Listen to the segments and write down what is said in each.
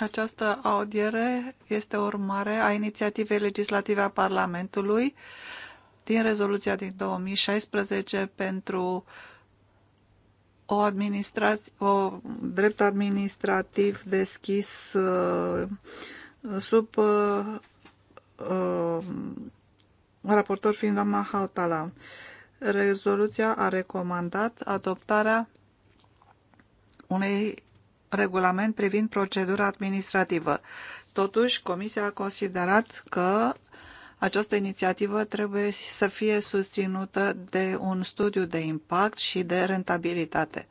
Această audiere este o urmare a inițiativei legislative a Parlamentului din rezoluția din 2016 pentru o, o drept administrativ deschis uh, sub uh, uh, raportor fiind doamna Hautala. Rezoluția a recomandat adoptarea unei regulament privind procedura administrativă. Totuși, Comisia a considerat că această inițiativă trebuie să fie susținută de un studiu de impact și de rentabilitate.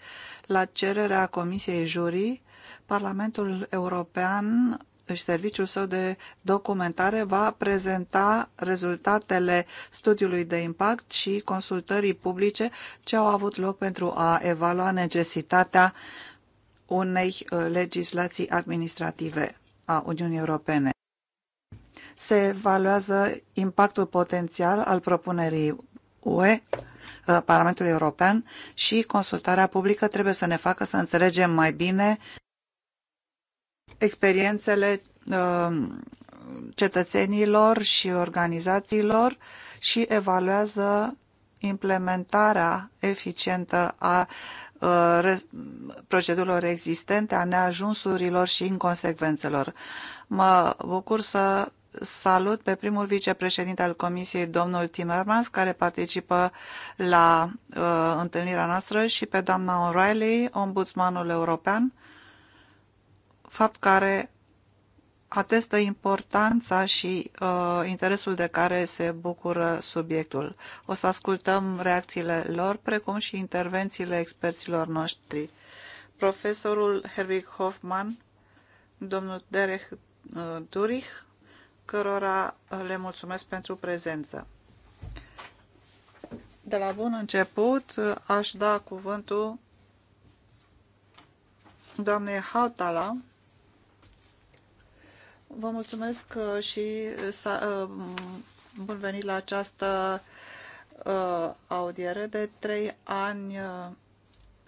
La cererea Comisiei Jurii, Parlamentul European și serviciul său de documentare va prezenta rezultatele studiului de impact și consultării publice ce au avut loc pentru a evalua necesitatea unei uh, legislații administrative a Uniunii Europene. Se evaluează impactul potențial al propunerii UE, uh, Parlamentului European și consultarea publică trebuie să ne facă să înțelegem mai bine experiențele uh, cetățenilor și organizațiilor și evaluează implementarea eficientă a Uh, procedurilor existente, a neajunsurilor și inconsecvențelor. Mă bucur să salut pe primul vicepreședinte al Comisiei, domnul Timmermans, care participă la uh, întâlnirea noastră și pe doamna O'Reilly, ombudsmanul european, fapt care atestă importanța și uh, interesul de care se bucură subiectul. O să ascultăm reacțiile lor, precum și intervențiile experților noștri. Profesorul Herwig Hoffman, domnul Derek uh, Durich, cărora uh, le mulțumesc pentru prezență. De la bun început uh, aș da cuvântul doamnei Hautala, Vă mulțumesc uh, și uh, uh, bun venit la această audiere. De trei ani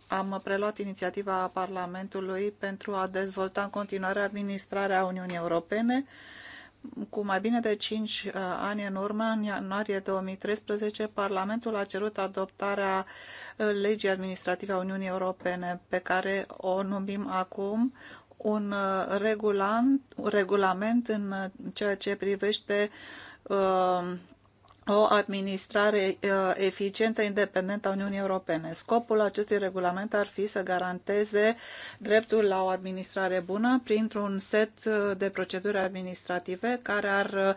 am preluat inițiativa Parlamentului pentru a dezvolta în continuare administrarea Uniunii Europene. Cu mai bine de uh, ani în urmă, în ianuarie 2013, Parlamentul a cerut adoptarea legii administrative a Uniunii Europene, pe care o numim acum un uh, regulant, un regulament în uh, ceea ce privește uh, o administrare uh, eficientă, independentă a Uniunii Europene. Scopul acestui regulament ar fi să garanteze dreptul la o administrare bună printr-un set de proceduri administrative care ar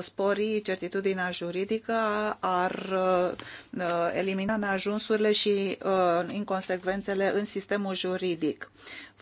spori certitudinea juridică, ar elimina neajunsurile și inconsecvențele în sistemul juridic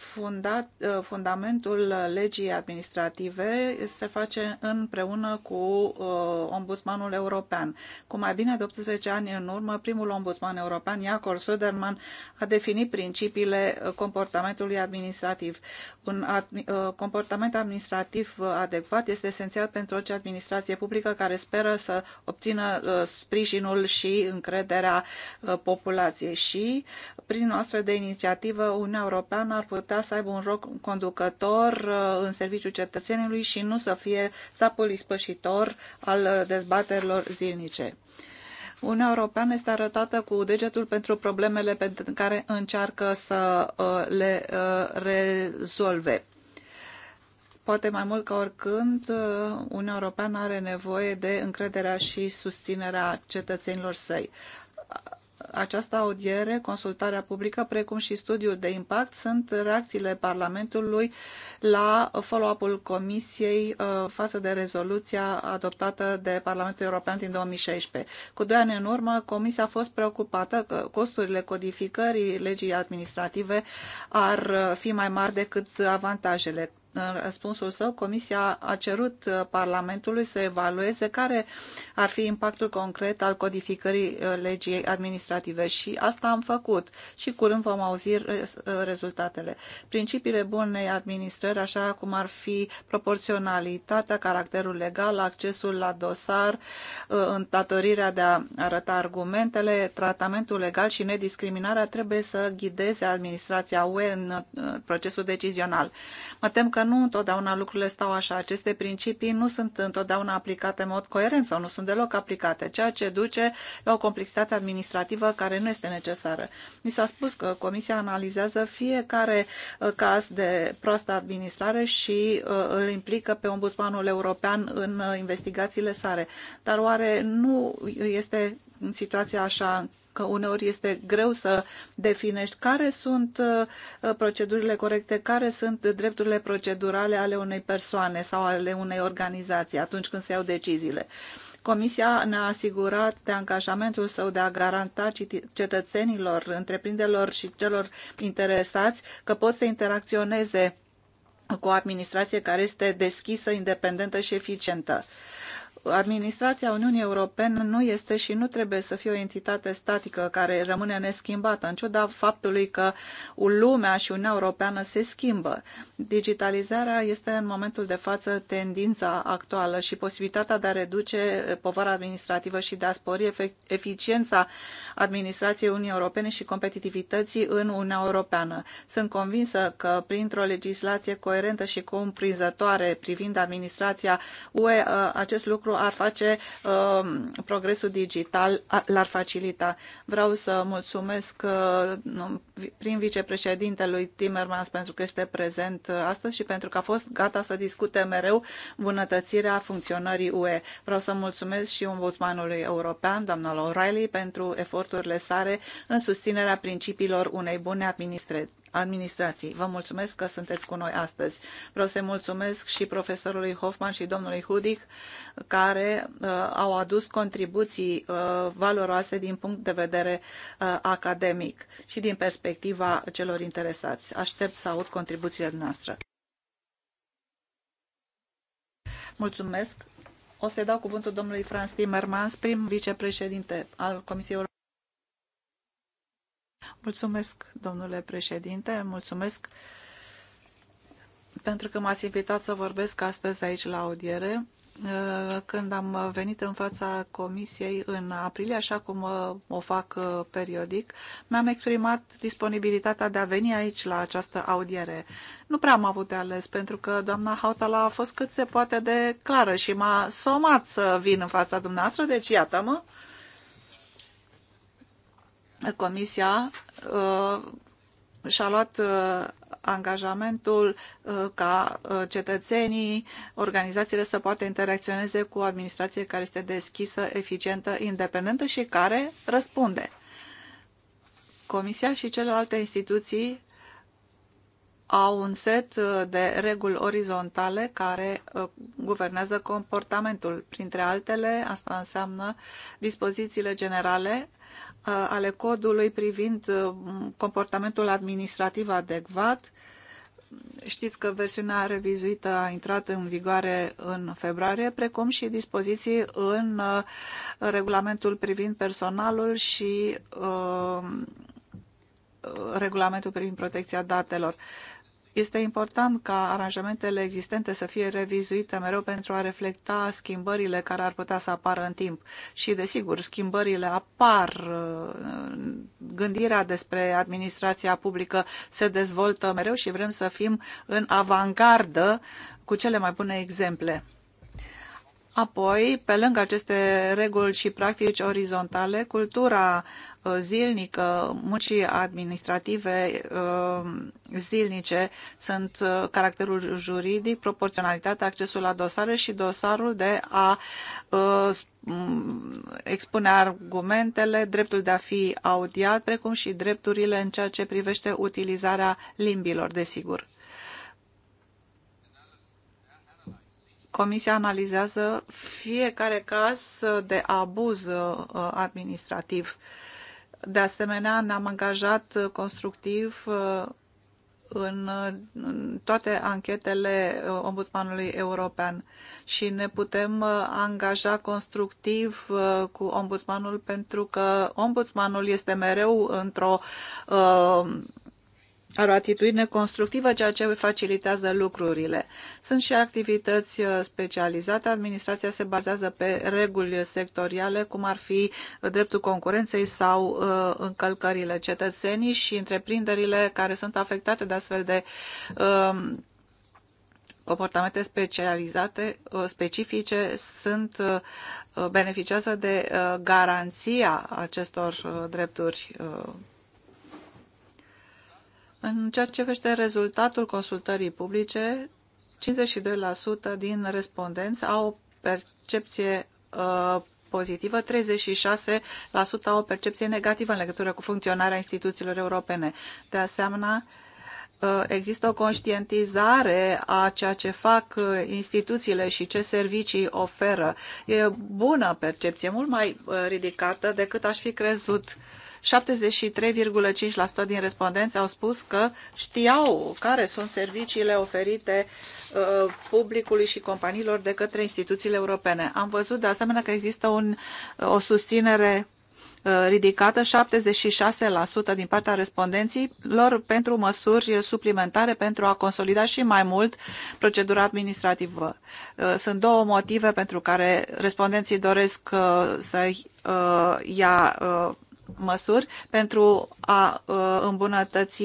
fundat, uh, fundamentul legii administrative se face împreună cu uh, ombudsmanul european. Cu mai bine de 18 ani în urmă, primul ombudsman european, Iacor Söderman, a definit principiile comportamentului administrativ. Un admi, uh, comportament administrativ adecvat este esențial pentru orice administrație publică care speră să obțină uh, sprijinul și încrederea uh, populației și prin o astfel de inițiativă, Uniunea Europeană ar putea să aibă un rol conducător uh, în serviciul cetățenului și nu să fie sapul ispășitor al uh, dezbaterilor zilnice. Uniunea Europeană este arătată cu degetul pentru problemele pe care încearcă să uh, le rezolve poate mai mult ca oricând, Uniunea Europeană are nevoie de încrederea și susținerea cetățenilor săi această audiere, consultarea publică, precum și studiul de impact, sunt reacțiile Parlamentului la follow-up-ul Comisiei uh, față de rezoluția adoptată de Parlamentul European din 2016. Cu doi ani în urmă, Comisia a fost preocupată că costurile codificării legii administrative ar uh, fi mai mari decât avantajele în răspunsul său, Comisia a cerut uh, Parlamentului să evalueze care ar fi impactul concret al codificării uh, legii administrative și asta am făcut și curând vom auzi uh, rezultatele. Principiile bunei administrări, așa cum ar fi proporționalitatea, caracterul legal, accesul la dosar, îndatorirea de a arăta argumentele, tratamentul legal și nediscriminarea trebuie să ghideze administrația UE în procesul decizional. Mă tem că nu întotdeauna lucrurile stau așa. Aceste principii nu sunt întotdeauna aplicate în mod coerent sau nu sunt deloc aplicate, ceea ce duce la o complexitate administrativă care nu este necesară. Mi s-a spus că Comisia analizează fiecare uh, caz de proastă administrare și uh, îl implică pe ombudsmanul european în uh, investigațiile sale. Dar oare nu este în situația așa că uneori este greu să definești care sunt uh, procedurile corecte, care sunt drepturile procedurale ale unei persoane sau ale unei organizații atunci când se iau deciziile. Comisia ne-a asigurat de angajamentul său de a garanta cetățenilor, întreprinderilor și celor interesați că pot să interacționeze cu o administrație care este deschisă, independentă și eficientă administrația Uniunii Europene nu este și nu trebuie să fie o entitate statică care rămâne neschimbată, în ciuda faptului că lumea și Uniunea Europeană se schimbă. Digitalizarea este în momentul de față tendința actuală și posibilitatea de a reduce povara administrativă și de a spori eficiența administrației Uniunii Europene și competitivității în Uniunea Europeană. Sunt convinsă că printr-o legislație coerentă și cumprinzătoare privind administrația UE, acest lucru lucru ar face uh, progresul digital, l-ar facilita. Vreau să mulțumesc uh, prin vicepreședintelui Timmermans pentru că este prezent uh, astăzi și pentru că a fost gata să discute mereu bunătățirea funcționării UE. Vreau să mulțumesc și ombudsmanului european, doamna O'Reilly, pentru eforturile sare în susținerea principiilor unei bune administrări Administrației. Vă mulțumesc că sunteți cu noi astăzi. Vreau să mulțumesc și profesorului Hoffman și domnului Hudic, care uh, au adus contribuții uh, valoroase din punct de vedere uh, academic și din perspectiva celor interesați. Aștept să aud contribuțiile noastre. Mulțumesc. O să-i dau cuvântul domnului Franz Timmermans, prim vicepreședinte al Comisiei Europene. Mulțumesc, domnule președinte, mulțumesc pentru că m-ați invitat să vorbesc astăzi aici la audiere. Uh, când am venit în fața comisiei în aprilie, așa cum uh, o fac uh, periodic, mi-am exprimat disponibilitatea de a veni aici la această audiere. Nu prea am avut de ales, pentru că doamna Hautala a fost cât se poate de clară și m-a somat să vin în fața dumneavoastră, deci iată-mă. Comisia uh, și-a luat uh, angajamentul uh, ca cetățenii, organizațiile să poată interacționeze cu o administrație care este deschisă, eficientă, independentă și care răspunde. Comisia și celelalte instituții au un set de reguli orizontale care guvernează comportamentul. Printre altele, asta înseamnă dispozițiile generale Uh, ale codului privind uh, comportamentul administrativ adecvat. Știți că versiunea revizuită a intrat în vigoare în februarie, precum și dispoziții în uh, regulamentul privind personalul și regulamentul privind protecția datelor. Este important ca aranjamentele existente să fie revizuite mereu pentru a reflecta schimbările care ar putea să apară în timp. Și, desigur, schimbările apar. Uh, gândirea despre administrația publică se dezvoltă mereu și vrem să fim în avangardă cu cele mai bune exemple. Apoi, pe lângă aceste reguli și practici orizontale, cultura uh, zilnică, muncii administrative uh, zilnice sunt uh, caracterul juridic, proporționalitatea, accesul la dosare și dosarul de a mm, expune argumentele, dreptul de a fi audiat, precum și drepturile în ceea ce privește utilizarea limbilor, desigur. Comisia analizează fiecare caz de abuz uh, administrativ. De asemenea, ne-am angajat constructiv uh, în toate anchetele uh, Ombudsmanului European și ne putem angaja constructiv cu Ombudsmanul pentru că Ombudsmanul este mereu într-o uh, are o atitudine constructivă, ceea ce facilitează lucrurile. Sunt și activități uh, specializate. Administrația se bazează pe reguli sectoriale, cum ar fi dreptul concurenței sau uh, încălcările cetățenii și întreprinderile care sunt afectate de astfel de uh, comportamente specializate, uh, specifice, sunt uh, beneficiază de garanția acestor drepturi în ceea ce vește rezultatul consultării publice, 52% din respondenți au o percepție uh, pozitivă, 36% au o percepție negativă în legătură cu funcționarea instituțiilor europene. De asemenea, uh, există o conștientizare a ceea ce fac uh, instituțiile și ce servicii oferă. E bună percepție, mult mai uh, ridicată decât aș fi crezut uh, 73,5% din respondenți au spus că știau care sunt serviciile oferite uh, publicului și companiilor de către instituțiile europene. Am văzut de asemenea că există un, o susținere uh, ridicată 76% din partea respondenților pentru măsuri suplimentare pentru a consolida și mai mult procedura administrativă. Uh, sunt două motive pentru care respondenții doresc să ia măsuri pentru a uh, îmbunătăți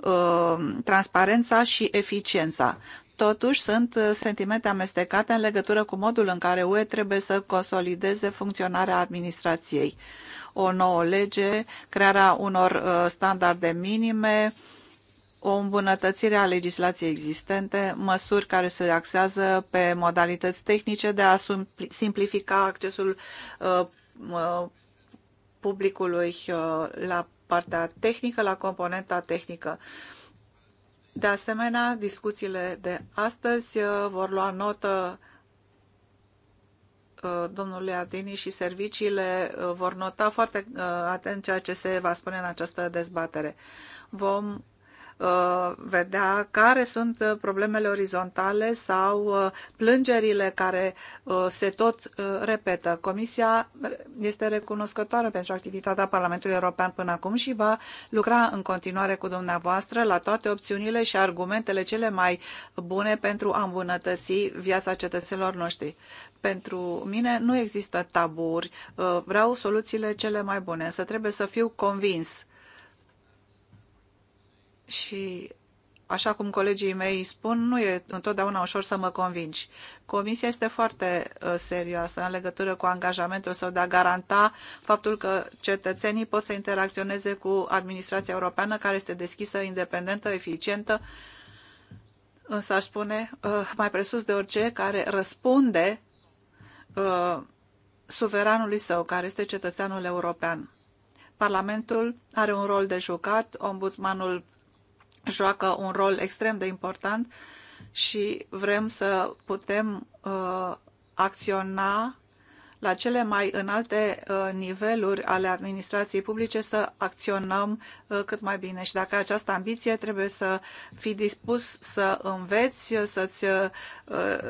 uh, transparența și eficiența. Totuși, sunt uh, sentimente amestecate în legătură cu modul în care UE trebuie să consolideze funcționarea administrației. O nouă lege, crearea unor standarde minime, o îmbunătățire a legislației existente, măsuri care se axează pe modalități tehnice de a simplifica accesul publicului uh, la partea tehnică, la componenta tehnică. De asemenea, discuțiile de astăzi uh, vor lua notă uh, domnului Ardini și serviciile vor nota foarte atent ceea ce se va spune în această dezbatere. Vom Uh, vedea care sunt uh, problemele orizontale sau uh, plângerile care se tot repetă. Comisia este recunoscătoare pentru activitatea Parlamentului European până acum și va lucra în continuare cu dumneavoastră la toate opțiunile și argumentele cele mai bune pentru a îmbunătăți viața cetățenilor noștri. Pentru mine nu există taburi, vreau soluțiile cele mai bune, însă trebuie să fiu convins și așa cum colegii mei spun, nu e întotdeauna ușor să mă convingi. Comisia este foarte uh, serioasă în legătură cu angajamentul său de a garanta faptul că cetățenii pot să interacționeze cu administrația europeană care este deschisă, independentă, eficientă, însă aș spune uh, mai presus de orice, care răspunde uh, suveranului său, care este cetățeanul european. Parlamentul are un rol de jucat, ombudsmanul joacă un rol extrem de important și vrem să putem uh, acționa la cele mai înalte uh, niveluri ale administrației publice să acționăm uh, cât mai bine. Și dacă ai această ambiție, trebuie să fii dispus să înveți, să-ți uh,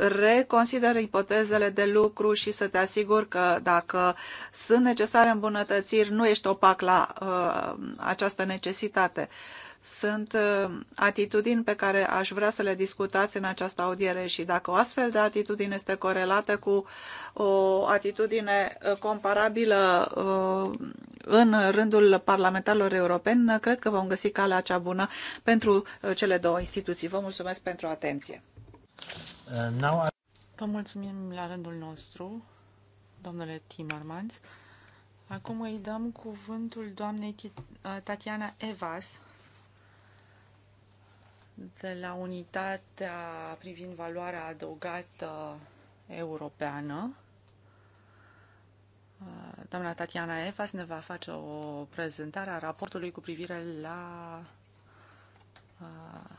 reconsideri ipotezele de lucru și să te asiguri că dacă sunt necesare îmbunătățiri, nu ești opac la uh, această necesitate. Uh, sunt uh, atitudini pe care aș vrea să le discutați în această audiere și dacă o astfel de atitudine este corelată cu o atitudine uh, comparabilă uh, în rândul parlamentarilor europeni, cred că vom găsi calea cea bună pentru cele două instituții. Vă mulțumesc pentru atenție. Vă mulțumim la rândul nostru, domnule Timmermans. Acum îi dăm cuvântul doamnei Tatiana Evas, de la unitatea privind valoarea adăugată europeană. Uh, doamna Tatiana Efas ne va face o prezentare a raportului cu privire la uh,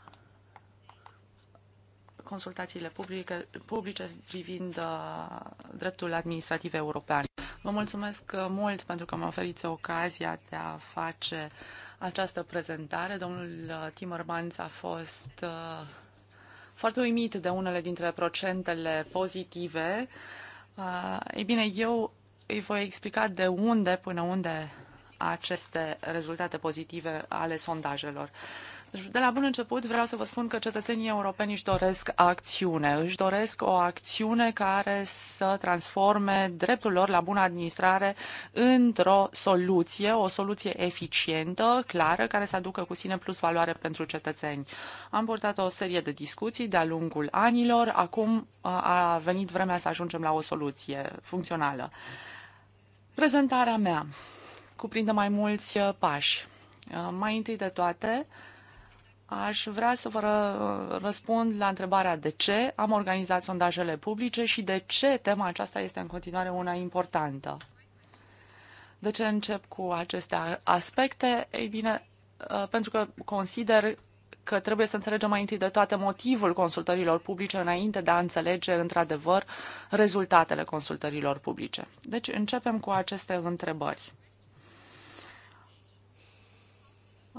consultațiile publice, publice privind uh, dreptul administrativ european. Vă mulțumesc mult pentru că mă oferiți ocazia de a face uh, această prezentare. Domnul uh, Timmermans a fost uh, foarte uimit de unele dintre procentele pozitive. Uh, ei bine, eu îi voi explica de unde până unde aceste rezultate pozitive ale sondajelor. Uh, deci, de la bun început vreau să vă spun că cetățenii europeni își doresc acțiune. Își doresc o acțiune care să transforme dreptul lor la bună administrare într-o soluție, o soluție eficientă, clară, care să aducă cu sine plus valoare pentru cetățeni. Am purtat o serie de discuții de-a lungul anilor. Acum a venit vremea să ajungem la o soluție funcțională. Prezentarea mea cuprinde mai mulți uh, pași. Uh, mai întâi de toate, Aș vrea să vă răspund la întrebarea de ce am organizat sondajele publice și de ce tema aceasta este în continuare una importantă. De ce încep cu aceste aspecte? Ei bine, ă, pentru că consider că trebuie să înțelegem mai întâi de toate motivul consultărilor publice înainte de a înțelege într-adevăr rezultatele consultărilor publice. Deci începem cu aceste întrebări.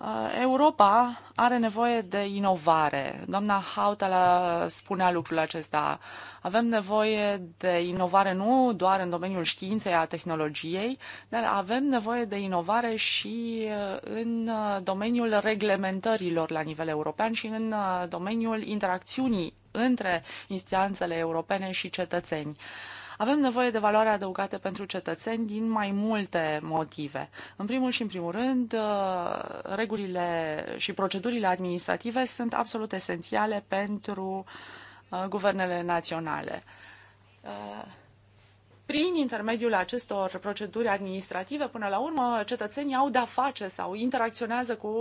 Uh, Europa are nevoie de inovare. Doamna Hautala spunea lucrul acesta. Avem nevoie de inovare nu doar în domeniul științei, a tehnologiei, dar avem nevoie de inovare și uh, în uh, domeniul reglementărilor la nivel european și în domeniul interacțiunii între instanțele europene și cetățeni. Avem nevoie de valoare adăugată pentru cetățeni din mai multe motive. În primul și în primul rând, uh, regulile și procedurile administrative sunt absolut esențiale pentru uh, guvernele naționale. Uh, prin intermediul acestor proceduri administrative, până la urmă, cetățenii au de-a face sau interacționează cu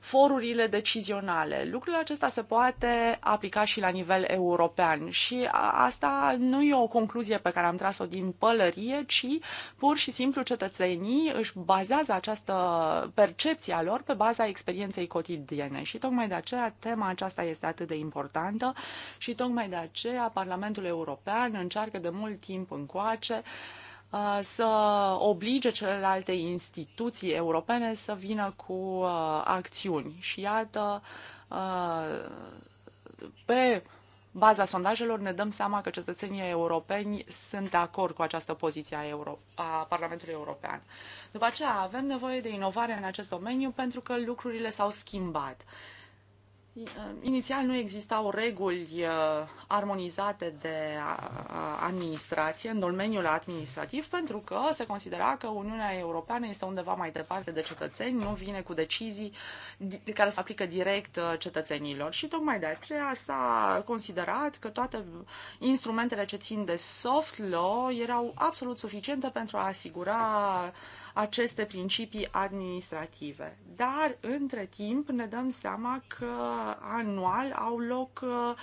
forurile decizionale. Lucrul acesta se poate aplica și la nivel european și asta nu e o concluzie pe care am tras-o din pălărie, ci pur și simplu cetățenii își bazează această percepție a lor pe baza experienței cotidiene și tocmai de aceea tema aceasta este atât de importantă și tocmai de aceea Parlamentul European încearcă de mult timp încoace uh, Uh, să oblige celelalte instituții europene să vină cu uh, acțiuni. Și iată, uh, pe baza sondajelor ne dăm seama că cetățenii europeni sunt de acord cu această poziție a, Euro- a Parlamentului European. După aceea avem nevoie de inovare în acest domeniu pentru că lucrurile s-au schimbat. Uh, Inițial nu existau reguli uh, armonizate de administrație în domeniul administrativ pentru că se considera că Uniunea Europeană este undeva mai departe de cetățeni, nu vine cu decizii care se aplică direct uh, cetățenilor și tocmai de aceea s-a considerat că toate instrumentele ce țin de soft law erau absolut suficiente pentru a asigura aceste principii administrative. Dar, între timp, ne dăm seama că anual au loc uh,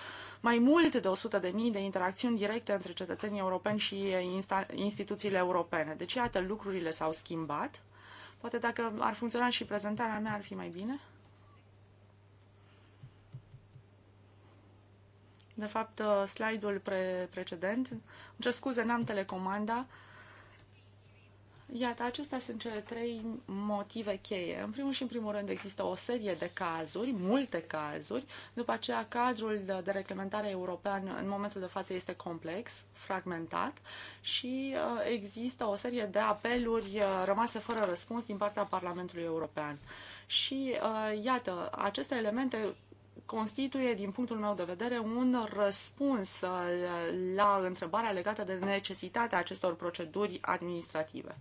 mai mult de 100.000 de, de interacțiuni directe între cetățenii europeni și instituțiile europene. Deci, iată, lucrurile s-au schimbat. Poate dacă ar funcționa și prezentarea mea ar fi mai bine. De fapt, uh, slide-ul pre- precedent, îmi cer scuze, n-am telecomanda, uh, Iată, acestea sunt cele trei motive cheie. În primul și în primul rând există o serie de cazuri, multe cazuri. După aceea, cadrul de reglementare european în momentul de față este complex, fragmentat și uh, există o serie de apeluri uh, rămase fără răspuns din partea Parlamentului European. Și uh, iată, aceste elemente constituie, din punctul meu de vedere, un răspuns la întrebarea legată de necesitatea acestor proceduri administrative.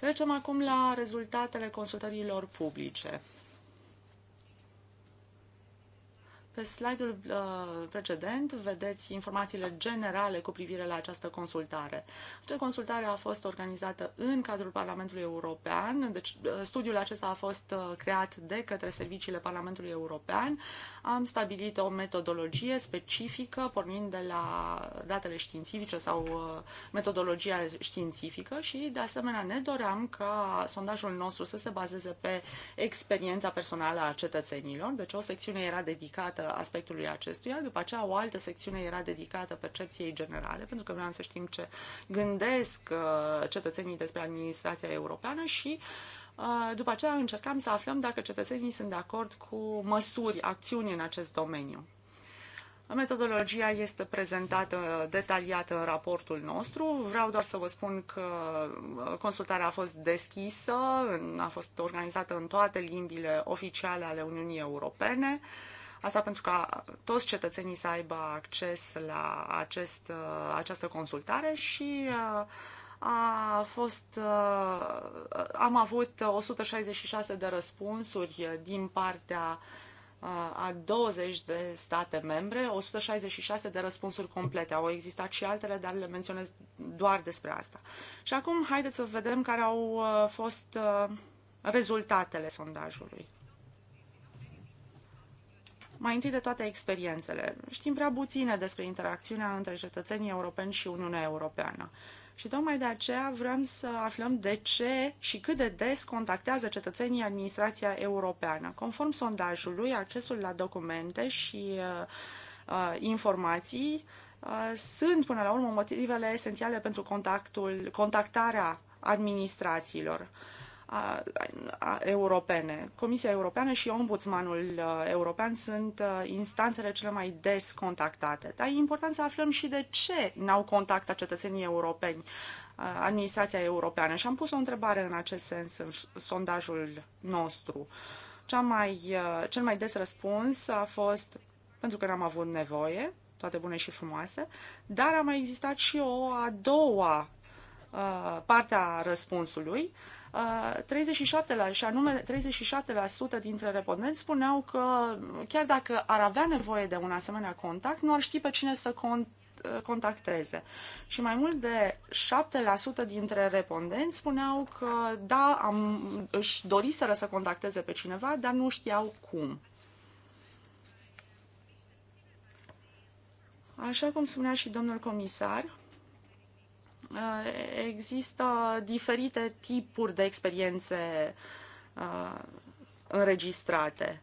Trecem acum la rezultatele consultărilor publice. Pe slide-ul uh, precedent vedeți informațiile generale cu privire la această consultare. Această consultare a fost organizată în cadrul Parlamentului European, deci uh, studiul acesta a fost uh, creat de către serviciile Parlamentului European. Am stabilit o metodologie specifică pornind de la datele științifice sau uh, metodologia științifică și de asemenea ne doream ca sondajul nostru să se bazeze pe experiența personală a cetățenilor. Deci o secțiune era dedicată aspectului acestuia. După aceea, o altă secțiune era dedicată percepției generale, pentru că vreau să știm ce gândesc uh, cetățenii despre administrația europeană și uh, după aceea încercam să aflăm dacă cetățenii sunt de acord cu măsuri, acțiuni în acest domeniu. Metodologia este prezentată detaliată în raportul nostru. Vreau doar să vă spun că uh, consultarea a fost deschisă, a fost organizată în toate limbile oficiale ale Uniunii Europene. Uh, Asta pentru ca toți cetățenii să aibă acces la acest, uh, această consultare și uh, a fost, uh, am avut 166 de răspunsuri din partea a 20 de state membre, 166 de răspunsuri complete. Au existat și altele, dar le menționez doar despre asta. Și acum haideți să vedem care au fost rezultatele sondajului. Mai întâi de toate experiențele. Știm prea puține despre interacțiunea între cetățenii europeni și Uniunea Europeană. Și tocmai de aceea vrem să aflăm de ce și cât de des contactează cetățenii administrația europeană. Conform sondajului, accesul la documente și uh, uh informații uh, sunt până la urmă motivele esențiale pentru contactul, contactarea administrațiilor. Uh, europene. Comisia Europeană și Ombudsmanul uh, European sunt uh, instanțele cele mai des contactate. Dar e important să aflăm și de ce n-au contactat cetățenii europeni uh, administrația europeană. Și am pus o întrebare în acest sens în sondajul nostru. Cea mai, cel mai des răspuns a fost pentru că n-am avut nevoie, toate bune și frumoase, dar a mai existat și o a doua uh, parte a răspunsului, uh, 37%, și anume 37% dintre respondenți spuneau că chiar dacă ar avea nevoie de un asemenea contact, nu ar ști pe cine să con- contacteze. Și mai mult de 7% dintre respondenți spuneau că da, am, își doriseră să contacteze pe cineva, dar nu știau cum. Așa cum spunea și domnul comisar, Eh, există diferite tipuri de experiențe eh, înregistrate.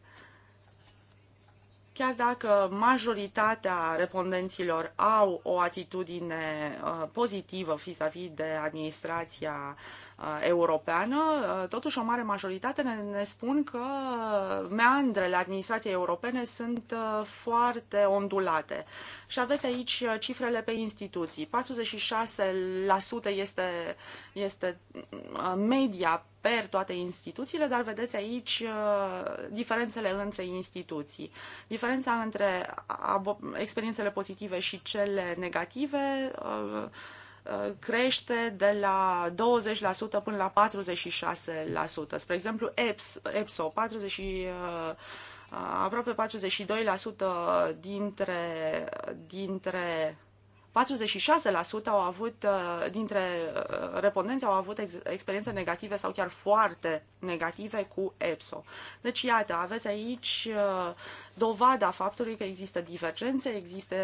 Chiar dacă majoritatea respondenților au o atitudine uh, pozitivă vis-a-vis de administrația uh, europeană, uh, totuși o mare majoritate ne, ne spun că meandrele administrației europene sunt foarte ondulate. Și aveți aici cifrele pe instituții. 46% este, este media per toate instituțiile, dar vedeți aici uh, diferențele între instituții. Diferența între experiențele pozitive și cele negative uh, uh, crește de la 20% până la 46%. Spre exemplu, EPS, EPSO, 40 aproape 42% dintre, dintre 46% au avut, uh, dintre uh, respondenți au avut ex- experiențe negative sau chiar foarte negative cu EPSO. Deci, iată, aveți aici uh, dovada faptului că există divergențe, există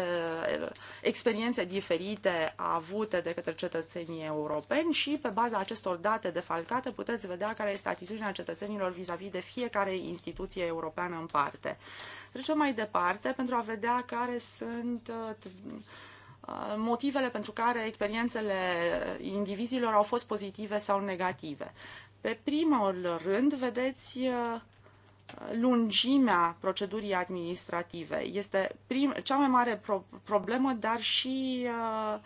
experiențe diferite avute de către cetățenii europeni și pe baza acestor date defalcate puteți vedea care este atitudinea cetățenilor vis-a-vis -vis de fiecare instituție europeană în parte. Trecem mai departe pentru a vedea care sunt Uh, motivele pentru care experiențele indivizilor au fost pozitive sau negative. Pe primul rând, vedeți uh, lungimea procedurii administrative. Este prim, cea mai mare pro- problemă, dar și uh,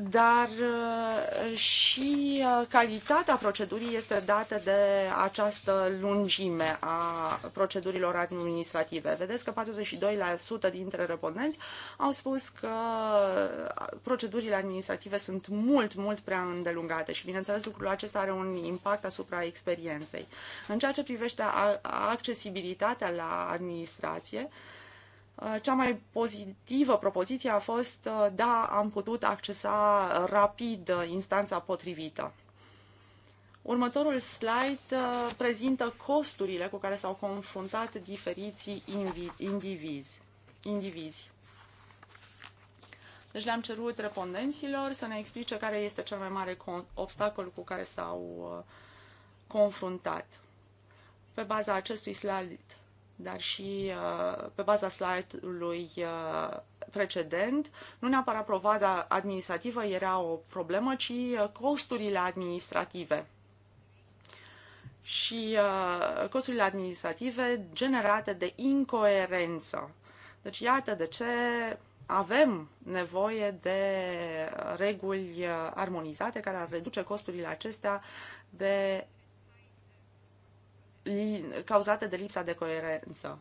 dar uh, și uh, calitatea procedurii este dată de această lungime a procedurilor administrative. Vedeți că 42% dintre respondenți au spus că uh, procedurile administrative sunt mult, mult prea îndelungate și, bineînțeles, lucrul acesta are un impact asupra experienței. În ceea ce privește accesibilitatea la administrație, uh, Uh, cea mai pozitivă propoziție a fost, uh, da, am putut accesa rapid uh, instanța potrivită. Următorul slide prezintă costurile cu care s-au confruntat diferiții indivizi. indivizi. Deci le-am cerut respondenților să ne explice care este cel mai mare obstacol cu care s-au confruntat. Pe baza acestui slide dar și uh, pe baza slide-ului uh, precedent, nu neapărat provada administrativă era o problemă, ci uh, costurile administrative. Și costurile administrative generate de incoerență. Deci iată de ce avem nevoie de reguli armonizate care ar reduce costurile acestea de cauzate de lipsa de coerență.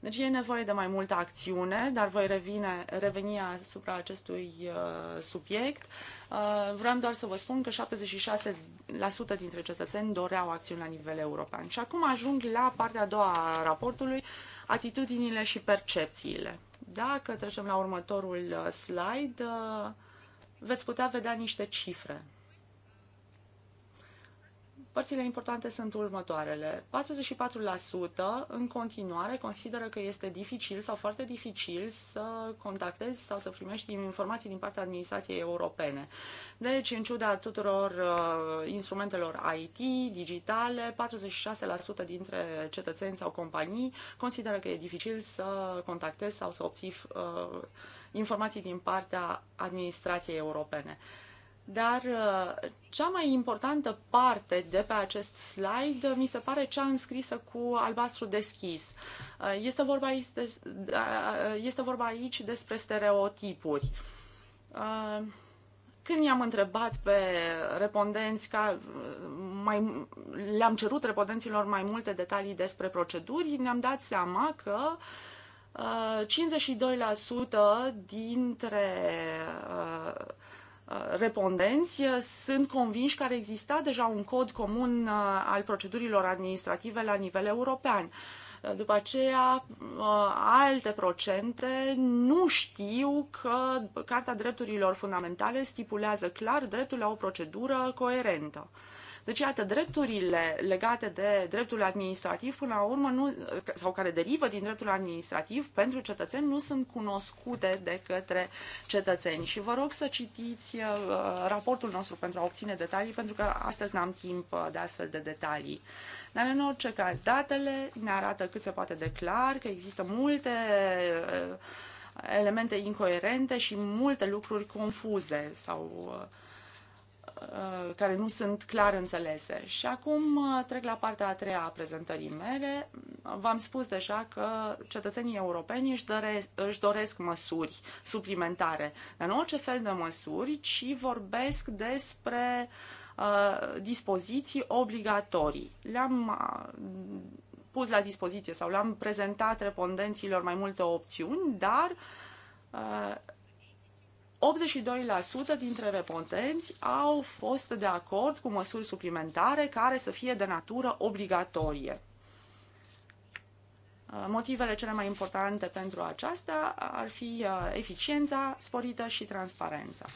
Deci e nevoie de mai multă acțiune, dar voi revine, reveni asupra acestui uh, subiect. Uh, vreau doar să vă spun că 76% dintre cetățeni doreau acțiuni la nivel european. Și acum ajung la partea a doua a raportului, atitudinile și percepțiile. Dacă trecem la următorul uh, slide, uh, veți putea vedea niște cifre Părțile importante sunt următoarele. 44% în continuare consideră că este dificil sau foarte dificil să contactezi sau să primești informații din partea administrației europene. Deci, în ciuda tuturor uh, instrumentelor IT, digitale, 46% dintre cetățeni sau companii consideră că e dificil să contactezi sau să obții uh, informații din partea administrației europene. Dar uh, cea mai importantă parte de pe acest slide uh, mi se pare cea înscrisă cu albastru deschis. Uh, este vorba aici, este vorba aici despre stereotipuri când i-am întrebat pe respondenți mai, le-am cerut respondenților mai multe detalii despre proceduri, ne-am dat seama că 52% dintre uh, Uh, respondenți uh, sunt convinși că ar exista deja un cod comun uh, al procedurilor administrative la nivel european. După aceea, alte procente nu știu că Carta Drepturilor Fundamentale stipulează clar dreptul la o procedură coerentă. Deci, iată, drepturile legate de dreptul administrativ, până la urmă, nu, sau care derivă din dreptul administrativ pentru cetățeni, nu sunt cunoscute de către cetățeni. Și vă rog să citiți uh, raportul nostru pentru a obține detalii, pentru că astăzi n-am timp uh, de astfel de detalii. Dar în orice caz, datele ne arată cât se poate de clar că există multe uh, elemente incoerente și multe lucruri confuze sau uh, Uh, care nu sunt clar înțelese. Și acum uh, trec la partea a treia a prezentării mele. V-am spus deja că cetățenii europeni își, dore, își doresc măsuri suplimentare, dar nu orice fel de măsuri, ci vorbesc despre uh, dispoziții obligatorii. Le-am uh, pus la dispoziție sau le-am prezentat repondenților mai multe opțiuni, dar uh, 82% dintre repontenți au fost de acord cu măsuri suplimentare care să fie de natură obligatorie. Motivele cele mai importante pentru aceasta ar fi uh, eficiența sporită și transparența.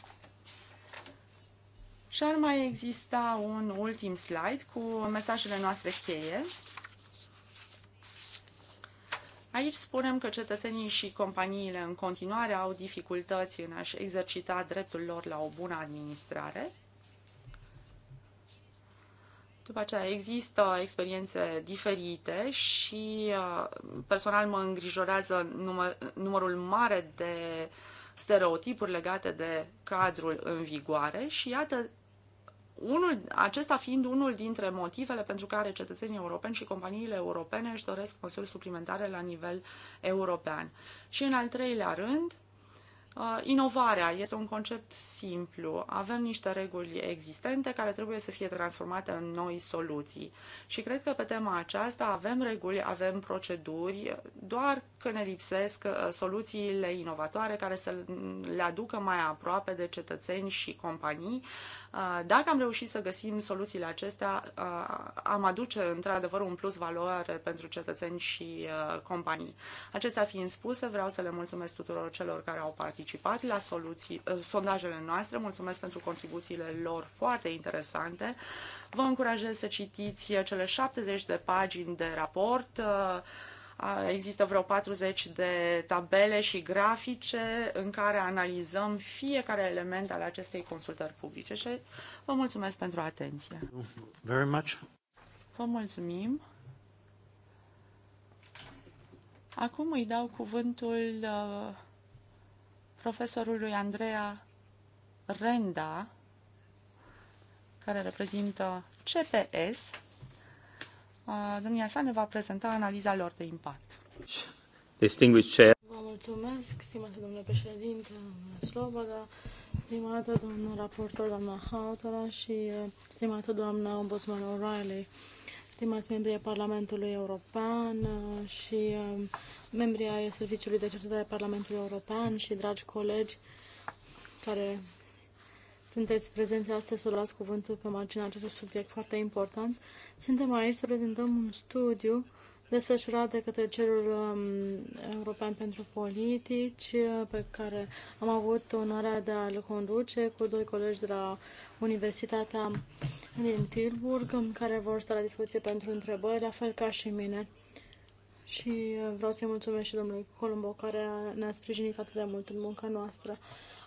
Și ar mai exista un ultim slide cu mesajele noastre cheie Aici spunem că cetățenii și companiile în continuare au dificultăți în a-și exercita dreptul lor la o bună administrare. După aceea există experiențe diferite și uh, personal mă îngrijorează număr, numărul mare de stereotipuri legate de cadrul în vigoare și iată unul, acesta fiind unul dintre motivele pentru care cetățenii europeni și companiile europene își doresc măsuri suplimentare la nivel european. Și în al treilea rând, uh, Inovarea este un concept simplu. Avem niște reguli existente care trebuie să fie transformate în noi soluții. Și cred că pe tema aceasta avem reguli, avem proceduri, doar că ne lipsesc uh, soluțiile inovatoare care să le aducă mai aproape de cetățeni și companii, Uh, dacă am reușit să găsim soluțiile acestea, uh, am aduce într-adevăr un plus valoare pentru cetățeni și uh, companii. Acestea fiind spuse, vreau să le mulțumesc tuturor celor care au participat la soluții, sondajele noastre, mulțumesc pentru contribuțiile lor foarte interesante. Vă încurajez să citiți cele 70 de pagini de raport. Uh, Există vreo 40 de tabele și grafice în care analizăm fiecare element al acestei consultări publice și vă mulțumesc pentru atenție. Very much. Vă mulțumim. Acum îi dau cuvântul uh, profesorului Andreea Renda, care reprezintă CPS, Domnia sa ne va prezenta analiza lor de impact. Distinguished Chair. Vă mulțumesc, stimată domnule președinte, domnule Sloboda, stimată doamnă raportor, doamna Hautala și stimată doamna ombudsman O'Reilly, stimați membrii Parlamentului European și membrii ai Serviciului de Cercetare Parlamentului European și dragi colegi care sunteți prezenți astăzi să luați cuvântul pe marginea acestui subiect foarte important. Suntem aici să prezentăm un studiu desfășurat de către Cerul um, European pentru Politici, pe care am avut onoarea de a-l conduce cu doi colegi de la Universitatea din Tilburg, care vor sta la dispoziție pentru întrebări, la fel ca și mine. Și uh, vreau să-i mulțumesc și domnului Colombo, care ne-a sprijinit atât de mult în munca noastră.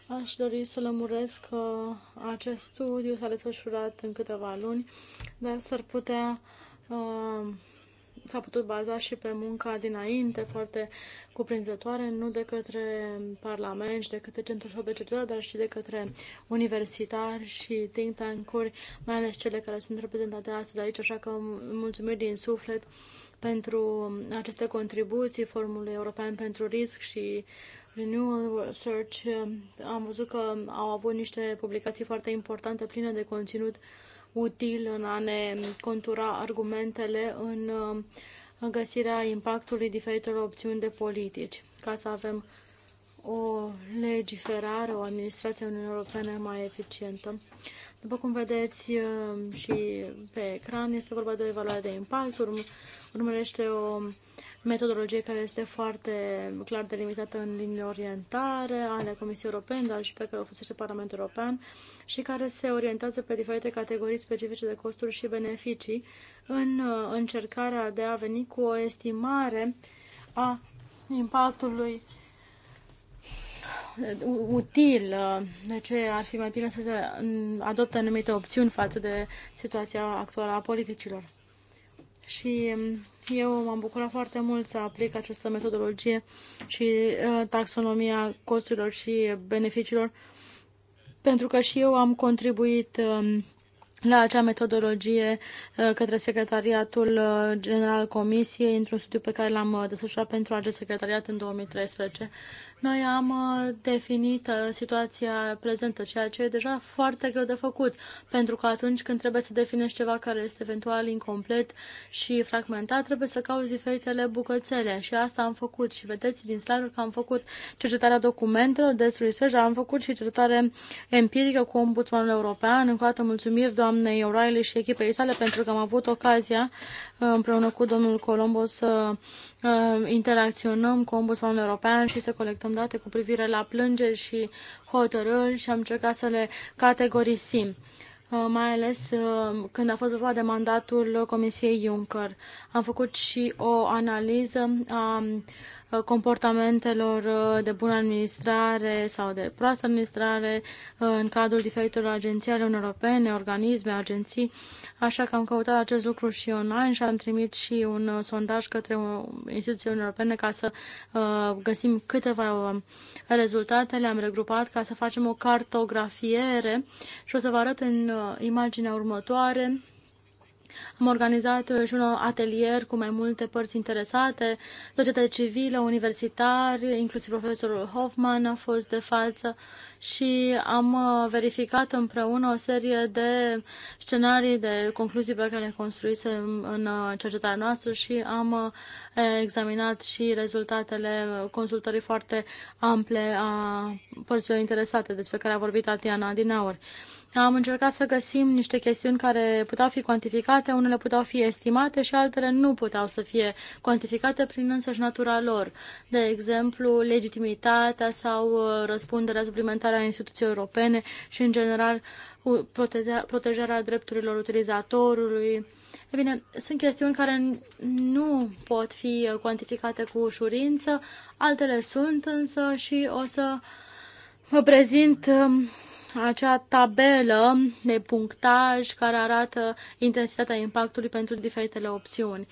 Aș dori să lămuresc că acest studiu s-a desfășurat în câteva luni, dar s-ar putea uh, s-a putut baza și pe munca dinainte, foarte cuprinzătoare, nu de către Parlament și de către Centrul de Cercetare, dar și de către universitari și think tank-uri, mai ales cele care sunt reprezentate astăzi aici, așa că mulțumiri din suflet pentru aceste contribuții, formule European pentru Risc și Renewal Research um, am văzut că au avut niște publicații foarte importante, pline de conținut util în a ne contura argumentele în um, găsirea impactului diferitelor opțiuni de politici, ca să avem o legiferare, o administrație Uniunii Europene Europeană mai eficientă. După cum vedeți um, și pe ecran, este vorba de o evaluare de impact, urmărește o metodologie care este foarte clar delimitată în liniile orientare ale Comisiei Europene, dar și pe care o folosește Parlamentul European și care se orientează pe diferite categorii specifice de costuri și beneficii în uh, încercarea de a veni cu o estimare a impactului uh, util, uh, de ce ar fi mai bine să se mm, adopte anumite opțiuni față de situația actuală a politicilor. Și mm, eu m-am bucurat foarte mult să aplic această metodologie și uh, taxonomia costurilor și beneficiilor, pentru că și eu am contribuit um, la acea metodologie uh, către Secretariatul uh, General Comisiei într-un studiu pe care l-am desfășurat pentru acest secretariat în 2013. Noi am uh, definit uh, situația prezentă, ceea ce e deja foarte greu de făcut, pentru că atunci când trebuie să definești ceva care este eventual incomplet și fragmentat, trebuie să cauți diferitele bucățele și asta am făcut și vedeți din slide că am făcut cercetarea documentelor despre research, am făcut și cercetare empirică cu Ombudsmanul European. Încă o dată mulțumiri doamnei O'Reilly și echipei sale pentru că am avut ocazia împreună cu domnul Colombo să Uh, interacționăm cu Ombudsmanul European și să colectăm date cu privire la plângeri și hotărâri și am încercat să le categorisim uh, mai ales uh, când a fost vorba de mandatul Comisiei Juncker. Am făcut și o analiză a Uh, comportamentelor uh, de bună administrare sau de proastă administrare uh, în cadrul diferitelor agenții ale Uniunii Europene, organisme, agenții. Așa că am căutat acest lucru și online și am trimis și un sondaj către instituțiile Uniunii Europene ca să găsim câteva rezultate. Le-am regrupat ca să facem o cartografiere și o să vă arăt în imaginea următoare am organizat uh, și un atelier cu mai multe părți interesate, societate civilă, universitari, inclusiv profesorul Hoffman a fost de față și am uh, verificat împreună o serie de scenarii, de concluzii pe care le construisem în uh, cercetarea noastră și am examinat și rezultatele consultării foarte ample a părților interesate despre care a vorbit Tatiana Dinaur. Am încercat să găsim niște chestiuni care puteau fi cuantificate, unele puteau fi estimate și altele nu puteau să fie cuantificate prin însăși natura lor. De exemplu, legitimitatea sau uh, răspunderea suplimentară a instituției europene și, în general, protejarea drepturilor utilizatorului. E bine, sunt chestiuni care nu pot fi cuantificate cu ușurință, altele sunt însă și o să vă prezint um, acea tabelă de punctaj care arată intensitatea impactului pentru diferitele opțiuni.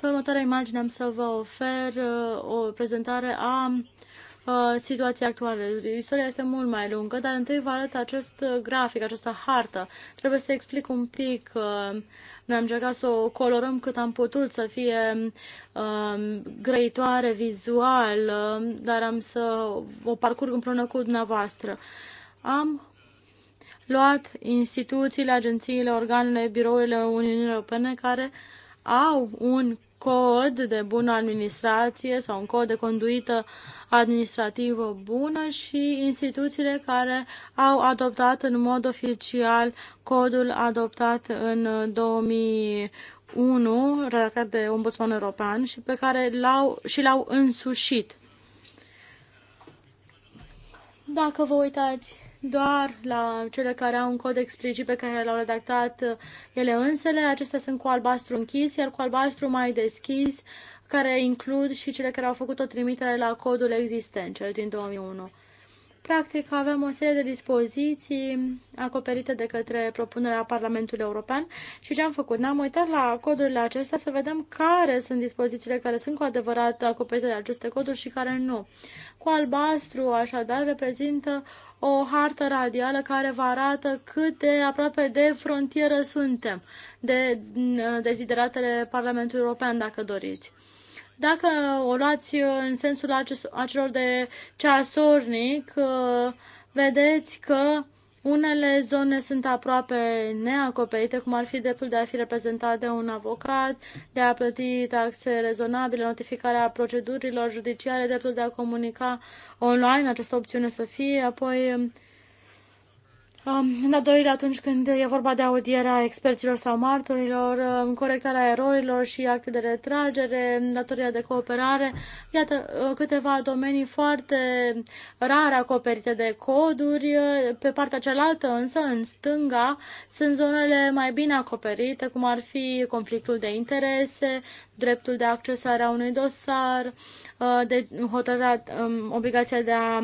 Pe următoarea imagine am să vă ofer uh, o prezentare a uh, situația actuală. Istoria este mult mai lungă, dar întâi vă arăt acest grafic, această hartă. Trebuie să explic un pic. Uh, noi am încercat să o colorăm cât am putut, să fie um, grăitoare vizual, dar am să o parcurg împreună cu dumneavoastră. Am luat instituțiile, agențiile, organele, birourile Uniunii Europene care au un cod de bună administrație sau un cod de conduită administrativă bună și instituțiile care au adoptat în mod oficial codul adoptat în 2001, redactat de Ombudsman European și pe care l-au și l-au însușit. Dacă vă uitați doar la cele care au un cod explicit pe care l-au redactat uh, ele însele. Acestea sunt cu albastru închis, iar cu albastru mai deschis, care includ și cele care au făcut o trimitere la codul existent, cel din 2001. Practic, avem o serie de dispoziții acoperite de către propunerea Parlamentului European și ce am făcut? Ne-am uitat la codurile acestea să vedem care sunt dispozițiile care sunt cu adevărat acoperite de aceste coduri și care nu. Cu albastru, așadar, reprezintă o hartă radială care vă arată cât de aproape de frontieră suntem, de mm, dezideratele Parlamentului European, dacă doriți. Dacă o luați uh, în sensul acelor de ceasornic, uh, vedeți că unele zone sunt aproape neacoperite, cum ar fi dreptul de a fi reprezentat de un avocat, de a plăti taxe rezonabile, notificarea procedurilor judiciare, dreptul de a comunica online, această opțiune să fie, apoi um, în a atunci când e vorba de audierea experților sau martorilor, um, corectarea erorilor și acte de retragere, datoria de cooperare, iată uh, câteva domenii foarte rar acoperite de coduri. Pe partea cealaltă, însă, în stânga, sunt zonele mai bine acoperite, cum ar fi conflictul de interese, dreptul de accesare a unui dosar, Uh, de hotărârea, um, obligația de a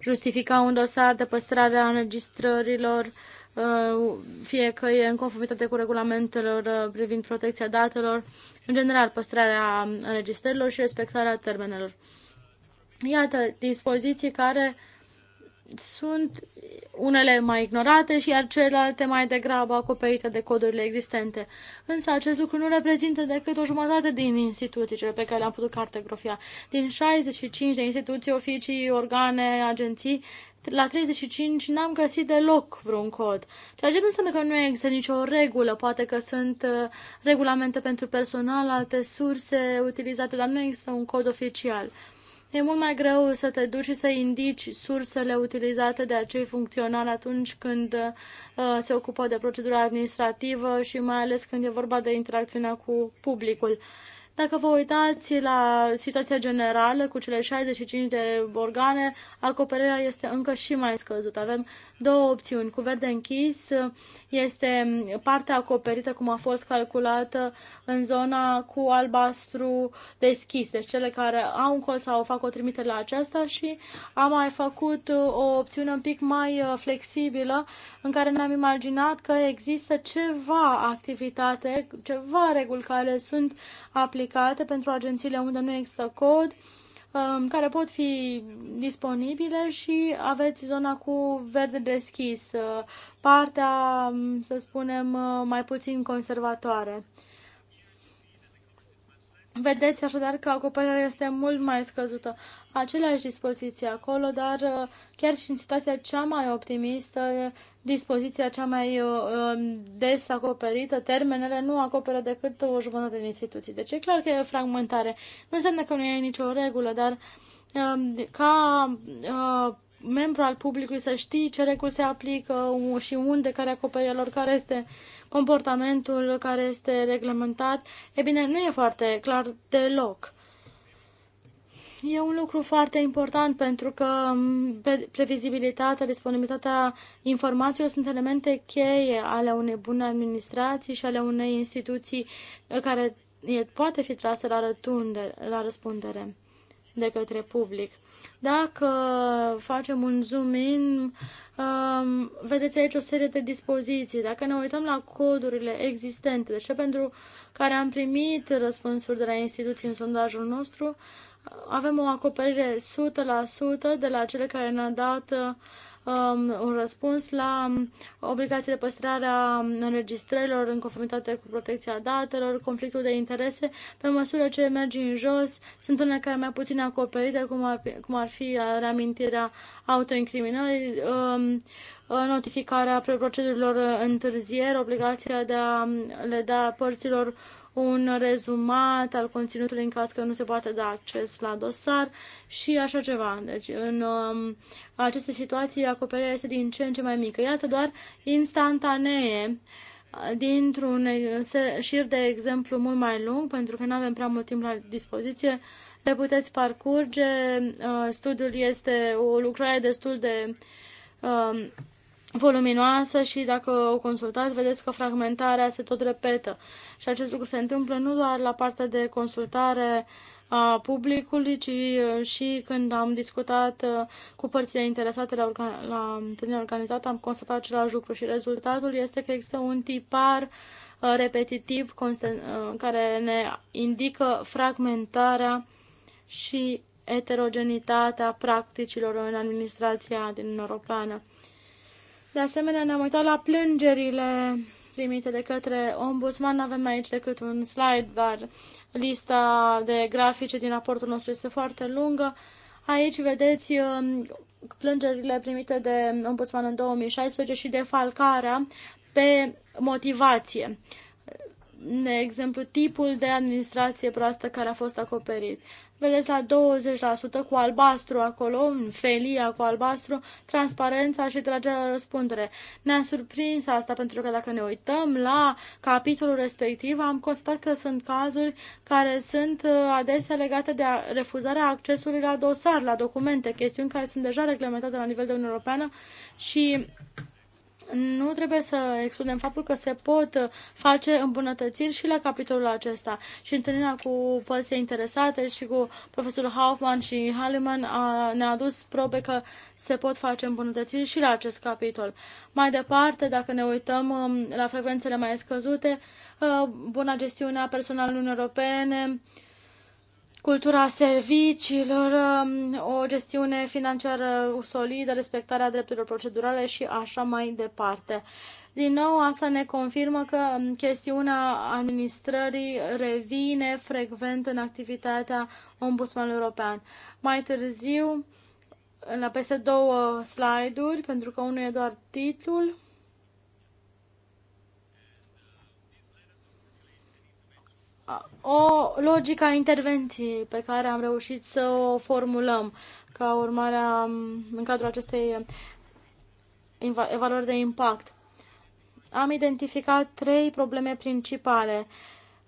justifica un dosar de păstrare a înregistrărilor, uh, fie că e în conformitate cu regulamentelor uh, privind protecția datelor, în general păstrarea înregistrărilor și respectarea termenelor. Iată, dispoziții care uh, sunt unele mai ignorate și iar celelalte mai degrabă acoperite de codurile existente. Însă acest lucru nu reprezintă decât o jumătate din instituțiile pe care le-am putut cartografia. Din 65 de instituții, oficii, organe, agenții, la 35 n-am găsit deloc vreun cod. Ceea ce nu înseamnă că nu există nicio regulă, poate că sunt uh, regulamente pentru personal, alte surse utilizate, dar nu există un cod oficial e mult mai greu să te duci și să indici sursele utilizate de acei funcționari atunci când uh, se ocupă de procedura administrativă și mai ales când e vorba de interacțiunea cu publicul. Dacă vă uitați la situația generală cu cele 65 de organe, acoperirea este încă și mai scăzută. Avem două opțiuni. Cu verde închis este partea acoperită cum a fost calculată în zona cu albastru deschis, deci cele care au un col sau fac o trimitere la aceasta și am mai făcut o opțiune un pic mai uh, flexibilă în care ne-am imaginat că există ceva activitate, ceva reguli care sunt aplicate aplicate pentru agențiile unde nu există cod, um, care pot fi disponibile și aveți zona cu verde deschis, uh, partea, um, să spunem, uh, mai puțin conservatoare. Vedeți așadar că acoperirea este mult mai scăzută. Aceleași dispoziție acolo, dar uh, chiar și în situația cea mai optimistă, dispoziția cea mai uh, um, des acoperită, termenele nu acoperă decât o jumătate din instituții. Deci e clar că e fragmentare. Nu înseamnă că nu e nicio regulă, dar um, ca uh, membru al publicului să știi ce reguli se aplică și unde, care acoperirea lor, care este comportamentul care este reglementat, e bine, nu e foarte clar deloc. E un lucru foarte important pentru că previzibilitatea, disponibilitatea informațiilor sunt elemente cheie ale unei bune administrații și ale unei instituții uh, care poate fi trasă la, rătunde, la răspundere de către public. Dacă facem un zoom in, Um, vedeți aici o serie de dispoziții. Dacă ne uităm la codurile existente, deci pentru care am primit răspunsuri de la instituții în sondajul nostru, avem o acoperire 100% de la cele care ne-au dat um, un răspuns la obligații de păstrare a înregistrărilor în conformitate cu protecția datelor, conflictul de interese, pe măsură ce mergi în jos, sunt unele care mai puțin acoperite, cum ar, cum ar fi uh, reamintirea autoincriminării, um, uh, notificarea procedurilor întârzieri, obligația de a le da părților un rezumat al conținutului în caz că nu se poate da acces la dosar și așa ceva. Deci, în um, aceste situații, acoperirea este din ce în ce mai mică. Iată doar instantanee dintr-un șir de exemplu mult mai lung, pentru că nu avem prea mult timp la dispoziție, le puteți parcurge. Uh, studiul este o lucrare destul de um, voluminoasă și dacă o consultați, vedeți că fragmentarea se tot repetă. Și acest lucru se întâmplă nu doar la partea de consultare a publicului, ci uh, și când am discutat uh, cu părțile interesate la, organ- la întâlnire organizată, am constatat același lucru și rezultatul este că există un tipar uh, repetitiv care ne indică fragmentarea și eterogenitatea practicilor în administrația din Europeană. De asemenea, ne-am uitat la plângerile primite de către ombudsman. Avem aici decât un slide, dar lista de grafice din raportul nostru este foarte lungă. Aici vedeți um, plângerile primite de ombudsman în 2016 și defalcarea pe motivație de exemplu, tipul de administrație proastă care a fost acoperit. Vedeți la 20% cu albastru acolo, în felia cu albastru, transparența și tragerea la răspundere. Ne-a surprins asta pentru că dacă ne uităm la capitolul respectiv, am constatat că sunt cazuri care sunt uh, adesea legate de refuzarea accesului la dosar, la documente, chestiuni care sunt deja reglementate la nivel de Uniune Europeană și nu trebuie să excludem faptul că se pot face îmbunătățiri și la capitolul acesta. Și întâlnirea cu părțile interesate și cu profesorul Hoffman și Halliman ne-a adus probe că se pot face îmbunătățiri și la acest capitol. Mai departe, dacă ne uităm um, la frecvențele mai scăzute, uh, buna gestiune a personalului Europene, cultura serviciilor, um, o gestiune financiară solidă, respectarea drepturilor procedurale și așa mai departe. Din nou, asta ne confirmă că um, chestiunea administrării revine frecvent în activitatea ombudsmanului european. Mai târziu, la peste două slide-uri, pentru că unul e doar titlul, o logică a intervenției pe care am reușit să o formulăm ca urmare a, în cadrul acestei evaluări de impact. Am identificat trei probleme principale.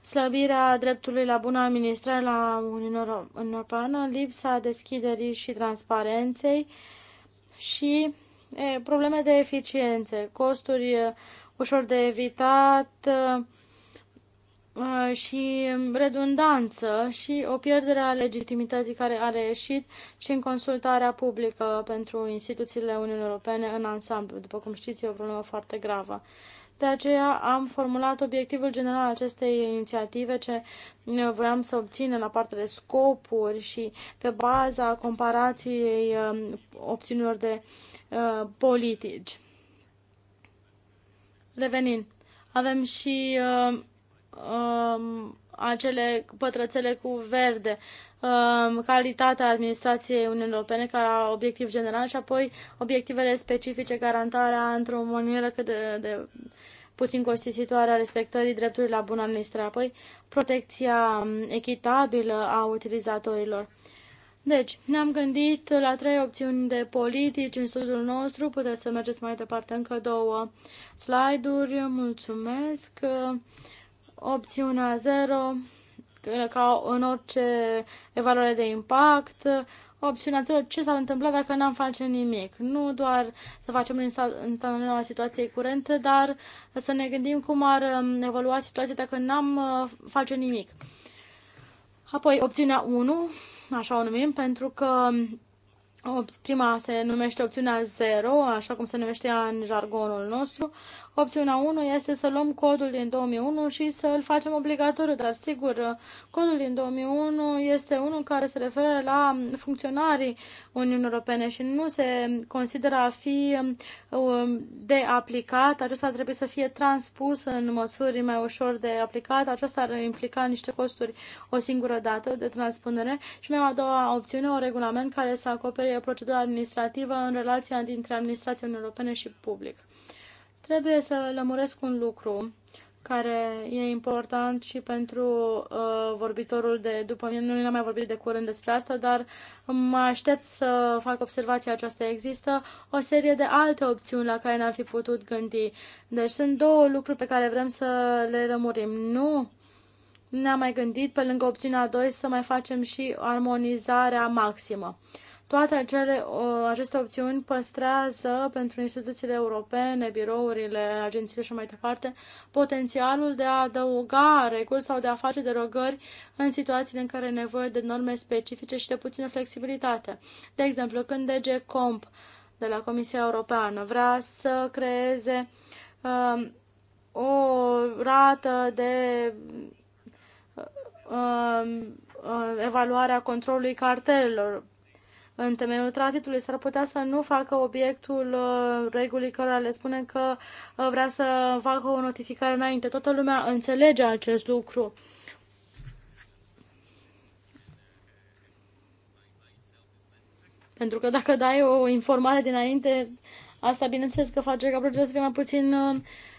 Slăbirea dreptului la bună administrare la Uniunea Europeană, lipsa deschiderii și transparenței și e, probleme de eficiență, costuri ușor de evitat, Uh, și redundanță și o pierdere a legitimității care a reieșit și în consultarea publică pentru instituțiile Uniunii Europene în ansamblu. După cum știți, e o problemă foarte gravă. De aceea am formulat obiectivul general acestei inițiative, ce vreau să obținem la partea de scopuri și pe baza comparației um, obținurilor de uh, politici. Revenind, avem și uh, um, acele pătrățele cu verde, um, calitatea administrației Uniunii Europene ca obiectiv general și apoi obiectivele specifice, garantarea într-o manieră cât de, de puțin costisitoare a respectării dreptului la bună administrare, apoi protecția um, echitabilă a utilizatorilor. Deci, ne-am gândit la trei opțiuni de politici în studiul nostru. Puteți să mergeți mai departe încă două slide-uri. Mulțumesc! opțiunea 0 ca în orice evaluare de impact, opțiunea 0, ce s-ar întâmpla dacă n-am face nimic. Nu doar să facem instantanea situației curente, dar să ne gândim cum ar um, evolua situația dacă n-am uh, face nimic. Apoi, opțiunea 1, așa o numim, pentru că um, prima se numește opțiunea 0, așa cum se numește ea în jargonul nostru. Opțiunea 1 este să luăm codul din 2001 și să îl facem obligatoriu, dar sigur, codul din 2001 este unul care se referă la funcționarii Uniunii Europene și nu se consideră a fi um, de aplicat. Acesta trebuie să fie transpus în măsuri mai ușor de aplicat. Aceasta ar implica niște costuri o singură dată de transpunere și mai a doua opțiune, un regulament care să acopere procedura administrativă în relația dintre administrația Uniunii Europene și public. Trebuie să lămuresc un lucru care e important și pentru uh, vorbitorul de după mine. Nu am mai vorbit de curând despre asta, dar mă aștept să fac observația aceasta. Există o serie de alte opțiuni la care n-am fi putut gândi. Deci sunt două lucruri pe care vrem să le rămurim. Nu ne-am mai gândit, pe lângă opțiunea 2, să mai facem și armonizarea maximă. Uh, toate acele aceste opțiuni păstrează pentru instituțiile europene, birourile, agențiile și mai departe, potențialul de a adăuga reguli sau de a face derogări în situațiile în care e nevoie de norme specifice și de puțină flexibilitate. De exemplu, când DG Comp de la Comisia Europeană vrea să creeze um, o rată de um, uh, evaluarea controlului cartelelor în temeiul tratitului s-ar putea să nu facă obiectul uh, regulii care le spune că uh, vrea să facă o notificare înainte. Toată lumea înțelege acest lucru. Pentru că dacă dai o informare dinainte, asta bineînțeles că face ca procesul să fie mai puțin uh,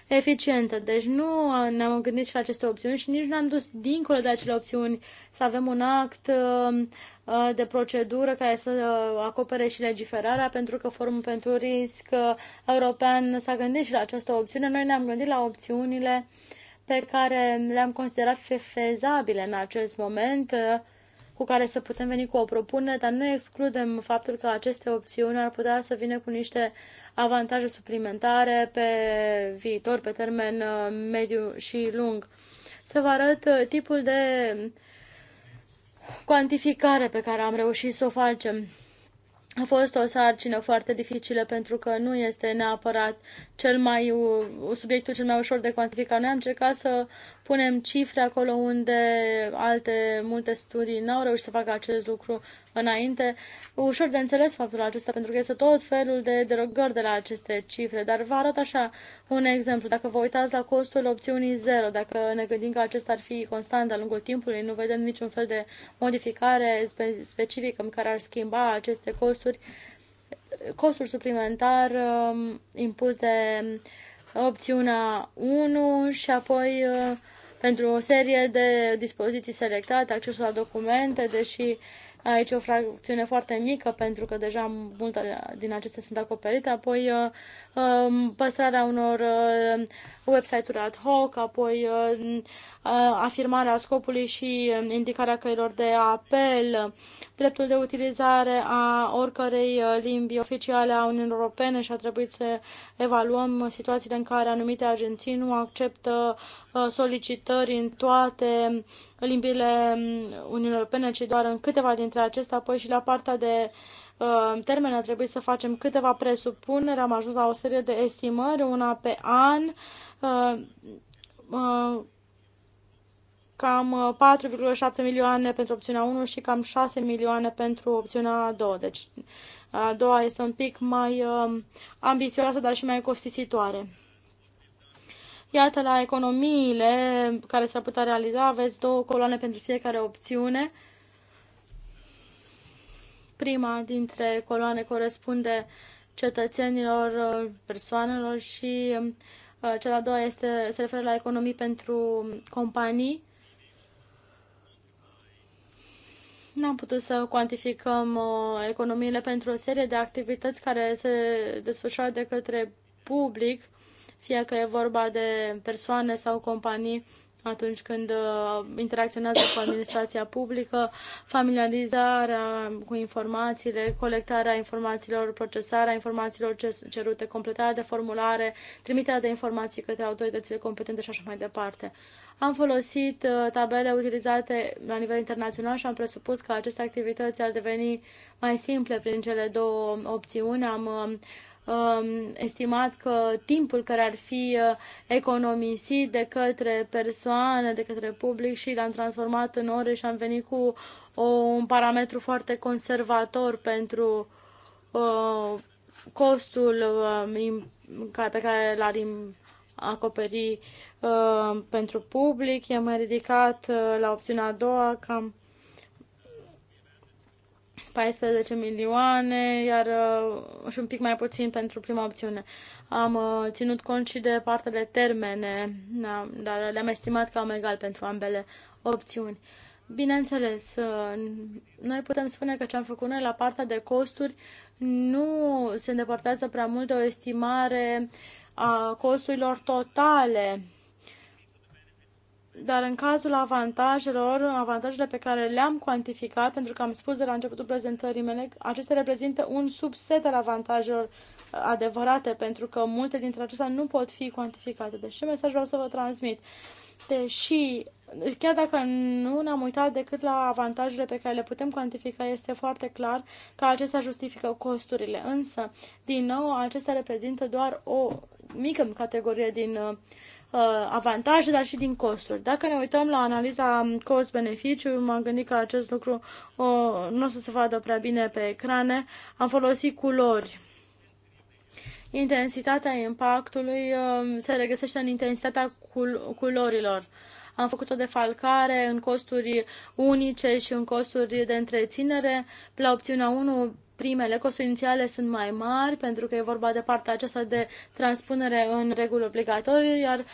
eficientă. Deci nu ne-am gândit și la aceste opțiuni și nici ne am dus dincolo de acele opțiuni să avem un act uh, uh, de procedură care să uh, acopere și legiferarea, pentru că Forumul pentru Risc European s-a gândit și la această opțiune. Noi ne-am gândit la opțiunile pe care le-am considerat fezabile în acest moment cu care să putem veni cu o propunere, dar nu excludem faptul că aceste opțiuni ar putea să vină cu niște avantaje suplimentare pe viitor, pe termen uh, mediu și lung. Să vă arăt uh, tipul de cuantificare pe care am reușit să o facem. A fost o sarcină foarte dificilă pentru că nu este neapărat cel mai, subiectul cel mai ușor de cuantificat. Noi am încercat să punem cifre acolo unde alte multe studii n-au reușit să facă acest lucru înainte. Ușor de înțeles faptul acesta, pentru că este tot felul de derogări de la aceste cifre, dar vă arăt așa un exemplu. Dacă vă uitați la costul opțiunii 0, dacă ne gândim că acesta ar fi constant de-a lungul timpului, nu vedem niciun fel de modificare spe- specifică în care ar schimba aceste costuri, costul suplimentar um, impus de um, opțiunea 1 și apoi uh, pentru o serie de dispoziții selectate, accesul la documente, deși Aici o fracțiune foarte mică, pentru că deja multe din acestea sunt acoperite, apoi uh, um, păstrarea unor uh, website-uri ad hoc, apoi uh, uh, afirmarea scopului și um, indicarea căilor de apel, dreptul de utilizare a oricărei uh, limbi oficiale a Uniunii Europene și a trebuit să evaluăm situațiile în care anumite agenții nu acceptă solicitări în toate limbile um, Uniunii Europene, ci doar în câteva dintre acestea, apoi și la partea de termen a trebuit să facem câteva presupuneri, am ajuns la o serie de estimări, una pe an, cam 4,7 milioane pentru opțiunea 1 și cam 6 milioane pentru opțiunea 2. Deci a doua este un pic mai um, ambițioasă, dar și mai costisitoare. Iată la economiile care s-ar putea realiza, aveți două coloane pentru fiecare opțiune. Prima dintre coloane corespunde cetățenilor, persoanelor și uh, cea de-a doua este, se referă la economii pentru companii. N-am putut să cuantificăm uh, economiile pentru o serie de activități care se desfășoară de către public, fie că e vorba de persoane sau companii atunci când uh, interacționează cu administrația publică, familiarizarea cu informațiile, colectarea informațiilor, procesarea informațiilor cerute, completarea de formulare, trimiterea de informații către autoritățile competente și așa mai departe. Am folosit uh, tabele utilizate la nivel internațional și am presupus că aceste activități ar deveni mai simple prin cele două opțiuni. Am uh, Um, estimat că timpul care ar fi uh, economisit de către persoane, de către public și l-am transformat în ore și am venit cu un parametru foarte conservator pentru uh, costul uh, pe care l-ar acoperi pentru public. I-am mai ridicat la opțiunea a doua cam 14 milioane, iar uh, și un pic mai puțin pentru prima opțiune. Am uh, ținut cont și de de termene, da, dar le-am estimat cam egal pentru ambele opțiuni. Bineînțeles, uh, noi putem spune că ce am făcut noi la partea de costuri nu se îndepărtează prea mult de o estimare a costurilor totale dar în cazul avantajelor, avantajele pe care le-am cuantificat, pentru că am spus de la începutul prezentării mele, acestea reprezintă un subset al avantajelor uh, adevărate, pentru că multe dintre acestea nu pot fi cuantificate. Deci ce mesaj vreau să vă transmit? Deși, chiar dacă nu ne-am uitat decât la avantajele pe care le putem cuantifica, este foarte clar că acestea justifică costurile. Însă, din nou, acestea reprezintă doar o mică categorie din uh, Uh, avantaje, dar și din costuri. Dacă ne uităm la analiza cost-beneficiu, m-am gândit că acest lucru uh, nu o să se vadă prea bine pe ecrane. Am folosit culori. Intensitatea impactului um, se regăsește în intensitatea cul- culorilor. Am făcut o defalcare în costuri unice și în costuri de întreținere. La opțiunea 1 primele costuri inițiale sunt mai mari pentru că e vorba de partea aceasta de transpunere în reguli obligatorii, iar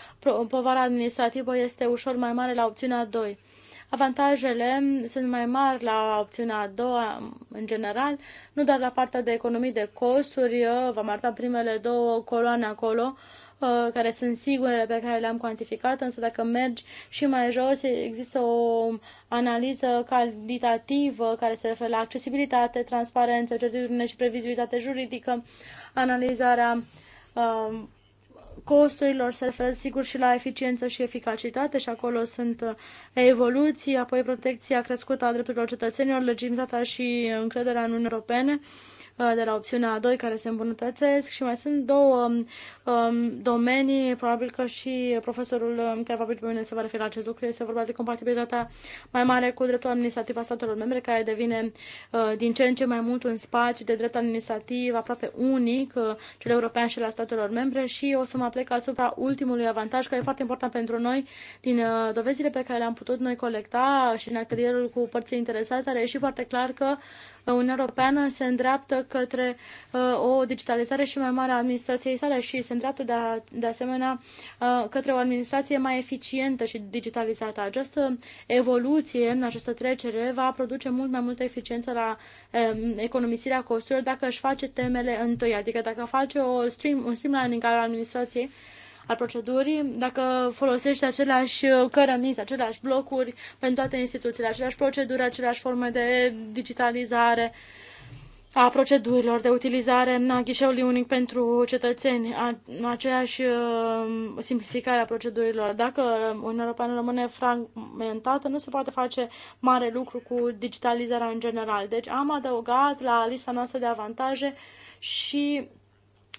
povara administrativă este ușor mai mare la opțiunea 2. Avantajele sunt mai mari la opțiunea a doua, în general, nu doar la partea de economii de costuri, ă, v-am arătat primele două coloane acolo, uh, Uh, care sunt sigurele pe care le-am cuantificat, însă dacă mergi și mai jos, există o analiză calitativă care se referă la accesibilitate, transparență, certitudine și previzibilitate juridică, analizarea um, costurilor se referă sigur și la eficiență și eficacitate și acolo sunt uh, evoluții, apoi protecția crescută a drepturilor cetățenilor, legitimitatea și încrederea în Uniunea Europene. Uh, de la opțiunea a 2 care se îmbunătățesc și mai sunt două um, um domenii, probabil că și profesorul um, care va pe mine se va referi la acest lucru, este vorba de compatibilitatea mai mare cu dreptul administrativ a statelor membre, care devine uh, din ce în ce mai mult un spațiu de drept administrativ aproape unic, uh, cel european și la statelor membre și o să mă plec asupra ultimului avantaj care e foarte important pentru noi din uh, dovezile pe care le-am putut noi colecta și în atelierul cu părții interesate, are ieșit foarte clar că Uniunea Europeană se îndreaptă către uh, o digitalizare și mai mare a administrației sale și se îndreaptă de, a, de asemenea uh, către o administrație mai eficientă și digitalizată. Această evoluție, această trecere va produce mult mai multă eficiență la um, economisirea costurilor dacă își face temele întâi, adică dacă face o stream, un streamlining al administrației, al procedurii, dacă folosești aceleași cărămizi, aceleași blocuri pentru toate instituțiile, aceleași proceduri, aceleași forme de digitalizare a procedurilor de utilizare a ghișeului unic pentru cetățeni, a, aceeași uh, simplificare a procedurilor. Dacă Uniunea Europeană rămâne fragmentată, nu se poate face mare lucru cu digitalizarea în general. Deci am adăugat la lista noastră de avantaje și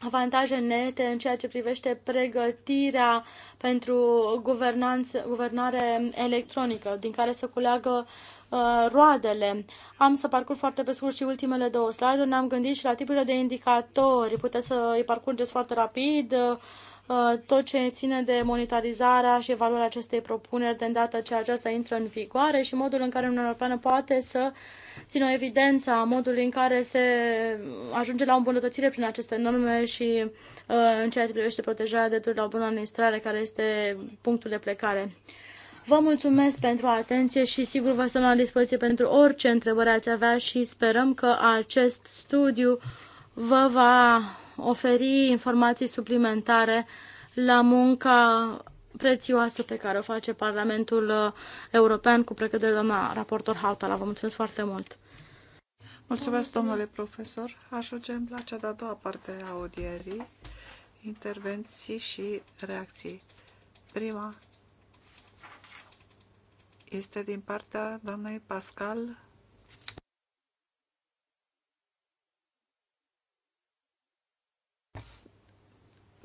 avantaje nete în ceea ce privește pregătirea pentru guvernanță, guvernare electronică, din care să culeagă uh, roadele. Am să parcurg foarte pe scurt și ultimele două slide-uri. Ne-am gândit și la tipurile de indicatori. Puteți să îi parcurgeți foarte rapid. Uh, Uh, tot ce ține de monitorizarea și evaluarea acestei propuneri de îndată ce aceasta intră în vigoare și modul în care Uniunea Europeană poate să țină evidența modului în care se ajunge la o îmbunătățire prin aceste norme și uh, în ceea ce privește protejarea dreptului la o bună administrare, care este punctul de plecare. Vă mulțumesc pentru atenție și sigur vă stăm la dispoziție pentru orice întrebări ați avea și sperăm că acest studiu vă va oferi informații suplimentare la munca prețioasă pe care o face Parlamentul uh, European cu precădere doamna raportor Hautala. Vă mulțumesc foarte mult! Mulțumesc, domnule profesor. Ajungem la cea de-a doua parte a audierii, intervenții și reacții. Prima este din partea doamnei Pascal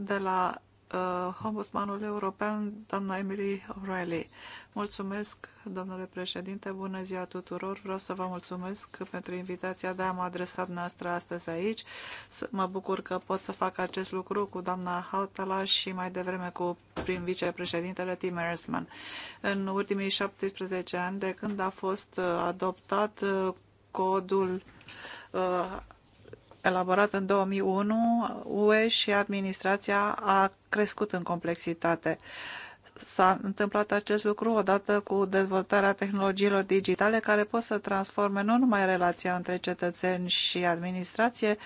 de la uh, Ombudsmanul European, doamna Emily O'Reilly. Mulțumesc, domnule președinte, bună ziua tuturor. Vreau să vă mulțumesc pentru invitația de a mă adresa noastră astăzi aici. Mă bucur că pot să fac acest lucru cu doamna Hautala și mai devreme cu prim vicepreședintele Tim Erzman. În ultimii 17 ani, de când a fost uh, adoptat uh, codul uh, elaborat în 2001, UE și administrația a crescut în complexitate. S-a întâmplat acest lucru odată cu dezvoltarea tehnologiilor digitale care pot să transforme nu numai relația între cetățeni și administrație,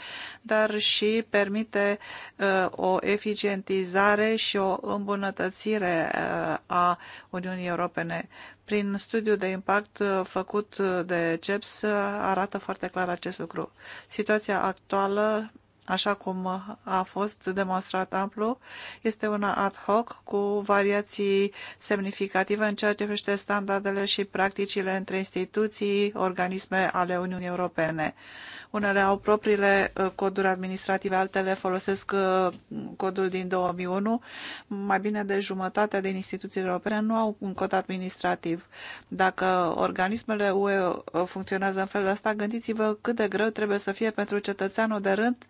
dar și permite uh, o eficientizare și o îmbunătățire uh, a Uniunii Europene. Prin studiul de impact uh, făcut uh, de CEPS uh, arată foarte clar acest lucru. Situația actuală așa cum a fost demonstrat amplu, este una ad hoc cu variații semnificative în ceea ce privește standardele și practicile între instituții, organisme ale Uniunii Europene. Unele au propriile uh, coduri administrative, altele folosesc uh, codul din 2001. Mai bine de jumătate din instituțiile europene nu au un cod administrativ. Dacă organismele UE uh, funcționează în felul ăsta, gândiți-vă cât de greu trebuie să fie pentru cetățeanul de rând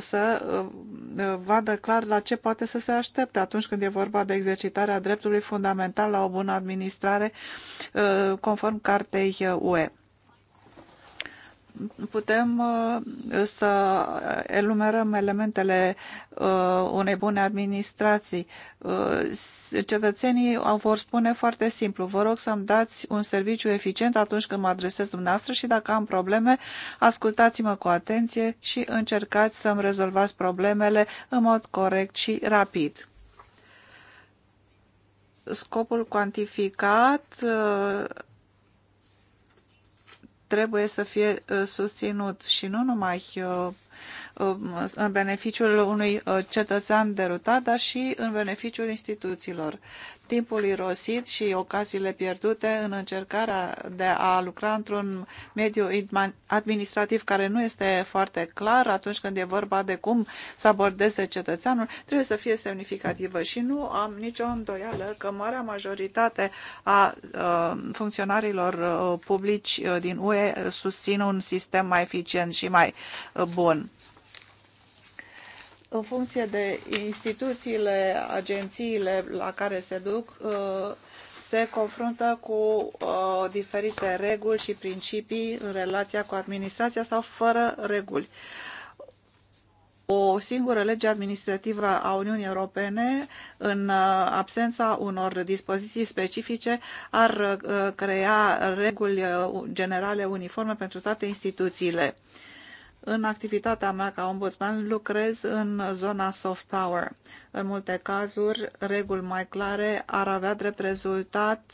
să uh, uh, vadă clar la ce poate să se aștepte atunci când e vorba de exercitarea dreptului fundamental la o bună administrare uh, conform Cartei UE putem uh, să enumerăm elementele uh, unei bune administrații. Uh, cetățenii vor spune foarte simplu, vă rog să-mi dați un serviciu eficient atunci când mă adresez dumneavoastră și dacă am probleme, ascultați-mă cu atenție și încercați să-mi rezolvați problemele în mod corect și rapid scopul cuantificat trebuie să fie uh, susținut și nu numai uh, Um, în beneficiul unui uh, cetățean derutat, dar și în beneficiul instituțiilor. Timpul irosit și ocaziile pierdute în încercarea de a lucra într-un mediu administrativ care nu este foarte clar atunci când e vorba de cum să abordeze cetățeanul, trebuie să fie semnificativă și nu am nicio îndoială că marea majoritate a uh, funcționarilor uh, publici din UE susțin un sistem mai eficient și mai bun în funcție de instituțiile, agențiile la care se duc, uh, se confruntă cu uh, diferite reguli și principii în relația cu administrația sau fără reguli. O singură lege administrativă a Uniunii Europene, în uh, absența unor dispoziții specifice, ar crea reguli generale uniforme pentru toate instituțiile în activitatea mea ca ombudsman lucrez în zona soft power. În multe cazuri, reguli mai clare ar avea drept rezultat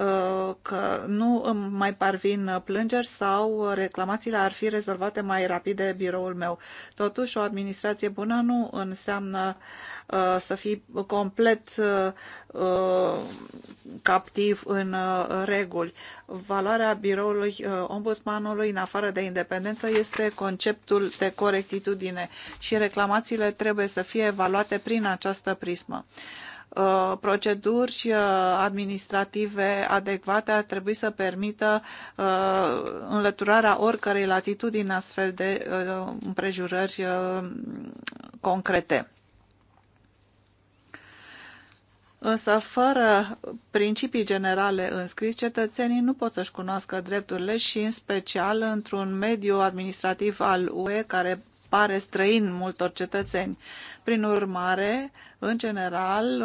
Uh, că nu îmi mai parvin plângeri sau reclamațiile ar fi rezolvate mai rapid de biroul meu. Totuși, o administrație bună nu înseamnă uh, să fii complet uh, captiv în reguli. Valoarea biroului ombudsmanului, în afară de independență, este conceptul de corectitudine și reclamațiile trebuie să fie evaluate prin această prismă. Uh, proceduri uh, administrative adecvate ar trebui să permită uh, înlăturarea oricărei latitudini în astfel de împrejurări concrete. Însă, fără principii generale înscris, cetățenii nu pot să-și cunoască drepturile și, în special, într-un mediu administrativ al UE care pare străin multor cetățeni. Prin urmare, în general,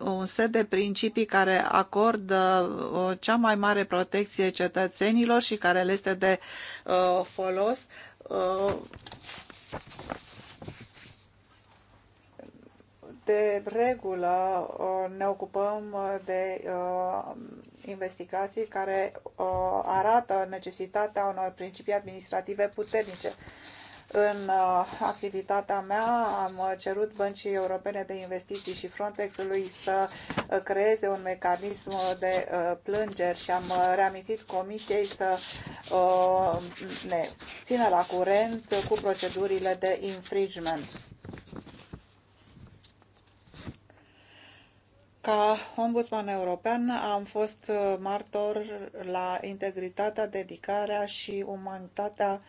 un set de principii care acordă uh, cea mai mare protecție cetățenilor și care le este de uh, folos uh, de regulă uh, ne ocupăm de investigații care arată necesitatea unor principii administrative puternice. În uh, activitatea mea am uh, cerut Băncii Europene de Investiții și Frontexului să uh, creeze un mecanism de plângeri și am reamintit Comisiei să ne țină la curent cu procedurile de infringement. Ca ombudsman european am fost uh, martor la integritatea, dedicarea și umanitatea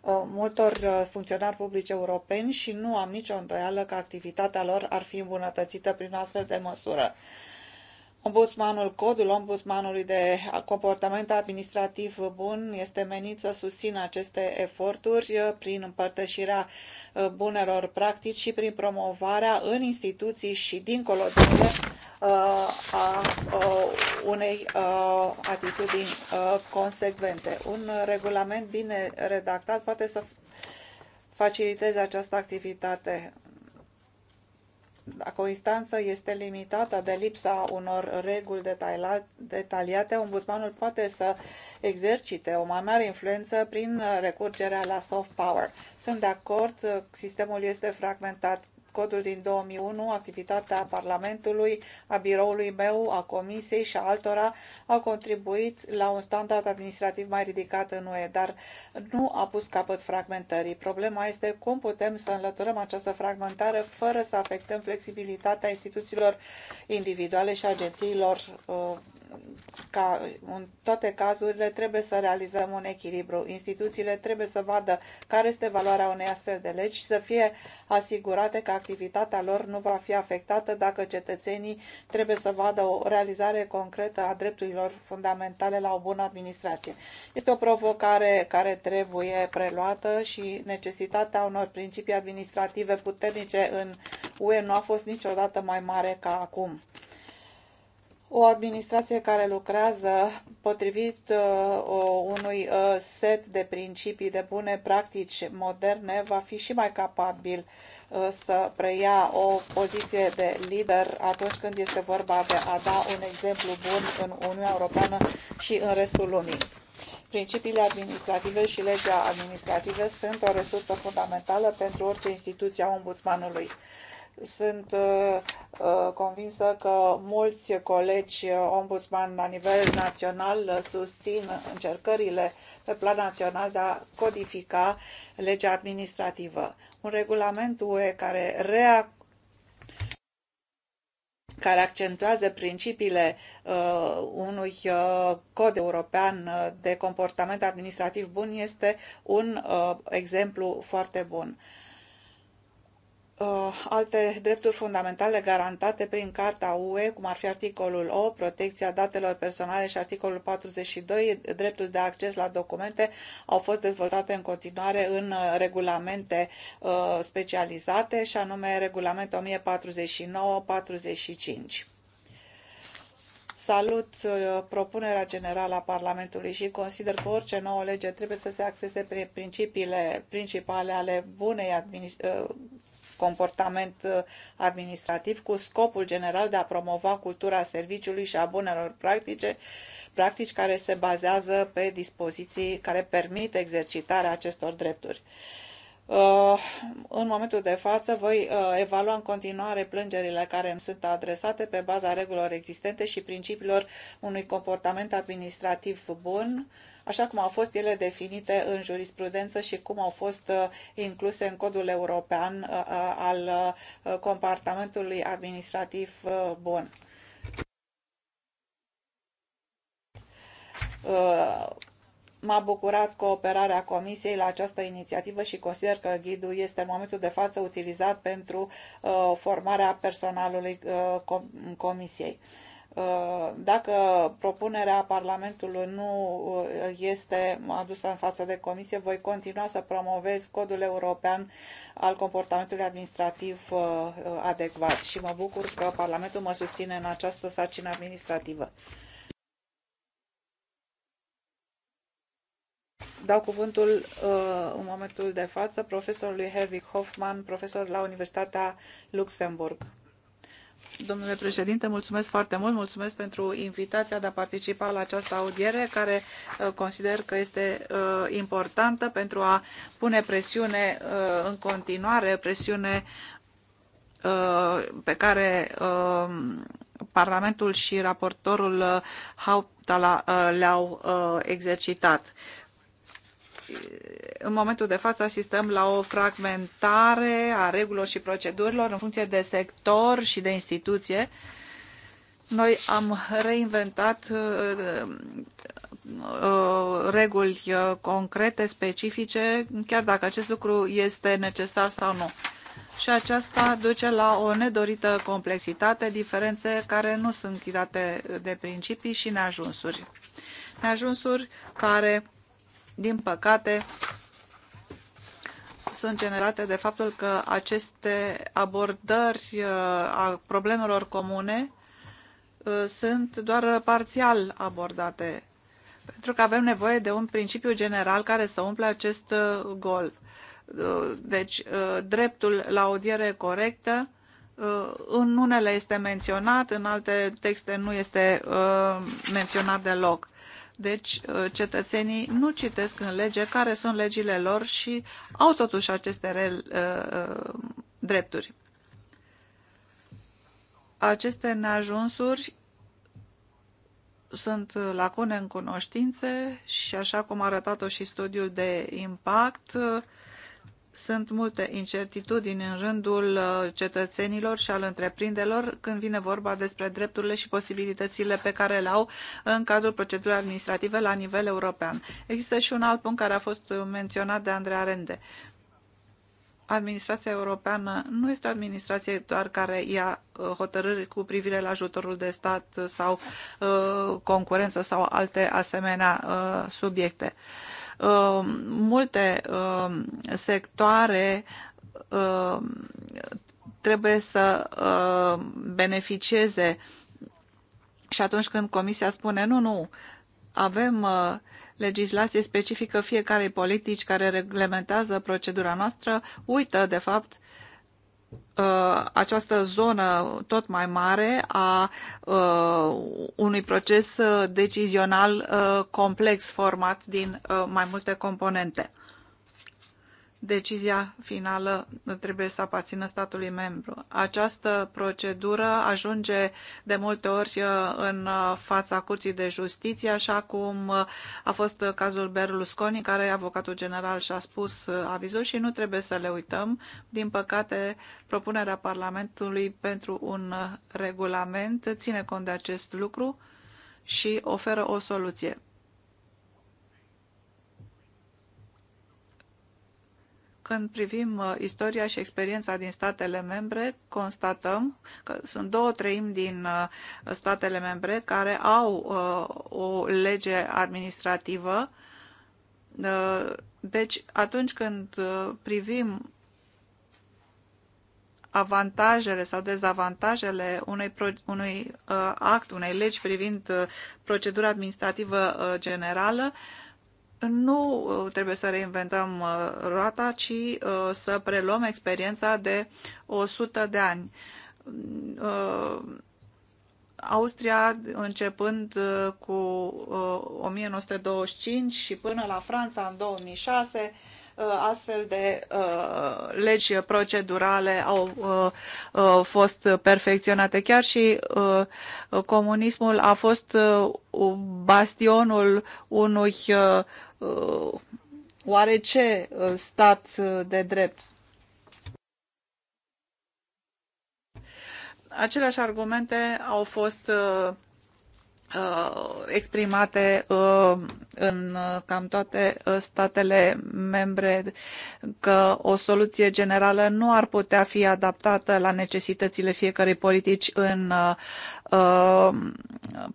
uh, multor uh, funcționari publici europeni și nu am nicio îndoială că activitatea lor ar fi îmbunătățită prin astfel de măsură. Ombudsmanul, codul ombudsmanului de comportament administrativ bun este menit să susțină aceste eforturi prin împărtășirea bunelor practici și prin promovarea în instituții și dincolo de ele Uh, a uh, unei uh, atitudini consecvente. Un regulament bine redactat poate să faciliteze această activitate. Dacă o instanță este limitată de lipsa unor reguli detaliate, ombudsmanul poate să exercite o mai mare influență prin recurgerea la soft power. Sunt de acord, sistemul este fragmentat, codul din 2001, activitatea Parlamentului, a biroului meu, a Comisiei și a altora au contribuit la un standard administrativ mai ridicat în UE, dar nu a pus capăt fragmentării. Problema este cum putem să înlăturăm această fragmentare fără să afectăm flexibilitatea instituțiilor individuale și agențiilor uh, ca în toate cazurile trebuie să realizăm un echilibru. Instituțiile trebuie să vadă care este valoarea unei astfel de legi și să fie asigurate că activitatea lor nu va fi afectată dacă cetățenii trebuie să vadă o realizare concretă a drepturilor fundamentale la o bună administrație. Este o provocare care trebuie preluată și necesitatea unor principii administrative puternice în UE nu a fost niciodată mai mare ca acum o administrație care lucrează potrivit uh, unui uh, set de principii de bune practici moderne va fi și mai capabil uh, să preia o poziție de lider atunci când este vorba de a da un exemplu bun în Uniunea Europeană și în restul lumii. Principiile administrative și legea administrativă sunt o resursă fundamentală pentru orice instituție a ombudsmanului. Sunt uh, uh, convinsă că mulți colegi ombudsman la nivel național uh, susțin încercările pe plan național de a codifica legea administrativă. Un regulament UE care rea care accentuează principiile uh, unui uh, cod european de comportament administrativ bun este un uh, exemplu foarte bun. Uh, Uh, alte drepturi fundamentale garantate prin Carta UE, cum ar fi articolul O, protecția datelor personale și articolul 42, dreptul de acces la documente, au fost dezvoltate în continuare în uh, regulamente uh, specializate, și anume regulamentul 1049-45. Salut propunerea generală a Parlamentului și consider că orice nouă lege trebuie să se axeze pe principiile principale ale bunei administ- comportament uh, administrativ cu scopul general de a promova cultura serviciului și a bunelor practice, practici care se bazează pe dispoziții care permit exercitarea acestor drepturi. Uh, în momentul de față voi uh, evalua în continuare plângerile care îmi sunt adresate pe baza regulilor existente și principiilor unui comportament administrativ bun, așa cum au fost ele definite în jurisprudență și cum au fost uh, incluse în codul european uh, uh, al comportamentului administrativ bun. M-a bucurat cooperarea Comisiei la această inițiativă și consider că ghidul este în momentul de față utilizat pentru formarea personalului Comisiei. Uh, dacă propunerea Parlamentului nu uh, este adusă în față de comisie, voi continua să promovez codul european al comportamentului administrativ uh, adecvat și mă bucur că Parlamentul mă susține în această sarcină administrativă. dau cuvântul în momentul de față profesorului Herwig Hoffman, profesor la Universitatea Luxemburg. Domnule președinte, mulțumesc foarte mult, mulțumesc pentru invitația de a participa la această audiere, care uh, consider că este uh, importantă pentru a pune presiune uh, în continuare, presiune pe care Parlamentul și raportorul Hauptala le-au exercitat în momentul de față asistăm la o fragmentare a regulilor și procedurilor în funcție de sector și de instituție. Noi am reinventat uh, uh, uh, reguli concrete, specifice, chiar dacă acest lucru este necesar sau nu. Și aceasta duce la o nedorită complexitate, diferențe care nu sunt chidate de principii și neajunsuri. Neajunsuri care din păcate, sunt generate de faptul că aceste abordări uh, a problemelor comune uh, sunt doar parțial abordate, pentru că avem nevoie de un principiu general care să umple acest uh, gol. Deci, dreptul la audiere corectă, în unele este menționat, în alte texte nu este menționat deloc. Deci uh, cetățenii nu citesc în lege care sunt legile lor și au totuși aceste re, uh, uh, drepturi. Aceste neajunsuri sunt uh, lacune în cunoștințe și așa cum a arătat-o și studiul de impact, sunt multe incertitudini în rândul uh, cetățenilor și al întreprinderilor când vine vorba despre drepturile și posibilitățile pe care le au în cadrul procedurii administrative la nivel european. Există și un alt punct care a fost menționat de Andreea Rende. Administrația europeană nu este o administrație doar care ia uh, hotărâri cu privire la ajutorul de stat sau uh, concurență sau alte asemenea subiecte. Uh, multe uh, sectoare uh, trebuie să beneficieze și atunci când Comisia spune nu, nu, avem uh, legislație specifică fiecarei politici care reglementează procedura noastră, uită, de fapt, Uh, această zonă tot mai mare a uh, unui proces uh, decizional complex format din mai multe componente decizia finală trebuie să aparțină statului membru. Această procedură ajunge de multe ori uh, în uh, fața Curții de Justiție, așa cum uh, a fost cazul Berlusconi, care avocatul general și-a spus avizul și nu trebuie să le uităm. Din păcate, propunerea Parlamentului pentru un regulament ține cont de acest lucru și oferă o soluție. Când privim uh, istoria și experiența din statele membre, constatăm că sunt două treimi din uh, statele membre care au uh, o lege administrativă. Deci, atunci când privim avantajele sau dezavantajele unui, pro, unui uh, act, unei legi privind uh, procedura administrativă uh, generală, nu uh, trebuie să reinventăm uh, roata, ci uh, să preluăm experiența de 100 de ani. Mm, Austria, începând cu 1925 și până la Franța în 2006, astfel de uh, legi procedurale au uh, uh, fost perfecționate. Chiar și comunismul a fost bastionul unui Uh, oare ce uh, stat uh, de drept? Aceleași argumente au fost Uh, exprimate uh, în uh, cam toate statele membre că o soluție generală nu ar putea fi adaptată la necesitățile fiecărei politici în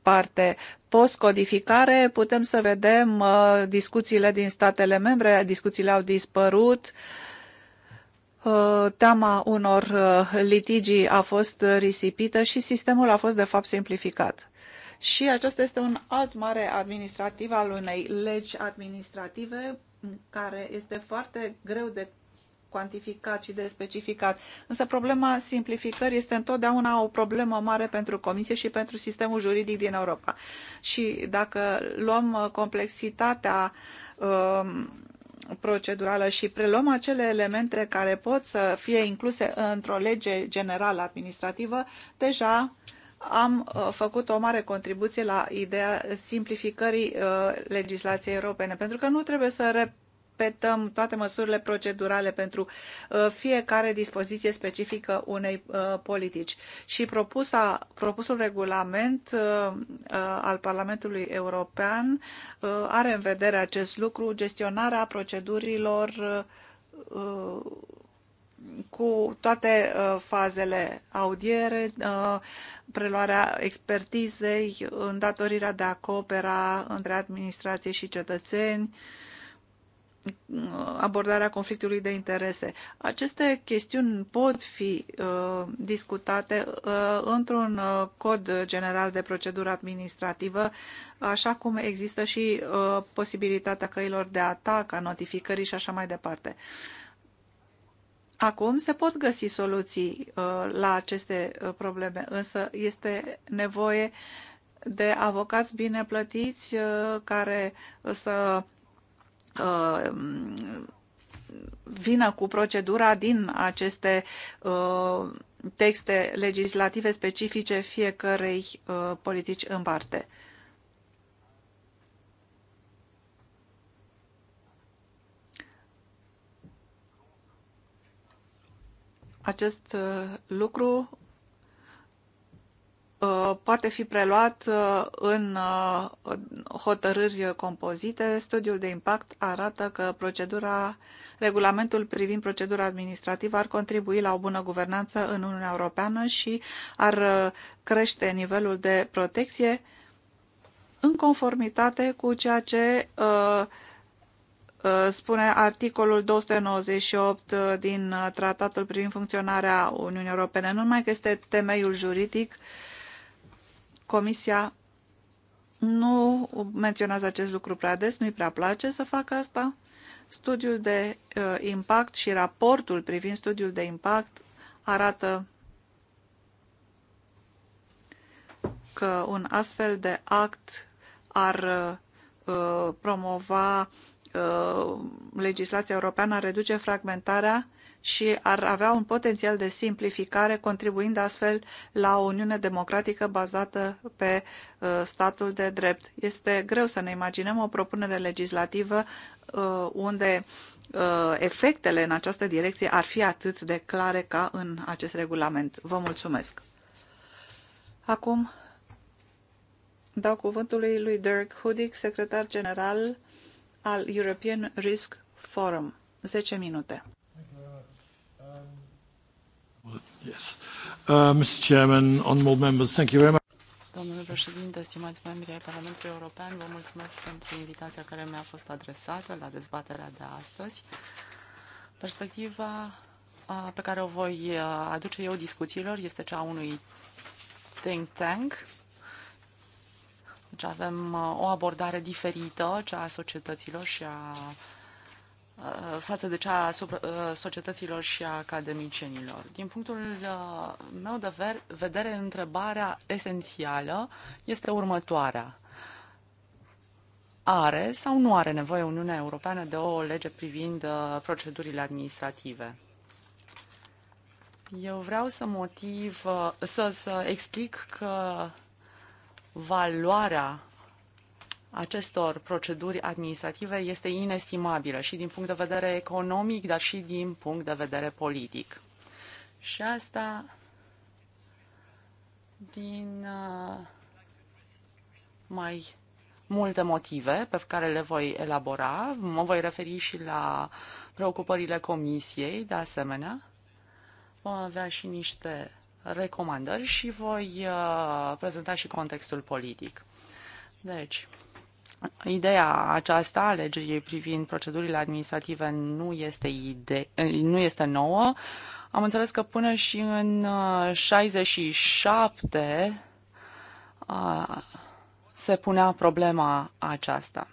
parte. Post-codificare putem să vedem discuțiile din statele membre, discuțiile au dispărut, teama unor litigii a fost risipită și sistemul a fost de fapt simplificat. Și acesta este un alt mare administrativ al unei legi administrative care este foarte greu de cuantificat și de specificat. Însă problema simplificării este întotdeauna o problemă mare pentru Comisie și pentru sistemul juridic din Europa. Și dacă luăm complexitatea um, procedurală și preluăm acele elemente care pot să fie incluse într-o lege generală administrativă, deja am uh, făcut o mare contribuție la ideea simplificării uh, legislației europene, pentru că nu trebuie să repetăm toate măsurile procedurale pentru uh, fiecare dispoziție specifică unei politici. Și propusa, propusul regulament al Parlamentului European are în vedere acest lucru, gestionarea procedurilor cu toate uh, fazele audiere, uh, preluarea expertizei, îndatorirea de a coopera între administrație și cetățeni, uh, abordarea conflictului de interese. Aceste chestiuni pot fi discutate într-un cod general de procedură administrativă, așa cum există și posibilitatea căilor de atac, a notificării și așa mai departe. Acum se pot găsi soluții uh, la aceste uh, probleme, însă este nevoie de avocați bine plătiți uh, care să uh, vină cu procedura din aceste uh, texte legislative specifice fiecărei politici în parte. Acest uh, lucru uh, poate fi preluat uh, în hotărâri compozite. Studiul de impact arată că procedura, regulamentul privind procedura administrativă ar contribui la o bună guvernanță în Uniunea Europeană și ar crește nivelul de protecție în conformitate cu ceea ce uh, Uh, spune articolul 298 uh, din uh, Tratatul privind funcționarea Uniunii Europene. Nu numai că este temeiul juridic, Comisia nu menționează acest lucru prea des, nu-i prea place să facă asta. Studiul de uh, impact și raportul privind studiul de impact arată că un astfel de act ar uh, promova Uh, legislația europeană ar reduce fragmentarea și ar avea un potențial de simplificare, contribuind astfel la o Uniune democratică bazată pe uh, statul de drept. Este greu să ne imaginăm o propunere legislativă uh, unde efectele în această direcție ar fi atât de clare ca în acest regulament. Vă mulțumesc! Acum dau cuvântul lui Dirk Hudic, secretar general al European Risk Forum. 10 minute. Uh, Domnule președinte, stimați membri ai Parlamentului European, vă mulțumesc pentru invitația care mi-a fost adresată la dezbaterea de astăzi. Perspectiva uh, pe care o voi uh, aduce eu discuțiilor este cea a unui think tank deci avem uh, o abordare diferită, cea a societăților și a uh, față de cea a uh, societăților și a academicienilor. Din punctul meu de vedere, întrebarea esențială este următoarea. Are sau nu are nevoie Uniunea Europeană de o lege privind procedurile administrative? Eu vreau să motiv, să, să explic că valoarea acestor proceduri administrative este inestimabilă și din punct de vedere economic, dar și din punct de vedere politic. Și asta din uh, mai multe motive pe care le voi elabora. Mă voi referi și la preocupările comisiei, de asemenea. Vom avea și niște recomandări și voi uh, prezenta și contextul politic. Deci, Ideea aceasta a legii privind procedurile administrative nu este, ide- nu este nouă. Am înțeles că până și în 67 uh, a, uh, se punea problema aceasta.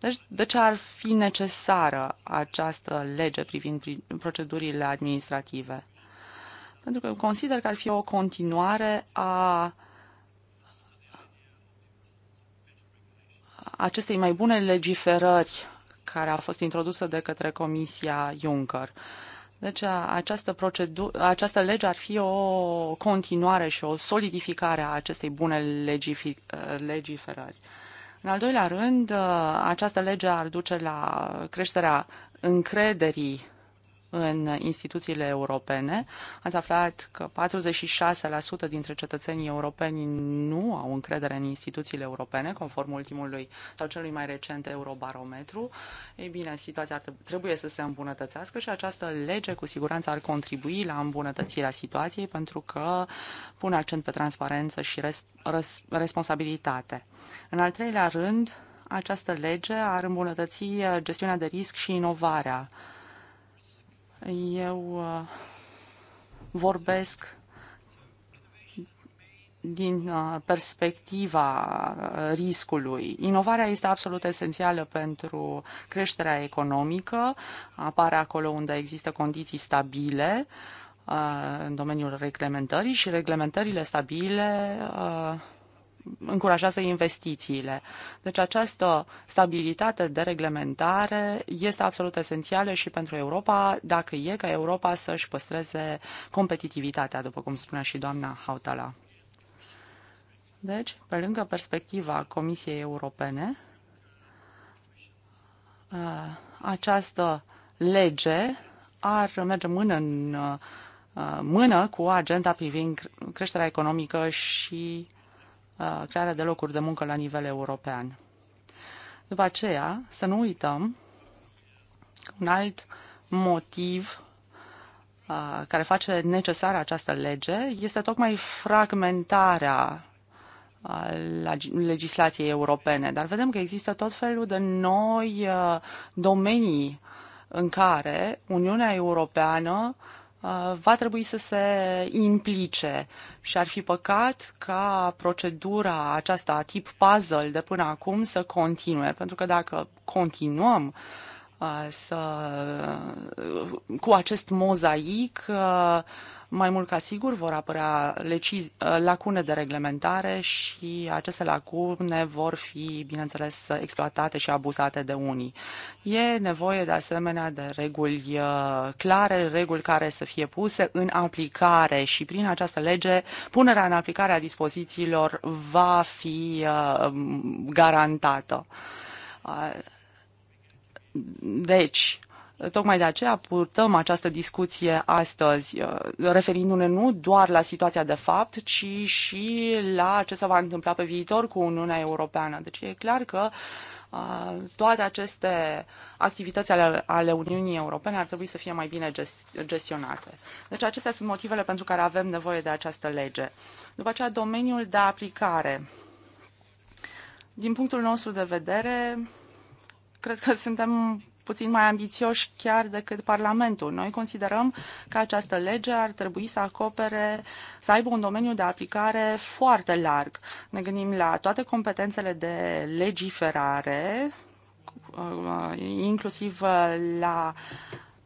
Deci, de ce ar fi necesară această lege privind procedurile administrative? pentru că consider că ar fi o continuare a acestei mai bune legiferări care a fost introdusă de către Comisia Juncker. Deci această, procedu- această lege ar fi o continuare și o solidificare a acestei bune uh, legiferări. În al doilea rând, uh, această lege ar duce la creșterea încrederii în instituțiile europene. Ați aflat că 46% dintre cetățenii europeni nu au încredere în instituțiile europene, conform ultimului sau celui mai recent eurobarometru. Ei bine, situația trebuie să se îmbunătățească și această lege cu siguranță ar contribui la îmbunătățirea situației pentru că pune accent pe transparență și res- res- responsabilitate. În al treilea rând, această lege ar îmbunătăți gestiunea de risc și inovarea eu uh, vorbesc din uh, perspectiva uh, riscului. Inovarea este absolut esențială pentru creșterea economică, apare acolo unde există condiții stabile în domeniul reglementării și reglementările stabile încurajează investițiile. Deci această stabilitate de reglementare este absolut esențială și pentru Europa, dacă e ca Europa să-și păstreze competitivitatea, după cum spunea și doamna Hautala. Deci, pe lângă perspectiva Comisiei Europene, uh, această lege ar merge mână în uh, mână cu agenda privind creșterea economică și Uh, crearea de locuri de muncă la nivel european. După aceea, să nu uităm un alt motiv uh, care face necesară această lege este tocmai fragmentarea uh, legislației europene, dar vedem că există tot felul de noi domenii în care Uniunea Europeană uh, Uh, va trebui să se implice și ar fi păcat ca procedura aceasta tip puzzle de până acum să continue, pentru că dacă continuăm uh, să, cu acest mozaic, uh, mai mult ca sigur vor apărea ă, lacune de reglementare și aceste lacune vor fi, bineînțeles, exploatate și abuzate de unii. E nevoie de asemenea de reguli ă, clare, reguli care să fie puse în aplicare și prin această lege punerea în aplicare a dispozițiilor va fi ă, garantată. Deci, Tocmai de aceea purtăm această discuție astăzi, uh, referindu-ne nu doar la situația de fapt, ci și la ce se va întâmpla pe viitor cu Uniunea Europeană. Deci e clar că uh, toate aceste activități ale, ale Uniunii Europene ar trebui să fie mai bine gestionate. Deci acestea sunt motivele pentru care avem nevoie de această lege. După aceea, domeniul de aplicare. Din punctul nostru de vedere, cred că suntem puțin mai ambițioși chiar decât Parlamentul. Noi considerăm că această lege ar trebui să acopere, să aibă un domeniu de aplicare foarte larg. Ne gândim la toate competențele de legiferare, uh, inclusiv uh, la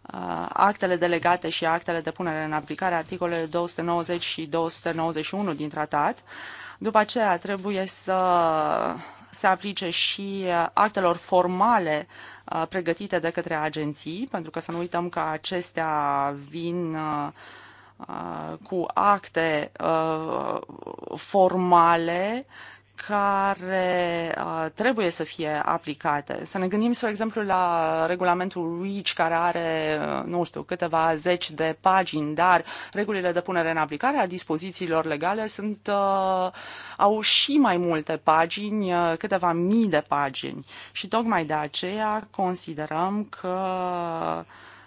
uh, actele delegate și actele de punere în aplicare, articolele 290 și 291 din tratat. După aceea trebuie să se aplice și uh, actelor formale uh, pregătite de către agenții, pentru că să nu uităm că acestea vin uh, cu acte formale care uh, trebuie să fie aplicate. Să ne gândim, spre exemplu, la regulamentul REACH, care are, uh, nu știu, câteva zeci de pagini, dar regulile de punere în aplicare a dispozițiilor legale sunt, uh, au și mai multe pagini, uh, câteva mii de pagini. Și tocmai de aceea considerăm că uh,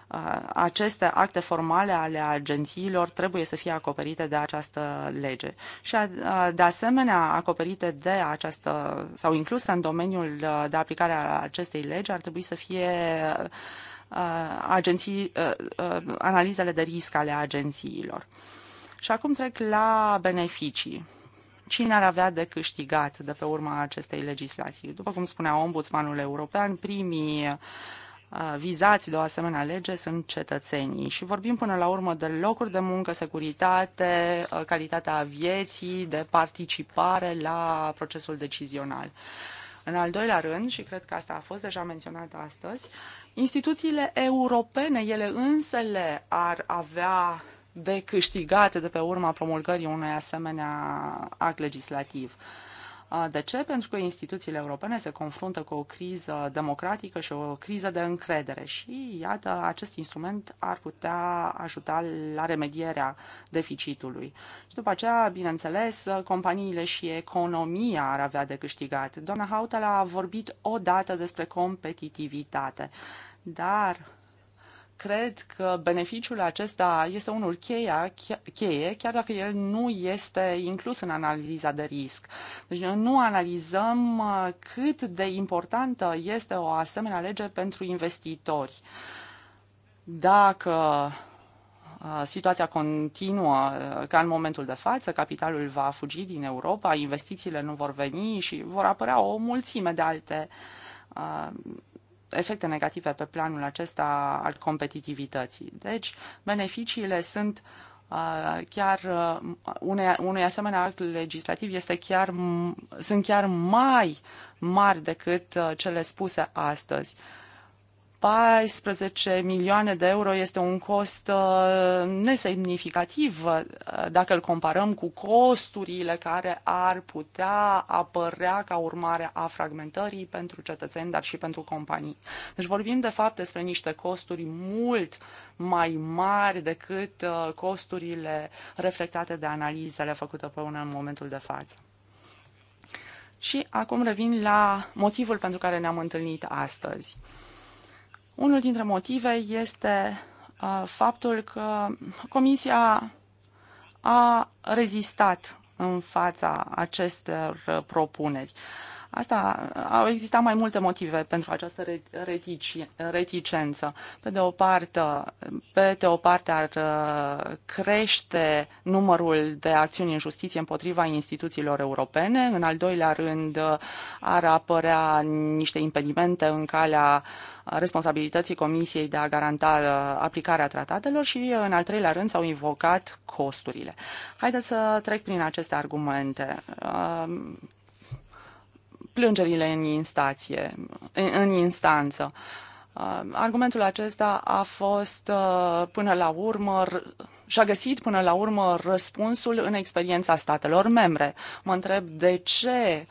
Uh, aceste acte formale ale agențiilor trebuie să fie acoperite de această lege și uh, de asemenea acoperite de această sau incluse în domeniul uh, de aplicare a acestei legi ar trebui să fie agenții, analizele de risc ale agențiilor. Și acum trec la beneficii cine ar avea de câștigat de pe urma acestei legislații. După cum spunea ombudsmanul european, primii vizați de o asemenea lege sunt cetățenii și vorbim până la urmă de locuri de muncă, securitate, uh, calitatea vieții, de participare la procesul decizional. În al doilea rând, și cred că asta a fost deja menționat astăzi, instituțiile europene, ele însele ar avea de câștigate de pe urma promulgării unui asemenea act legislativ. Uh, de ce? Pentru că instituțiile europene se confruntă cu o criză democratică și o criză de încredere și, iată, acest instrument ar putea ajuta la remedierea deficitului. Și după aceea, bineînțeles, companiile și economia ar avea de câștigat. Doamna Hautala a vorbit odată despre competitivitate, dar cred că beneficiul acesta este unul cheia, cheie, chiar dacă el nu este inclus în analiza de risc. Deci noi nu analizăm uh, cât de importantă este o asemenea lege pentru investitori. Dacă uh, situația continuă uh, ca în momentul de față, capitalul va fugi din Europa, investițiile nu vor veni și vor apărea o mulțime de alte efecte negative pe planul acesta al competitivității. Deci, beneficiile sunt uh, chiar uh, unei, unui asemenea act legislativ este chiar, sunt chiar mai mari decât uh, cele spuse astăzi. 14 milioane de euro este un cost uh, nesemnificativ uh, dacă îl comparăm cu costurile care ar putea apărea ca urmare a fragmentării pentru cetățeni, dar și pentru companii. Deci vorbim de fapt despre niște costuri mult mai mari decât uh, costurile reflectate de analizele făcute până în momentul de față. Și acum revin la motivul pentru care ne-am întâlnit astăzi. Unul dintre motive este uh, faptul că Comisia a rezistat în fața acestor uh, propuneri. Asta, au existat mai multe motive pentru această retici, reticență. Pe de o parte, pe de o parte ar uh, crește numărul de acțiuni în justiție împotriva instituțiilor europene, în al doilea rând uh, ar apărea niște impedimente în calea responsabilității Comisiei de a garanta uh, aplicarea tratatelor și, în al treilea rând, s-au invocat costurile. Haideți să trec prin aceste argumente plângerile în, instație, în, în instanță. Uh, argumentul acesta a fost uh, până la urmă și-a găsit până la urmă răspunsul în experiența statelor membre. Mă întreb de ce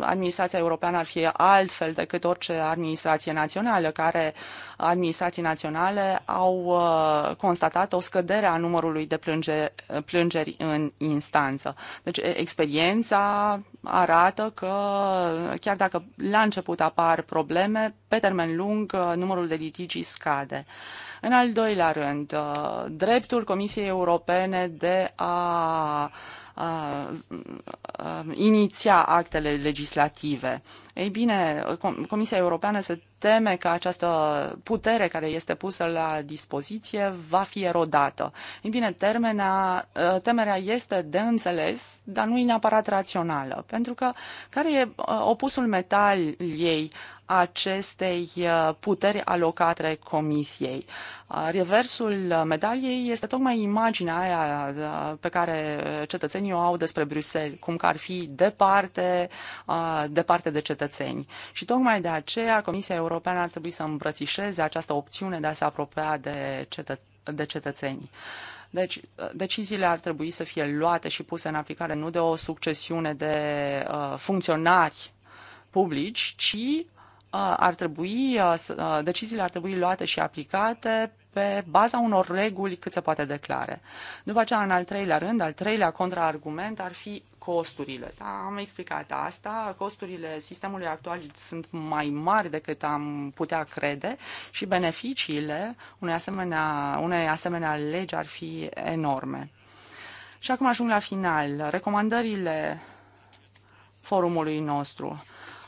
administrația europeană ar fi altfel decât orice administrație națională, care administrații naționale au constatat o scădere a numărului de plânge, plângeri în instanță. Deci experiența arată că chiar dacă la început apar probleme, pe termen lung numărul de litigii scade. Uh, în al doilea rând, uh, dreptul Comisiei Europene de a, iniția actele legislative. Ei bine, Comisia Europeană se teme că această putere care este pusă la dispoziție va fi erodată. Ei bine, uh, temerea este de înțeles, dar nu e neapărat rațională, pentru că care e uh, opusul metaliei acestei uh, puteri alocate Comisiei. Uh, reversul medaliei este tocmai imaginea aia uh, pe care cetățenii o au despre Bruxelles, cum că ar fi departe, departe de cetățeni. Și tocmai de aceea Comisia Europeană ar trebui să îmbrățișeze această opțiune de a se apropia de, cetă- de cetățeni. Deci, deciziile ar trebui să fie luate și puse în aplicare nu de o succesiune de uh, funcționari publici, ci Uh, ar trebui, uh, uh, deciziile ar trebui luate și aplicate pe baza unor reguli cât se poate declare. După aceea, în al treilea rând, al treilea contraargument ar fi costurile. Da, am explicat asta. Costurile sistemului actual sunt mai mari decât am putea crede și beneficiile unei asemenea, unei asemenea legi ar fi enorme. Și acum ajung la final. Recomandările forumului nostru.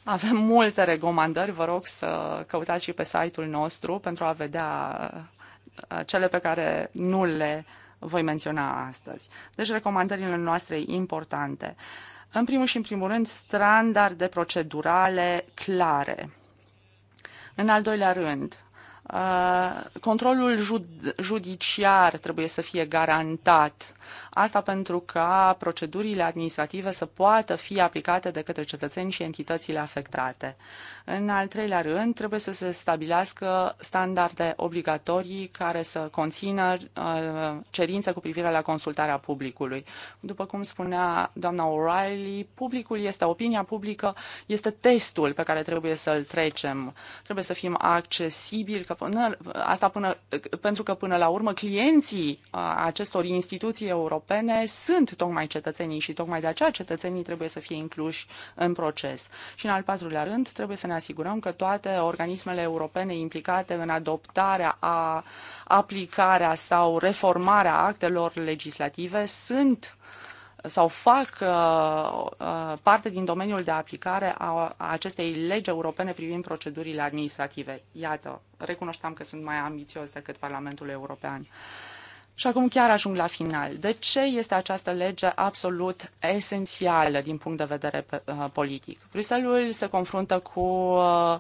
Avem multe recomandări, vă rog să căutați și pe site-ul nostru pentru a vedea uh, cele pe care nu le voi menționa astăzi. Deci recomandările noastre importante. În primul și în primul rând, standarde procedurale clare. În al doilea rând, uh, controlul judiciar trebuie să fie garantat Asta pentru ca procedurile administrative să poată fi aplicate de către cetățeni și entitățile afectate. În al treilea rând, trebuie să se stabilească standarde obligatorii care să conțină uh, cerințe cu privire la consultarea publicului. După cum spunea doamna O'Reilly, publicul este opinia publică, este testul pe care trebuie să-l trecem. Trebuie să fim accesibili, că până, asta până, pentru că până la urmă clienții uh, acestor instituții europene sunt tocmai cetățenii și tocmai de aceea cetățenii trebuie să fie incluși în proces. Și în al patrulea rând trebuie să ne asigurăm că toate organismele europene implicate în adoptarea, a, aplicarea sau reformarea actelor legislative sunt sau fac uh, uh parte din domeniul de aplicare a, a acestei legi europene privind procedurile administrative. Iată, recunoșteam că sunt mai ambițios decât Parlamentul European. Uh, și acum chiar ajung la final. De ce este această lege absolut esențială din punct de vedere uh, politic? Bruselul se confruntă cu, uh,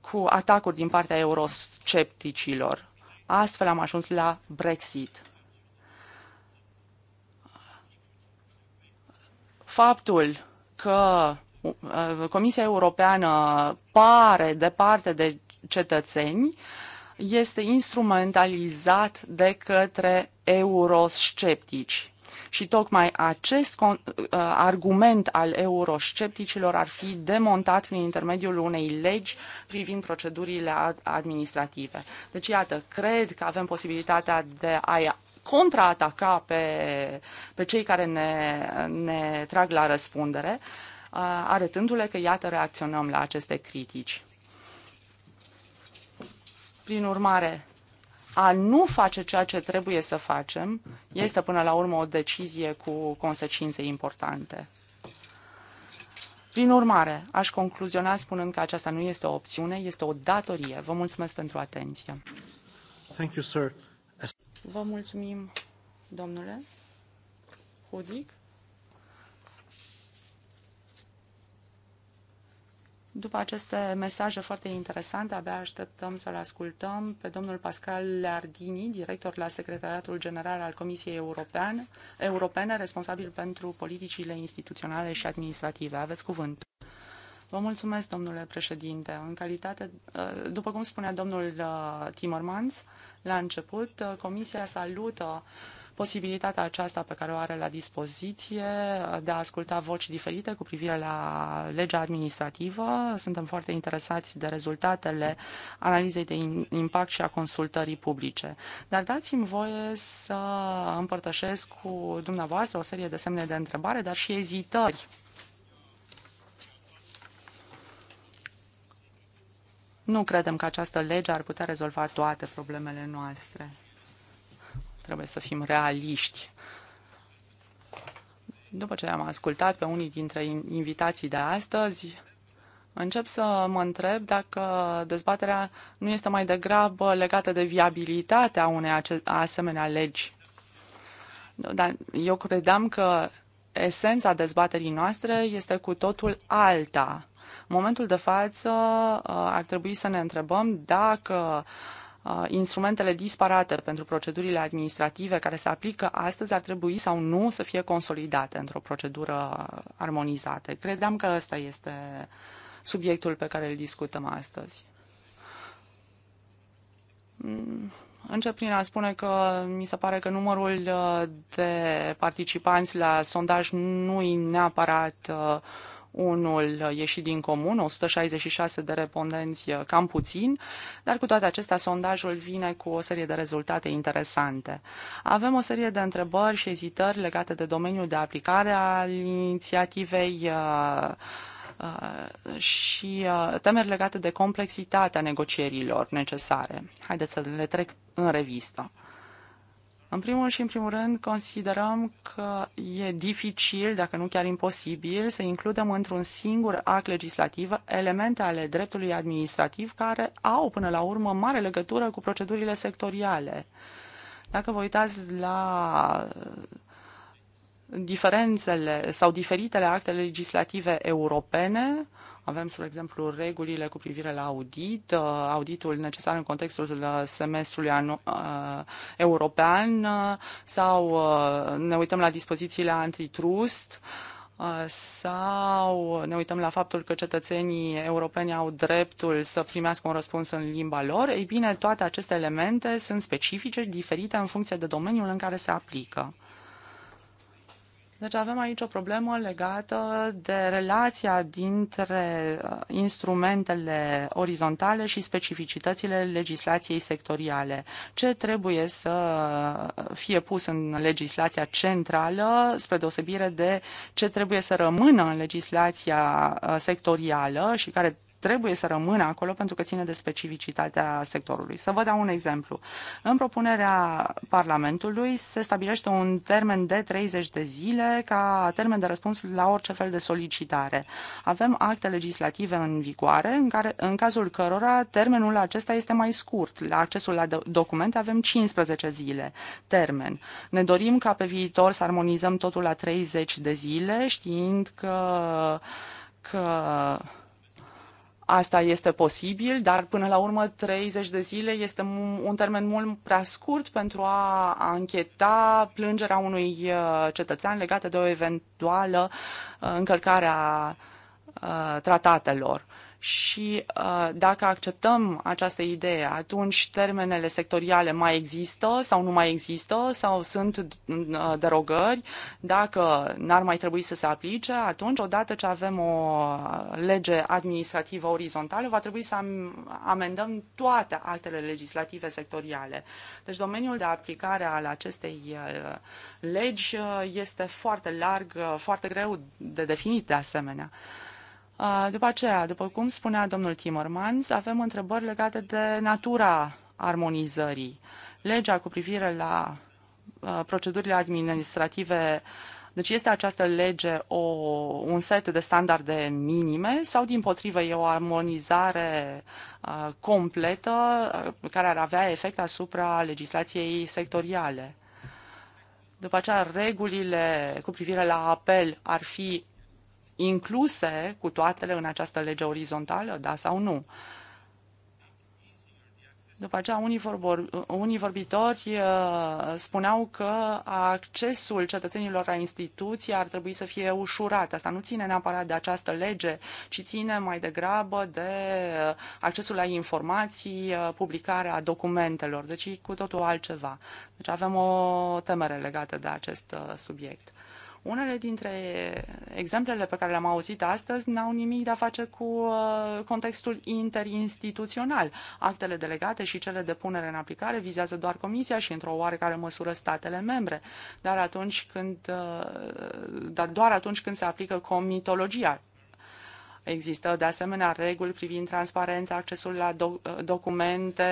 cu atacuri din partea euroscepticilor. Astfel am ajuns la Brexit. Faptul că uh, Comisia Europeană pare departe de cetățeni uh, este instrumentalizat de către eurosceptici. Și tocmai acest uh, argument al euroscepticilor ar fi demontat prin intermediul unei legi privind procedurile administrative. Deci, iată, cred că avem posibilitatea de a contraataca pe, pe cei care ne, ne trag la răspundere, uh, arătându-le că, iată, reacționăm la aceste critici. Prin urmare, a nu face ceea ce trebuie să facem este până la urmă o decizie cu consecințe importante. Prin urmare, aș concluziona spunând că aceasta nu este o opțiune, este o datorie. Vă mulțumesc pentru atenție. Thank you, sir. Vă mulțumim, domnule Hudic. După aceste mesaje foarte interesante, abia așteptăm să-l ascultăm pe domnul Pascal Lardini, director la Secretariatul General al Comisiei European, Europene, responsabil pentru politicile instituționale și administrative. Aveți cuvânt. Vă mulțumesc, domnule președinte. În calitate, uh, după cum spunea domnul uh, Timmermans la început, uh, Comisia salută uh, posibilitatea aceasta pe care o are la dispoziție de a asculta voci diferite cu privire la legea administrativă. Suntem foarte interesați de rezultatele analizei de impact și a consultării publice. Dar dați-mi voie să împărtășesc cu dumneavoastră o serie de semne de întrebare, dar și ezitări Nu credem că această lege ar putea rezolva toate problemele noastre. Trebuie să fim realiști. După ce am ascultat pe unii dintre invitații de astăzi, încep să mă întreb dacă dezbaterea nu este mai degrabă legată de viabilitatea unei asemenea legi. Dar eu credeam că esența dezbaterii noastre este cu totul alta. În momentul de față uh, ar trebui să ne întrebăm dacă uh, Uh, instrumentele disparate pentru procedurile administrative care se aplică astăzi ar trebui sau nu să fie consolidate într-o procedură armonizată. Credeam că ăsta este subiectul pe care îl discutăm astăzi. Mm, încep prin a spune că mi se pare că numărul uh, de participanți la sondaj nu e neapărat uh, unul ieșit din comun, 166 de respondenți eh, cam puțin, dar cu toate acestea sondajul vine cu o serie de rezultate interesante. Avem o serie de întrebări și ezitări legate de domeniul de aplicare al inițiativei eh, eh, și temeri legate de complexitatea negocierilor necesare. Haideți să le trec în revistă. În primul și în primul rând, considerăm că e dificil, dacă nu chiar imposibil, să includem într-un singur act legislativ elemente ale dreptului administrativ care au, până la urmă, mare legătură cu procedurile sectoriale. Dacă vă uitați la uh, diferențele sau diferitele acte legislative europene, uh, avem, spre exemplu, regulile cu privire la audit, uh, auditul necesar în contextul uh, semestrului anu- uh, european sau ne uităm la dispozițiile antitrust sau ne uităm la faptul că cetățenii europeni au dreptul să primească un răspuns în limba lor, ei bine, toate aceste elemente sunt specifice, diferite în funcție de domeniul în care se aplică. Deci avem aici o problemă legată de relația dintre uh, instrumentele orizontale și specificitățile legislației sectoriale. Ce trebuie să fie pus în legislația centrală, spre deosebire de ce trebuie să rămână în legislația uh, sectorială și care trebuie să rămână acolo pentru că ține de specificitatea sectorului. Să vă dau un exemplu. În propunerea Parlamentului se stabilește un termen de 30 de zile ca termen de răspuns la orice fel de solicitare. Avem acte legislative în vigoare în, care, în cazul cărora termenul acesta este mai scurt. La accesul la documente avem 15 zile termen. Ne dorim ca pe viitor să armonizăm totul la 30 de zile, știind că că Asta este posibil, dar până la urmă 30 de zile este un termen mult prea scurt pentru a ancheta plângerea unui uh, cetățean legată de o eventuală uh, încălcare a uh, tratatelor și uh, dacă acceptăm această idee, atunci termenele sectoriale mai există sau nu mai există sau sunt uh, derogări. Dacă n-ar mai trebui să se aplice, atunci odată ce avem o lege administrativă orizontală, va trebui să amendăm toate actele legislative sectoriale. Deci domeniul de aplicare al acestei uh, legi este foarte larg, foarte greu de definit de asemenea. După aceea, după cum spunea domnul Timmermans, avem întrebări legate de natura armonizării. Legea cu privire la procedurile administrative deci este această lege o, un set de standarde minime sau din potrivă e o armonizare uh, completă care ar avea efect asupra legislației sectoriale? După aceea, regulile cu privire la apel ar fi incluse cu toatele în această lege orizontală, da sau nu? După aceea, unii, vorbor, unii vorbitori uh, spuneau că accesul cetățenilor la instituții ar trebui să fie ușurat. Asta nu ține neapărat de această lege, ci ține mai degrabă de uh, accesul la informații, uh, publicarea documentelor. Deci cu totul altceva. Deci avem o temere legată de acest subiect. Unele dintre exemplele pe care le-am auzit astăzi n-au nimic de a face cu uh, contextul interinstituțional. Actele delegate și cele de punere în aplicare vizează doar Comisia și într-o oarecare măsură statele membre, dar atunci când uh, dar doar atunci când se aplică comitologia, Există de asemenea reguli privind transparența, accesul la uh, documente,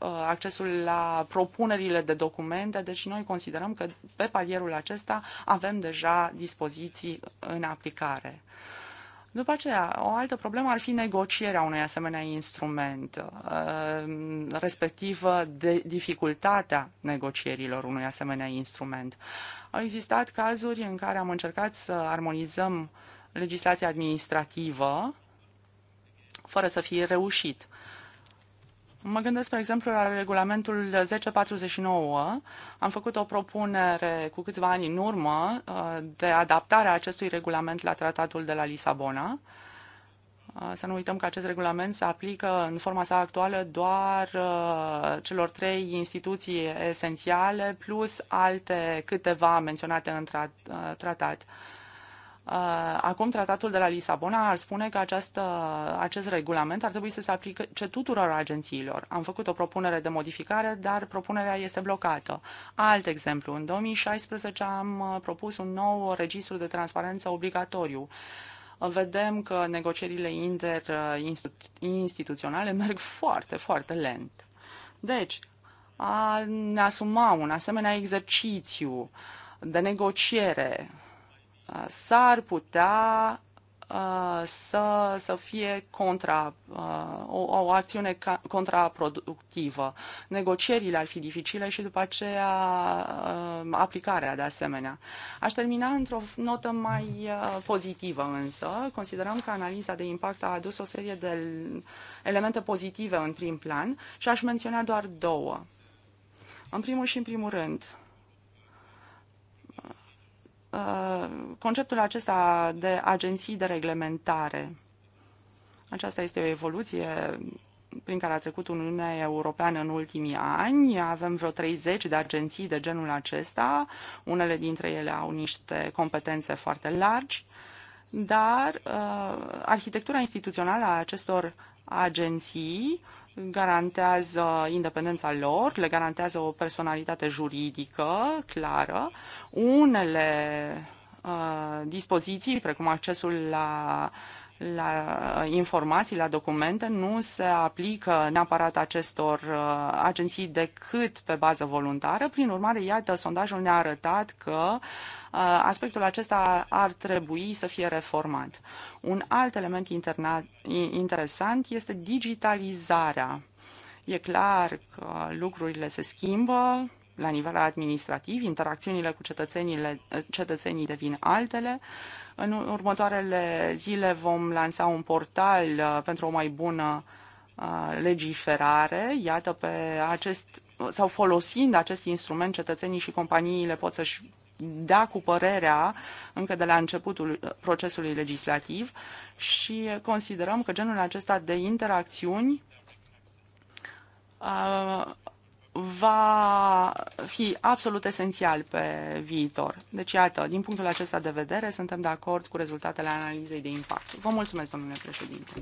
uh, accesul la propunerile de documente, deci noi considerăm că pe palierul acesta avem deja dispoziții în aplicare. După aceea, o altă problemă ar fi negocierea unui asemenea instrument, uh, respectiv de dificultatea negocierilor unui asemenea instrument. Au existat cazuri în care am încercat să armonizăm uh, legislație administrativă fără să fie reușit. Mă gândesc, spre exemplu, la regulamentul 1049. Am făcut o propunere cu câțiva ani în urmă uh, de adaptare a acestui regulament la tratatul de la Lisabona. Uh, să nu uităm că acest regulament se aplică în forma sa actuală doar uh, celor trei instituții esențiale, plus alte câteva menționate în tratat Uh, acum tratatul de la Lisabona ar spune că această, acest regulament ar trebui să se aplice tuturor agențiilor. Am făcut o propunere de modificare, dar propunerea este blocată. Alt exemplu, în 2016 am uh, propus un nou registru de transparență obligatoriu. Uh, vedem că negocierile interinstituționale merg foarte, foarte lent. Deci, a ne asuma un asemenea exercițiu de negociere Uh, s-ar putea uh, să, să fie contra, uh, o, o acțiune contraproductivă. Negocierile ar fi dificile și după aceea aplicarea de asemenea. Aș termina într-o notă mai pozitivă însă. Considerăm că analiza de impact a adus o serie de elemente pozitive în prim plan și aș menționa doar două. În primul și în primul rând, Uh, conceptul acesta de agenții de reglementare. Aceasta este o evoluție prin care a trecut Uniunea Europeană în ultimii ani. Avem vreo 30 de agenții de genul acesta. Unele dintre ele au niște competențe foarte largi, dar uh, arhitectura instituțională a acestor agenții uh, garantează independența lor, le garantează o personalitate juridică clară. Unele uh, dispoziții, precum accesul la uh, la informații, la documente, nu se aplică neapărat acestor uh, agenții decât pe bază voluntară. Prin urmare, iată, sondajul ne-a arătat că uh, aspectul acesta ar trebui să fie reformat. Un alt element interesant este digitalizarea. E clar că lucrurile se schimbă, la nivel administrativ, interacțiunile cu cetățenii devin altele, în următoarele zile vom lansa un portal uh, pentru o mai bună uh, legiferare. Iată, pe acest, sau folosind acest instrument, cetățenii și companiile pot să-și da cu părerea încă de la începutul uh, procesului legislativ și considerăm că genul acesta de interacțiuni va fi absolut esențial pe viitor. Deci, iată, din punctul acesta de vedere, suntem de acord cu rezultatele analizei de impact. Vă mulțumesc, domnule președinte.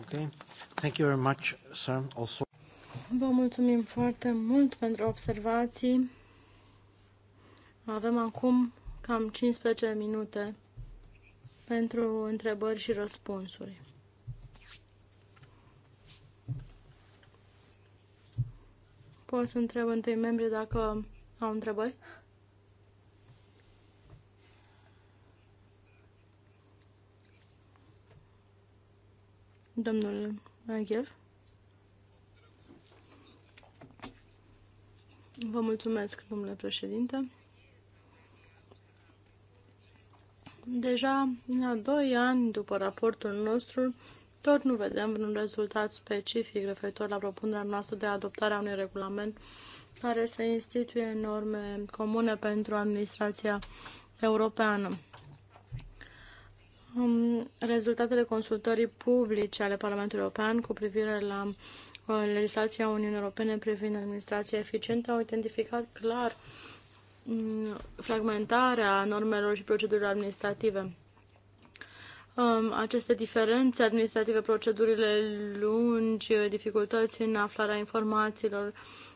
Okay. Thank you very much, sir. Also... Vă mulțumim foarte mult pentru observații. Avem acum cam 15 minute pentru întrebări și răspunsuri. Pot să întreb întâi membrii dacă au întrebări? Domnul Aghev. Vă mulțumesc, domnule președinte. Deja la doi ani după raportul nostru, tot nu vedem un rezultat specific referitor la propunerea noastră de adoptare a unui regulament care să instituie norme comune pentru administrația europeană. Rezultatele consultării publice ale Parlamentului European cu privire la uh, legislația Uniunii Europene privind administrația eficientă au identificat clar mm, fragmentarea normelor și procedurilor administrative. Um, aceste diferențe administrative, procedurile lungi, dificultăți în aflarea informațiilor,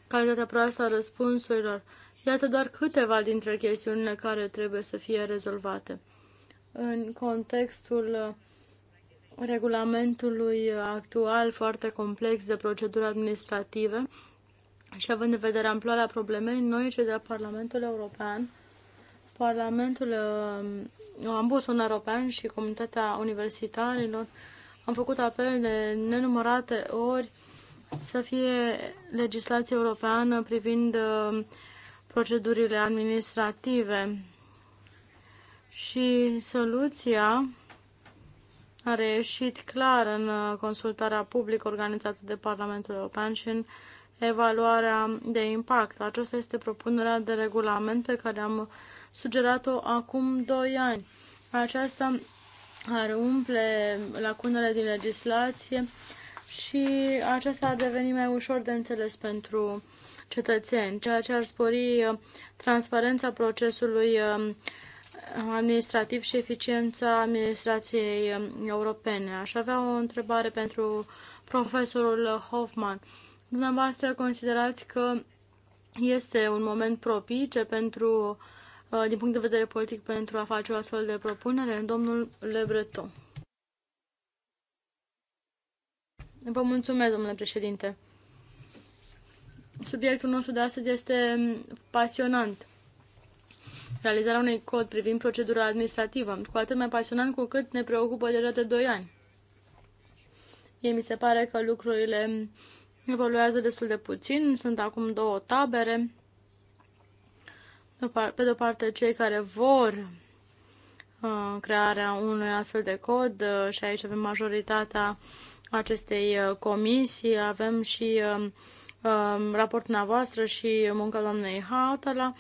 calitatea proastă a răspunsurilor. Iată doar câteva dintre chestiunile care trebuie să fie rezolvate. În contextul regulamentului actual foarte complex de proceduri administrative și având în vedere amploarea problemei, noi, cei de la Parlamentul European, Parlamentul uh, Ambusul European și Comunitatea Universitarilor am făcut apel de nenumărate ori să fie legislație europeană privind uh, procedurile administrative și soluția a reieșit clar în uh, consultarea publică organizată de Parlamentul European și în evaluarea de impact. Aceasta este propunerea de regulament pe care am sugerat-o acum doi ani. Aceasta ar umple lacunele din legislație și aceasta ar deveni mai ușor de înțeles pentru cetățeni, ceea ce ar spori uh, transparența procesului uh, administrativ și eficiența administrației uh, europene. Aș avea o întrebare pentru profesorul Hoffman. Dumneavoastră considerați că este un moment propice pentru Uh, din punct de vedere politic pentru a face o astfel de propunere? Domnul Le Breton. Vă mulțumesc, domnule președinte. Subiectul nostru de astăzi este mm, pasionant. Realizarea unui cod privind procedura administrativă, cu atât mai pasionant cu cât ne preocupă deja de 2 ani. Mie mi se pare că lucrurile mm, evoluează destul de puțin, sunt acum două tabere, pe de o parte, cei care vor uh, crearea unui astfel de cod uh, și aici avem majoritatea acestei uh, comisii, avem și um, um, raportul dumneavoastră și munca doamnei Hautala,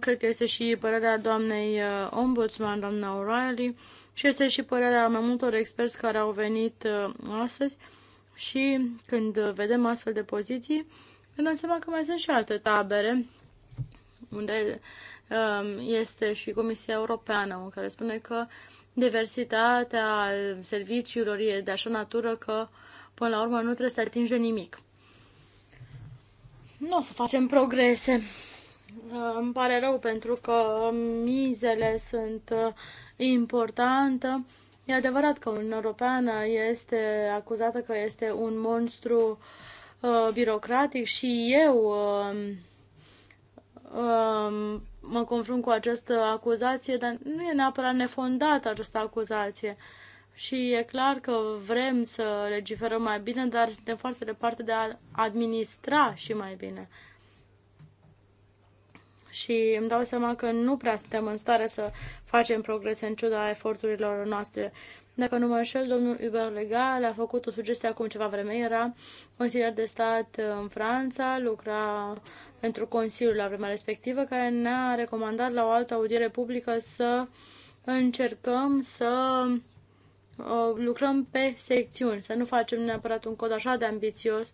cred că este și părerea doamnei ombudsman, doamna O'Reilly, și este și părerea mai multor experți care au venit astăzi și când vedem astfel de poziții, ne dăm seama că mai sunt și alte tabere unde um, este și Comisia Europeană, în care spune că diversitatea serviciilor e de așa natură că, până la urmă, nu trebuie să atinge nimic. Nu o să facem progrese. Uh, îmi pare rău pentru că mizele sunt uh, importante. E adevărat că Uniunea Europeană este acuzată că este un monstru uh, birocratic și eu uh, Um, mă confrunt cu această acuzație, dar nu e neapărat nefondată această acuzație. Și e clar că vrem să legiferăm mai bine, dar suntem foarte departe de a administra și mai bine. Și îmi dau seama că nu prea suntem în stare să facem progrese în ciuda eforturilor noastre. Uh, dacă nu mă înșel, domnul Hubert Legal a făcut o sugestie acum ceva vreme. Era consilier de stat în Franța, lucra pentru Consiliul la vremea respectivă, care ne-a recomandat la o altă audiere publică să încercăm să lucrăm pe secțiuni, să nu facem neapărat un cod așa de ambițios,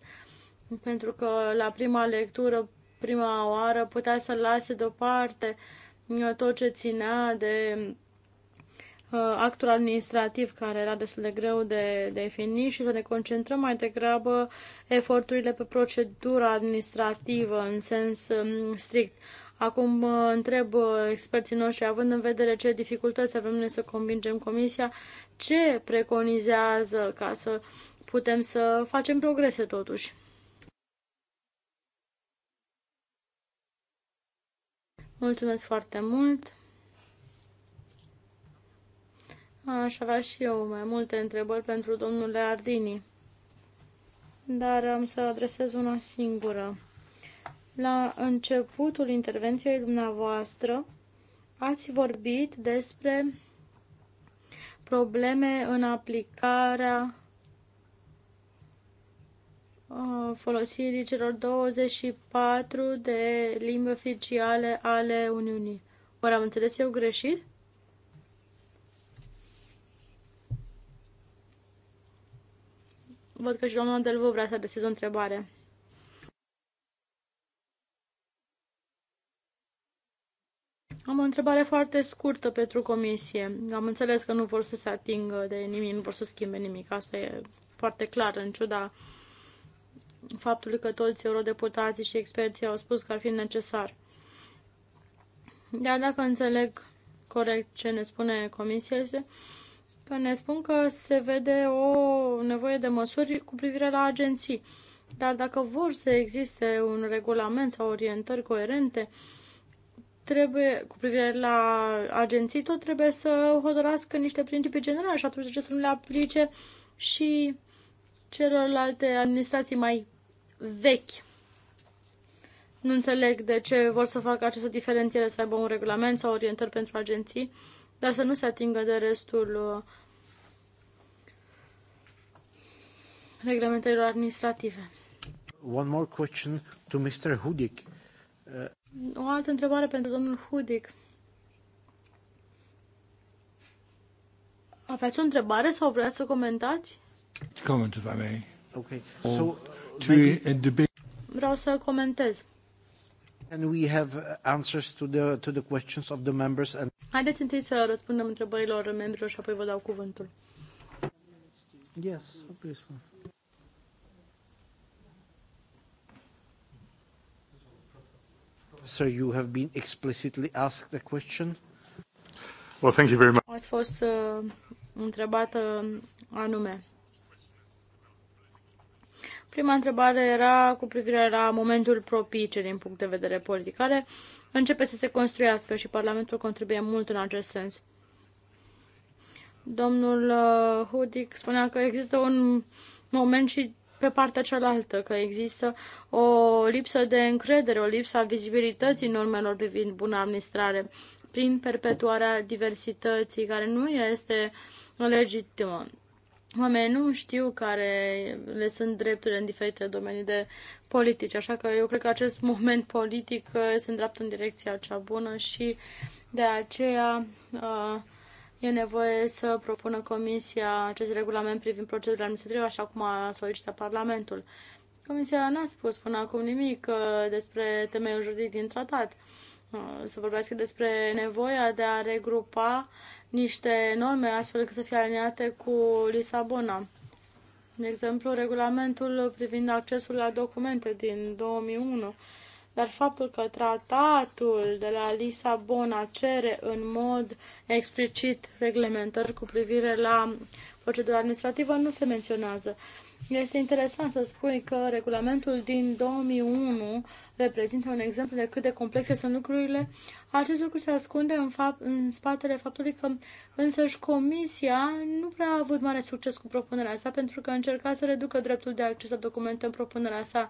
pentru că la prima lectură, prima oară, putea să lase deoparte tot ce ținea de Uh, actul administrativ care era destul de greu de, definit și să ne concentrăm mai degrabă eforturile pe procedura administrativă în sens um, strict. Acum uh, întreb uh, experții noștri, având în vedere ce dificultăți avem noi să convingem Comisia, ce preconizează ca să putem să facem progrese totuși? Mulțumesc foarte mult! Aș avea și eu mai multe întrebări pentru domnule Ardini, dar am să adresez una singură. La începutul intervenției dumneavoastră, ați vorbit despre probleme în aplicarea uh, folosirii celor 24 de limbi oficiale ale Uniunii. Ori am înțeles eu greșit? Văd că și doamna Delvă vrea să adreseze o întrebare. Am o întrebare foarte scurtă pentru comisie. Am înțeles că nu vor să se atingă de nimic, nu vor să schimbe nimic. Asta e foarte clar, în ciuda faptului că toți eurodeputații și experții au spus că ar fi necesar. Dar dacă înțeleg corect ce ne spune comisia, este ne spun că se vede o nevoie de măsuri cu privire la agenții. Dar dacă vor să existe un regulament sau orientări coerente, trebuie, cu privire la agenții, tot trebuie să hotărască niște principii generale și atunci de ce să nu le aplice și celorlalte administrații mai vechi. Nu înțeleg de ce vor să facă această diferențiere, să aibă un regulament sau orientări pentru agenții, dar să nu se atingă de restul uh, reglementărilor administrative. One more question to Mr. Hudik. Uh... O altă întrebare pentru domnul Hudik. Aveți o întrebare sau vreți să comentați? Comment, if I may. Okay. So, to maybe... debate. Vreau să comentez. And we have uh, answers to the, to the questions of the members and... Haideți întâi să răspundem întrebărilor membrilor și apoi vă dau cuvântul. Yes, obviously. Sir, you have been explicitly asked a question. Well, thank you very much. Ați fost uh, întrebată anume. Prima întrebare era cu privire la momentul propice din punct de vedere politic, care începe să se construiască și Parlamentul contribuie mult în acest sens. Domnul uh, Hudic spunea că există un moment și pe partea cealaltă, că există o lipsă de încredere, o lipsă a vizibilității normelor privind bună administrare prin perpetuarea diversității, care nu este legitimă. Oamenii nu știu care le sunt drepturile în diferite domenii de politici, așa că eu cred că acest moment politic uh, se îndreaptă în direcția cea bună și de aceea uh, E nevoie să propună Comisia acest regulament privind procedurile administrative, așa cum a solicitat Parlamentul. Comisia n-a spus până acum nimic uh, despre temeiul juridic din tratat. Uh, să vorbească despre nevoia de a regrupa niște norme astfel încât să fie aliniate cu Lisabona. De exemplu, regulamentul privind accesul la documente din 2001 dar faptul că tratatul de la Lisabona cere în mod explicit reglementări cu privire la procedura administrativă nu se menționează. Este interesant să spui că regulamentul din 2001 reprezintă un exemplu de cât de complexe sunt lucrurile. Acest lucru se ascunde în, fapt, în spatele faptului că însăși Comisia nu prea a avut mare succes cu propunerea sa pentru că încerca să reducă dreptul de acces la documente în propunerea sa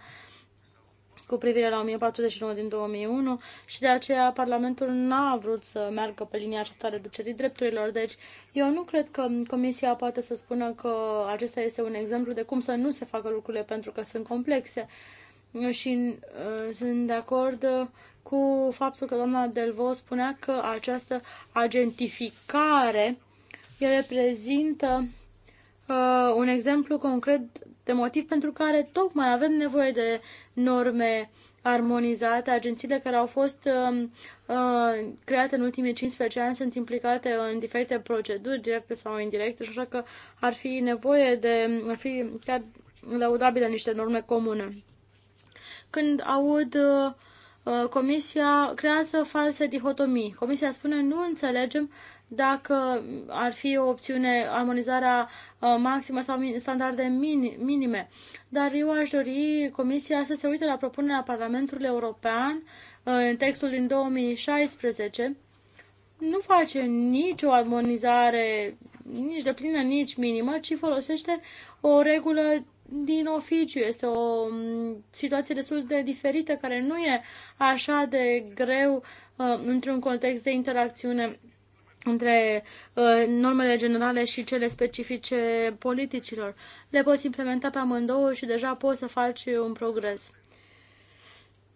cu privire la 1049 din 2001 și de aceea Parlamentul n-a vrut să meargă pe linia aceasta a reducerii drepturilor. Deci eu nu cred că Comisia poate să spună că acesta este un exemplu de cum să nu se facă lucrurile pentru că sunt complexe. Și uh, sunt de acord uh, cu faptul că doamna Delvo spunea că această agentificare reprezintă uh, un exemplu concret de motiv pentru care tocmai avem nevoie de norme armonizate. Agențiile care au fost uh, uh, create în ultimii 15 ani sunt implicate în diferite proceduri, directe sau indirecte, și așa că ar fi nevoie de, ar fi chiar laudabile niște norme comune. Când aud uh, Comisia creează false dihotomii. Comisia spune nu înțelegem dacă ar fi o opțiune armonizarea uh, maximă sau standarde minime. Dar eu aș dori Comisia să se uite la propunerea Parlamentului European uh, în textul din 2016. Nu face nicio armonizare nici de plină, nici minimă, ci folosește o regulă din oficiu. Este o mm, situație destul de diferită, care nu e așa de greu uh, într-un context de interacțiune între uh, normele generale și cele specifice politicilor. Le poți implementa pe amândouă și deja poți să faci un progres.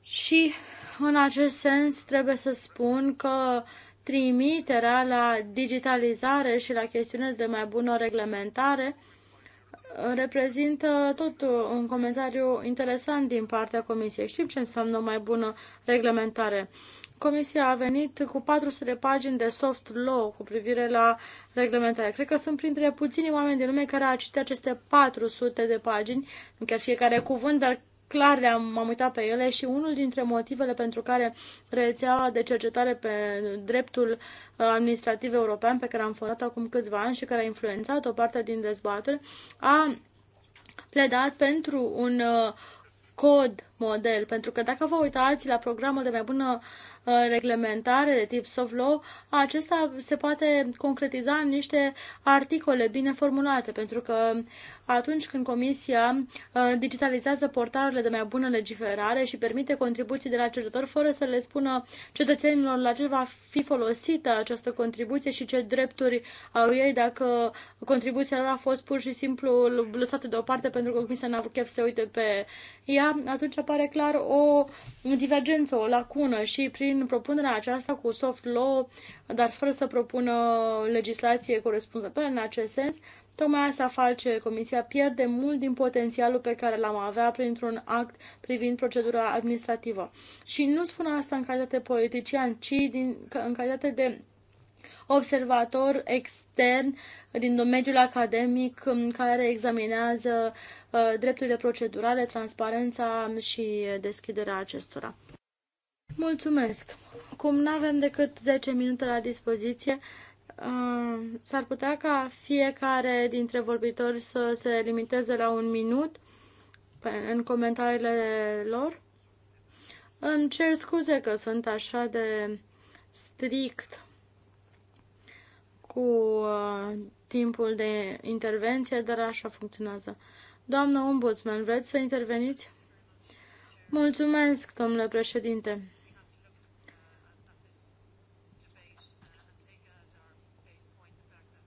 Și în acest sens trebuie să spun că trimiterea la digitalizare și la chestiune de mai bună reglementare uh, reprezintă tot uh, un comentariu interesant din partea Comisiei. Știm ce înseamnă mai bună reglementare. Comisia a venit cu 400 de pagini de soft law cu privire la reglementare. Cred că sunt printre puținii oameni din lume care a citit aceste 400 de pagini, nu chiar fiecare cuvânt, dar clar le-am am uitat pe ele și unul dintre motivele pentru care rețeaua de cercetare pe dreptul uh, administrativ european pe care am fondat acum câțiva ani și care a influențat o parte din dezbatere a pledat pentru un uh, cod model, pentru că dacă vă uitați la programul de mai bună uh, Uh, reglementare de tip soft law, acesta se poate concretiza în niște articole bine formulate, pentru că atunci când Comisia uh, digitalizează portalele de mai bună legiferare și permite contribuții de la cercetători fără să le spună cetățenilor la ce va fi folosită această contribuție și ce drepturi au ei dacă contribuția lor a fost pur și simplu lăsată deoparte pentru că Comisia n-a avut chef să uite pe ea, atunci apare clar o divergență, o lacună și prin propunerea aceasta cu soft law, dar fără să propună legislație corespunzătoare în acest sens, Tocmai asta face Comisia, pierde mult din potențialul pe care l-am avea printr-un act privind procedura administrativă. Și nu spun asta în calitate politician, ci din, în calitate de observator extern din domeniul academic um, care examinează uh, drepturile procedurale, transparența și deschiderea acestora. Mulțumesc! Cum nu avem decât 10 minute la dispoziție, Uh, s-ar putea ca fiecare dintre vorbitori să se limiteze la un minut în comentariile lor. Îmi cer scuze că sunt așa de strict cu uh, timpul de intervenție, dar așa funcționează. Doamnă ombudsman, vreți să interveniți? Mulțumesc, domnule președinte.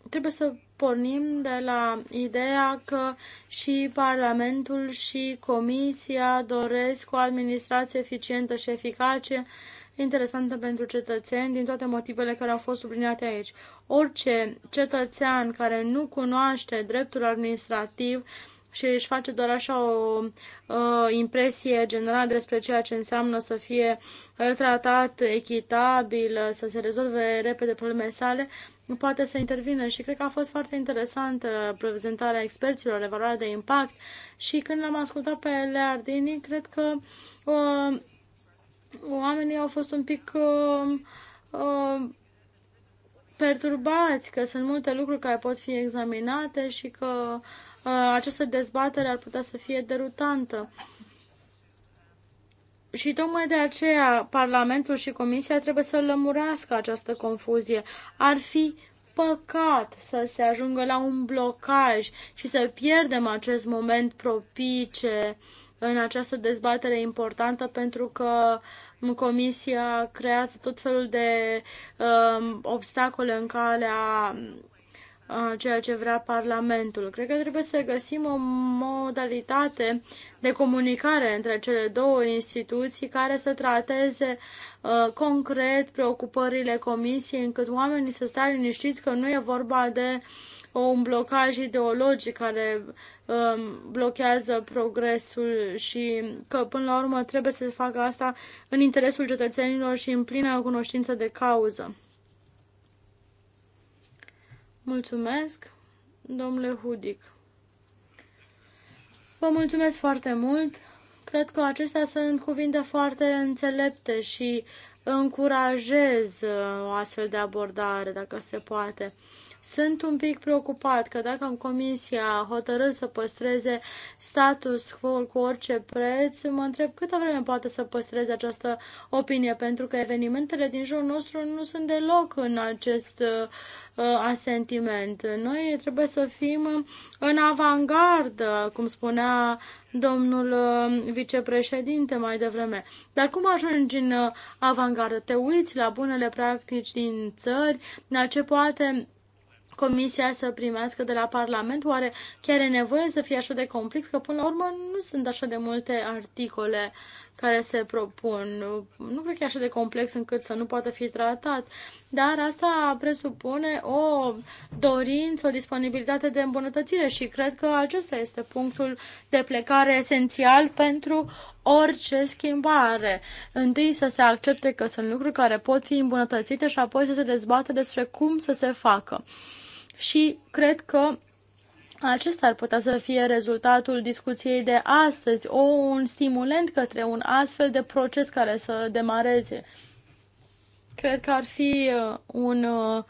trebuie să pornim de la ideea că și Parlamentul și Comisia doresc o administrație eficientă și eficace, interesantă pentru cetățeni, din toate motivele care au fost subliniate aici. Orice cetățean care nu cunoaște dreptul administrativ și își face doar așa o uh, impresie generală despre ceea ce înseamnă să fie uh, tratat echitabil, să se rezolve repede problemele sale, poate să intervină și cred că a fost foarte interesantă prezentarea experților, evaluarea de impact și când l-am ascultat pe Leardini, cred că uh, oamenii au fost un pic uh, uh, perturbați, că sunt multe lucruri care pot fi examinate și că uh, această dezbatere ar putea să fie derutantă. Uh, și tocmai de aceea Parlamentul și Comisia trebuie să lămurească această confuzie. Ar fi păcat să se ajungă la un blocaj și să pierdem acest moment propice în această dezbatere importantă pentru că Comisia creează tot felul de um, obstacole în calea uh, ceea ce vrea Parlamentul. Cred că trebuie să găsim o modalitate uh, de comunicare între cele două instituții care să trateze uh, concret preocupările comisiei, încât oamenii să stea liniștiți că nu e vorba de un blocaj ideologic care uh, blochează progresul și că până la urmă trebuie să se facă asta în interesul cetățenilor și în plină cunoștință de cauză. Mulțumesc, domnule Hudic. Vă mulțumesc foarte mult. Cred că acestea sunt cuvinte foarte înțelepte și încurajez uh, o astfel de abordare, dacă se poate. Sunt un pic preocupat că dacă Comisia a hotărât să păstreze status quo cu orice preț, mă întreb câtă vreme poate să păstreze această opinie, pentru că evenimentele din jurul nostru nu sunt deloc în acest uh, uh asentiment. Noi trebuie să fim în avangardă, cum spunea domnul uh, vicepreședinte mai devreme. Dar cum ajungi în uh, avangardă? Te uiți la bunele practici din țări, la ce poate Comisia să primească de la Parlament? Oare chiar e nevoie să fie așa de complex? Că până la urmă nu sunt așa de multe articole care se propun. Nu cred că e așa de complex încât să nu poată fi tratat, dar asta presupune o dorință, o disponibilitate de îmbunătățire și cred că acesta este punctul de plecare esențial pentru orice schimbare. Întâi să se accepte că sunt lucruri care pot fi îmbunătățite și apoi să se dezbată despre cum să se facă și cred că acesta ar putea să fie rezultatul discuției de astăzi, o, un stimulent către un astfel de proces care să demareze. Cred că ar fi uh, un, uh,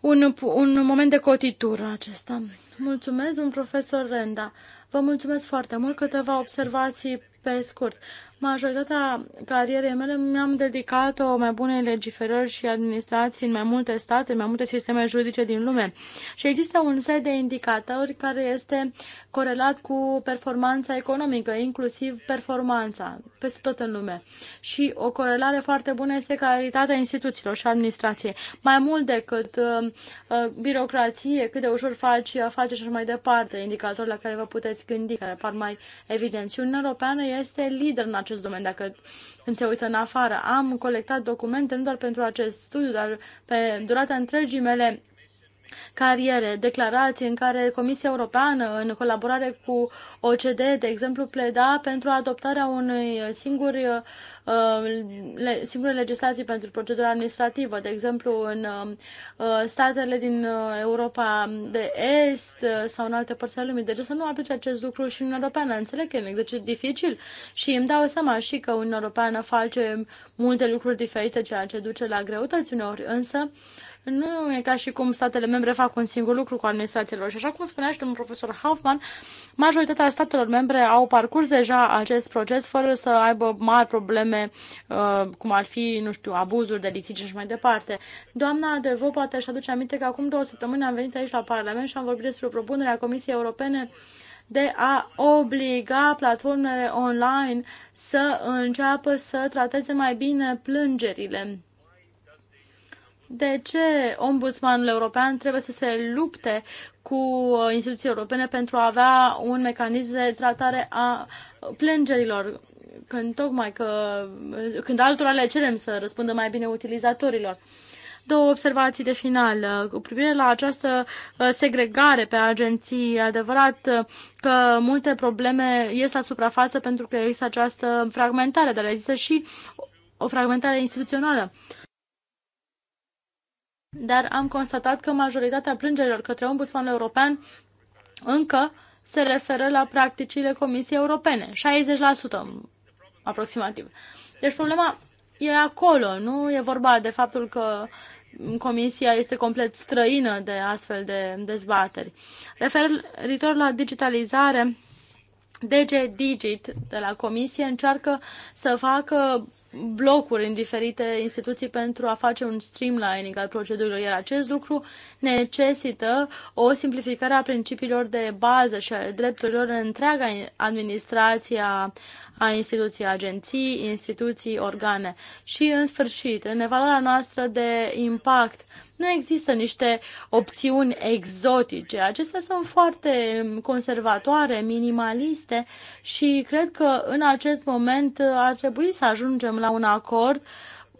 un, un moment de cotitură acesta. Mulțumesc, un profesor Renda. Vă mulțumesc foarte mult, câteva observații pe scurt. Majoritatea carierei mele mi-am dedicat-o mai bune legiferări și administrații în mai multe state, în mai multe sisteme juridice din lume. Și există un set de indicatori care este corelat cu performanța economică, inclusiv performanța, peste tot în lume. Și o corelare foarte bună este calitatea instituțiilor și administrației. Mai mult decât uh, uh, birocrație, cât de ușor faci afaceri și așa mai departe, indicatori la care vă puteți gândi, care par mai evidenți. Uniunea Europeană este lider în acest acest domeniu, dacă când se uită în afară. Am colectat documente nu doar pentru acest studiu, dar pe durata întregii mele cariere, declarații în care Comisia Europeană, în colaborare cu OCDE, de exemplu, pleda pentru adoptarea unui singur uh, singure legislații pentru procedura administrativă, de exemplu, în uh, statele din uh, Europa de Est sau în alte părți ale lumii. Deci să nu aplice acest lucru și în Europeană. Înțeleg că e Deci, dificil și îmi dau seama și că în Europeană face multe lucruri diferite, ceea ce duce la greutăți uneori, însă nu e ca și cum statele membre fac un singur lucru cu administrațiilor. Și așa cum spunea și domnul profesor Hoffman, majoritatea statelor membre au parcurs deja acest proces fără să aibă mari probleme, uh, cum ar fi, nu știu, abuzuri de litigi și mai departe. Doamna vă poate își aduce aminte că acum două săptămâni am venit aici la Parlament și am vorbit despre propunerea Comisiei Europene de a obliga platformele online să înceapă să trateze mai bine plângerile de ce ombudsmanul european trebuie să se lupte cu uh, instituții europene pentru a avea un mecanism de tratare a plângerilor, când tocmai că, uh, când altora le cerem să răspundă mai bine utilizatorilor. Două observații de final uh, cu privire la această segregare pe agenții. Adevărat că multe probleme ies la suprafață pentru că există această fragmentare, dar există și o fragmentare instituțională dar am constatat că majoritatea plângerilor către Ombudsmanul European încă se referă la practicile Comisiei Europene, 60% aproximativ. Deci problema e acolo, nu e vorba de faptul că Comisia este complet străină de astfel de dezbateri. Referitor la digitalizare, DG Digit de la Comisie încearcă să facă blocuri în diferite instituții pentru a face un streamlining al procedurilor, iar acest lucru necesită o simplificare a principiilor de bază și a drepturilor în întreaga administrație a instituției, agenții, instituții, organe. Și, în sfârșit, în evaluarea noastră de impact, nu există niște opțiuni exotice. Acestea sunt foarte conservatoare, minimaliste și cred că în acest moment ar trebui să ajungem la un acord uh,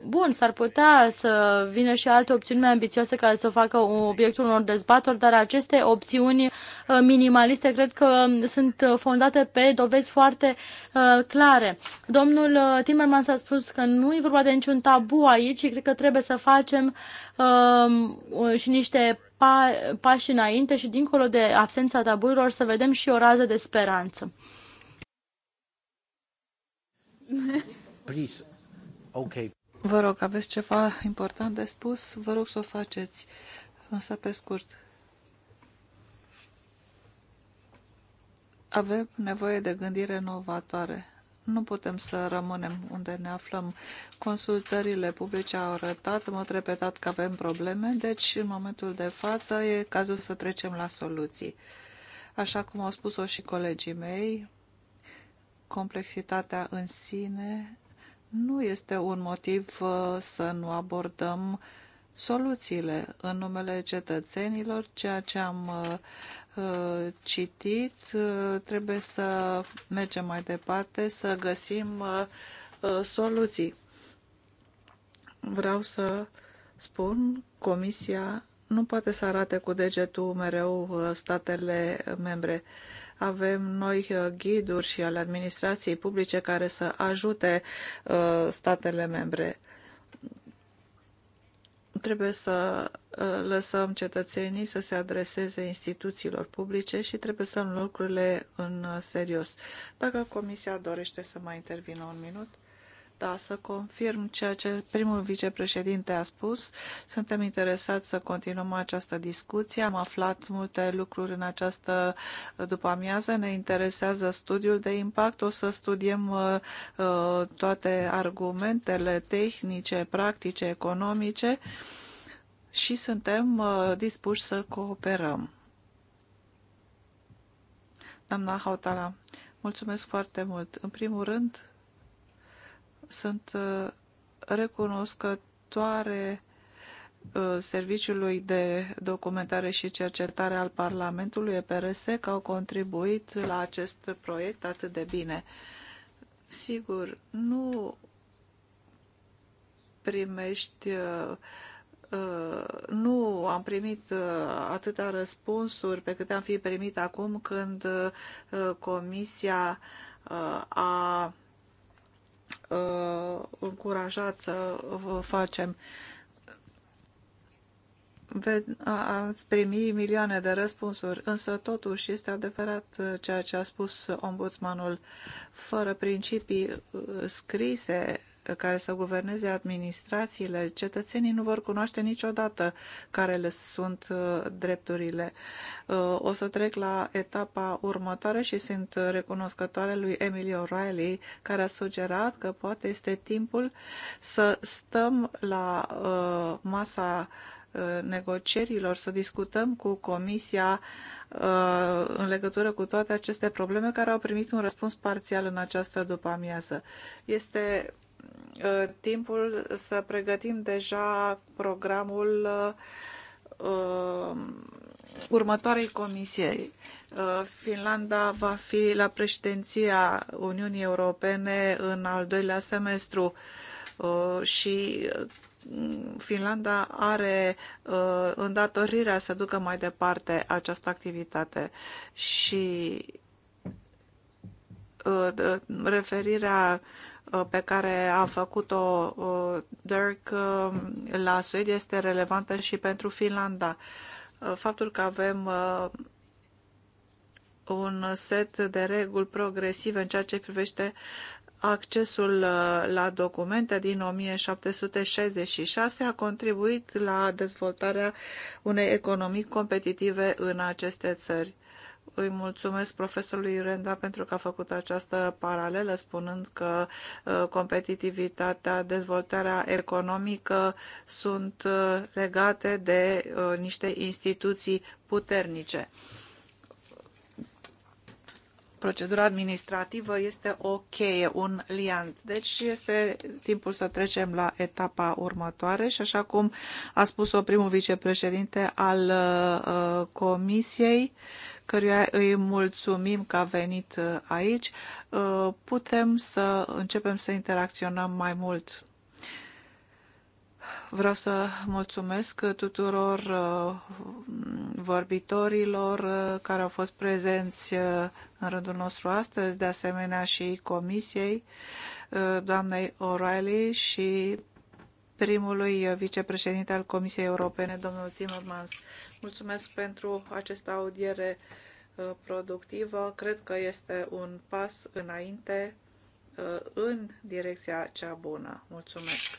Bun, s-ar putea să vină și alte opțiuni mai ambițioase care să facă obiectul unor dezbateri, dar aceste opțiuni uh, minimaliste cred că um, sunt uh, fondate pe dovezi foarte uh, clare. Domnul Timmermans a spus că nu e vorba de niciun tabu aici și cred că trebuie să facem um, și niște pa pași înainte și dincolo de absența taburilor să vedem și o rază de speranță. Please. Okay. Vă rog, aveți ceva important de spus? Vă rog să o faceți, însă pe scurt. Avem nevoie de gândire inovatoare. Nu putem să rămânem unde ne aflăm. Consultările publice au arătat, în mod repetat, că avem probleme, deci în momentul de față e cazul să trecem la soluții. Așa cum au spus-o și colegii mei, complexitatea în sine nu este un motiv uh, să nu abordăm soluțiile în numele cetățenilor. Ceea ce am uh, uh, citit trebuie să mergem mai departe, să găsim soluții. Vreau să spun, Comisia nu poate să arate cu degetul mereu statele membre. Avem noi uh, ghiduri și ale administrației publice care să ajute uh, statele membre. Trebuie să uh, lăsăm cetățenii să se adreseze instituțiilor publice și trebuie să luăm lucrurile în serios. Dacă Comisia dorește să mai intervină un minut. Da, să confirm ceea ce primul vicepreședinte a spus. Suntem interesați să continuăm această discuție. Am aflat multe lucruri în această după-amiază. Ne interesează studiul de impact. O să studiem uh, uh, toate argumentele tehnice, practice, economice și suntem uh, dispuși să cooperăm. Doamna Hautala, mulțumesc foarte mult. În primul rând, sunt uh, recunoscătoare uh, Serviciului de Documentare și Cercetare al Parlamentului EPRS că au contribuit la acest proiect atât de bine. Sigur, nu primești uh, nu am primit atâtea răspunsuri pe câte am fi primit acum când comisia a uh, încurajat să vă facem. Ve ați primi milioane de răspunsuri, însă totuși este adevărat uh, ceea ce a spus ombudsmanul. Fără principii uh, scrise care să guverneze administrațiile, cetățenii nu vor cunoaște niciodată care le sunt uh, drepturile. Uh, o să trec la etapa următoare și sunt recunoscătoare lui Emily O'Reilly, care a sugerat că poate este timpul să stăm la uh, masa negocierilor, să discutăm cu Comisia în legătură cu toate aceste probleme care au primit un răspuns parțial în această după-amiază. Este Uh, timpul să pregătim deja programul uh, următoarei comisiei. Uh, Finlanda va fi la președinția Uniunii Europene în al doilea semestru și Finlanda are îndatorirea să ducă mai departe această activitate și referirea Uh, pe care a făcut-o uh, Dirk um, la Suedia este relevantă și pentru Finlanda. Uh, faptul că avem un set de reguli progresive în ceea ce privește accesul la documente din 1766 a contribuit la dezvoltarea unei economii competitive în aceste țări îi mulțumesc profesorului Renda pentru că a făcut această paralelă, spunând că uh, competitivitatea, dezvoltarea economică sunt uh, legate de uh, niște instituții puternice. Procedura administrativă este o cheie, un liant. Deci este timpul să trecem la etapa următoare și așa cum a spus-o primul vicepreședinte al uh, Comisiei, căruia îi mulțumim că a venit uh, aici, uh, putem să începem să interacționăm mai mult. Vreau să mulțumesc tuturor uh, vorbitorilor care au fost prezenți în rândul nostru astăzi, de asemenea și comisiei, doamnei O'Reilly și primului vicepreședinte al Comisiei Europene, domnul Timmermans. Mulțumesc pentru această audiere uh, productivă. Cred că este un pas înainte uh, în direcția cea bună. Mulțumesc!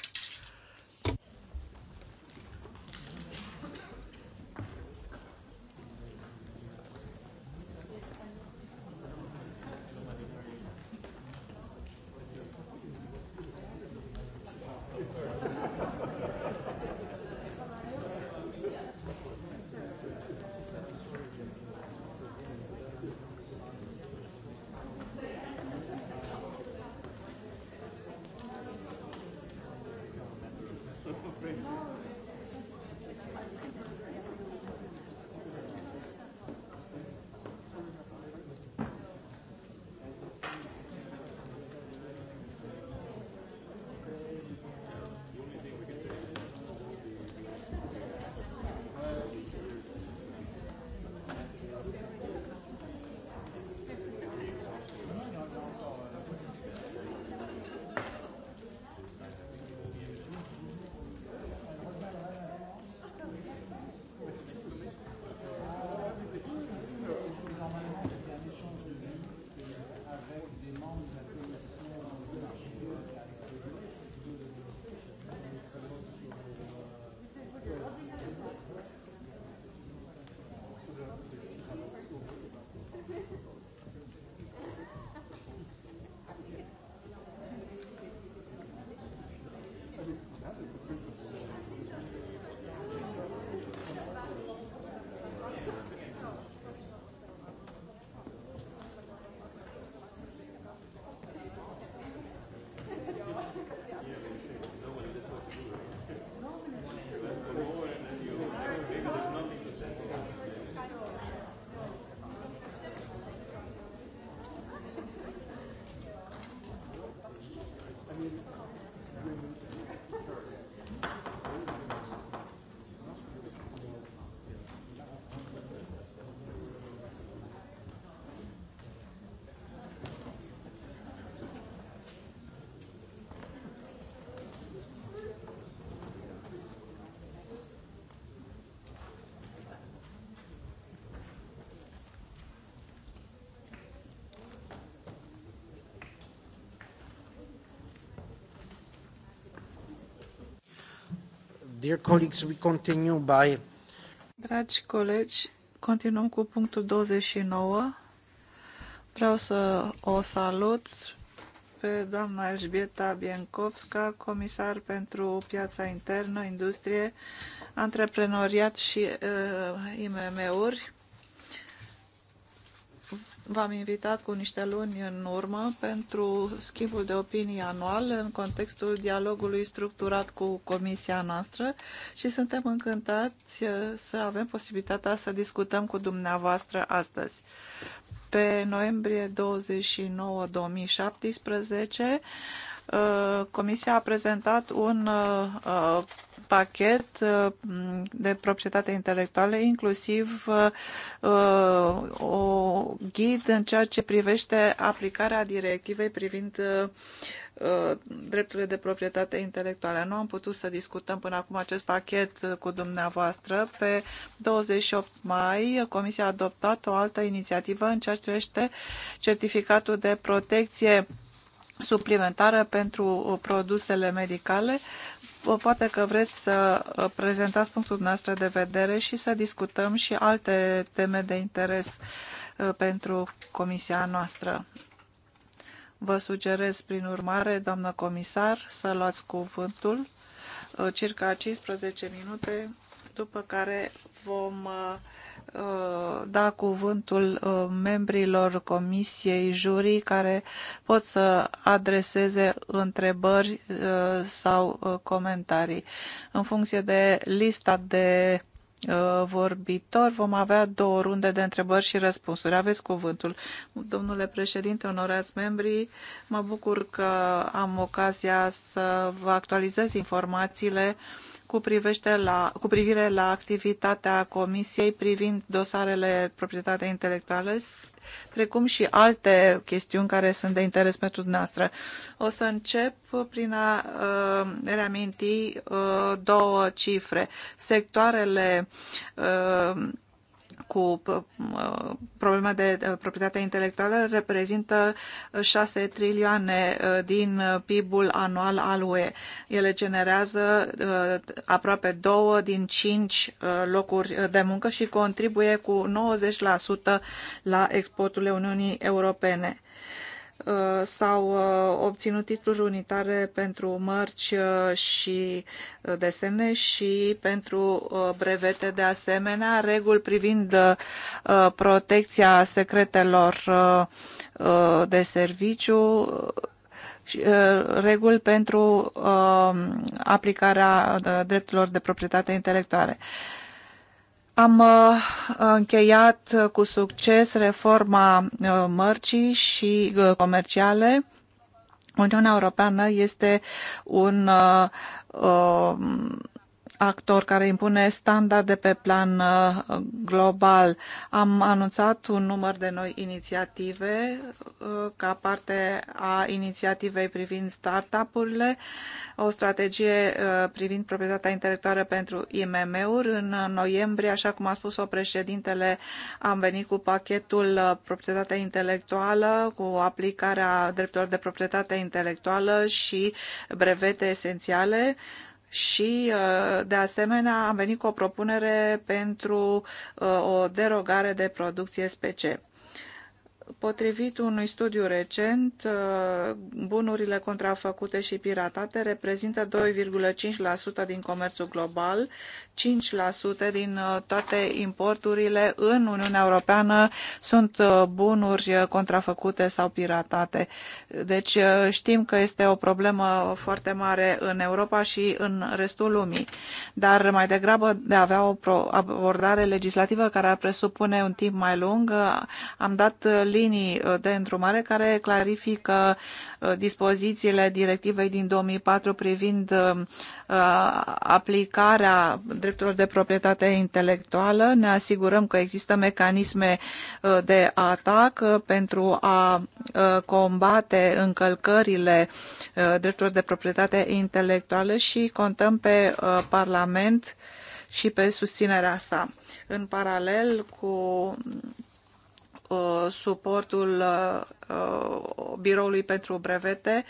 Dear colleagues, we continue by... Dragi colegi, continuăm cu punctul 29. Vreau să o salut pe doamna Elżbieta Biencovska, comisar pentru piața internă, industrie, antreprenoriat și uh, IMM-uri. V-am invitat cu niște luni în urmă pentru schimbul de opinii anual în contextul dialogului structurat cu comisia noastră și suntem încântați uh, să avem posibilitatea să discutăm cu dumneavoastră astăzi. Pe noiembrie 29 2017 uh, Comisia a prezentat un uh, pachet uh, de proprietate intelectuală, inclusiv uh, o ghid în ceea ce privește aplicarea directivei privind uh, drepturile de proprietate intelectuală. Nu am putut să discutăm până acum acest pachet cu dumneavoastră. Pe 28 mai, Comisia a adoptat o altă inițiativă în ceea ce privește certificatul de protecție suplimentară pentru produsele medicale poate că vreți să uh, prezentați punctul noastră de vedere și să discutăm și alte teme de interes uh, pentru comisia noastră. Vă sugerez, prin urmare, doamnă comisar, să luați cuvântul uh, circa 15 minute, după care vom Uh, da cuvântul uh, membrilor comisiei jurii care pot să adreseze întrebări uh, sau comentarii. În funcție de lista de vorbitori vom avea două runde de întrebări și răspunsuri. Aveți cuvântul. Domnule președinte, onorați membrii, mă bucur că am ocazia să vă actualizez informațiile uh, cu, la, cu privire la activitatea Comisiei privind dosarele proprietate intelectuală, precum și alte chestiuni care sunt de interes pentru dumneavoastră. O să încep prin a uh, reaminti uh, două cifre. Sectoarele uh, cu uh, problema de uh, proprietate intelectuală reprezintă 6 uh, trilioane din PIB-ul anual al UE. Ele generează aproape 2 din 5 locuri de muncă și contribuie cu 90% la exporturile Uniunii Europene. Uh, s-au uh, obținut titluri unitare pentru mărci uh, și desene și pentru brevete de asemenea, reguli privind protecția secretelor de serviciu, reguli pentru aplicarea drepturilor de proprietate intelectuală. Am uh, încheiat uh, cu succes reforma uh, mărcii și comerciale. Uniunea Europeană este un actor care impune standarde pe plan uh, global. Am anunțat un număr de noi inițiative uh, ca parte a inițiativei privind startup-urile, o strategie uh, privind proprietatea intelectuală pentru IMM-uri. În noiembrie, așa cum a spus-o președintele, am venit cu pachetul proprietatea intelectuală, cu aplicarea drepturilor de proprietate intelectuală și brevete esențiale și, uh, de asemenea, am venit cu o propunere pentru uh, o derogare de producție SPC. Potrivit unui studiu recent, uh, bunurile contrafăcute și piratate reprezintă 2,5% din comerțul global 5% din uh, toate importurile în Uniunea Europeană sunt uh, bunuri uh, contrafăcute sau piratate. Deci știm că este o problemă foarte mare în Europa și în restul lumii, dar mai degrabă de a avea o abordare legislativă care ar presupune un timp mai lung, am dat linii de îndrumare care clarifică Uh, dispozițiile directivei din 2004 privind uh, uh, aplicarea drepturilor de proprietate intelectuală. Ne asigurăm că există mecanisme de atac pentru a combate încălcările drepturilor de proprietate intelectuală și contăm pe Parlament și pe susținerea sa. În paralel cu suportul Uh, biroului pentru Brevete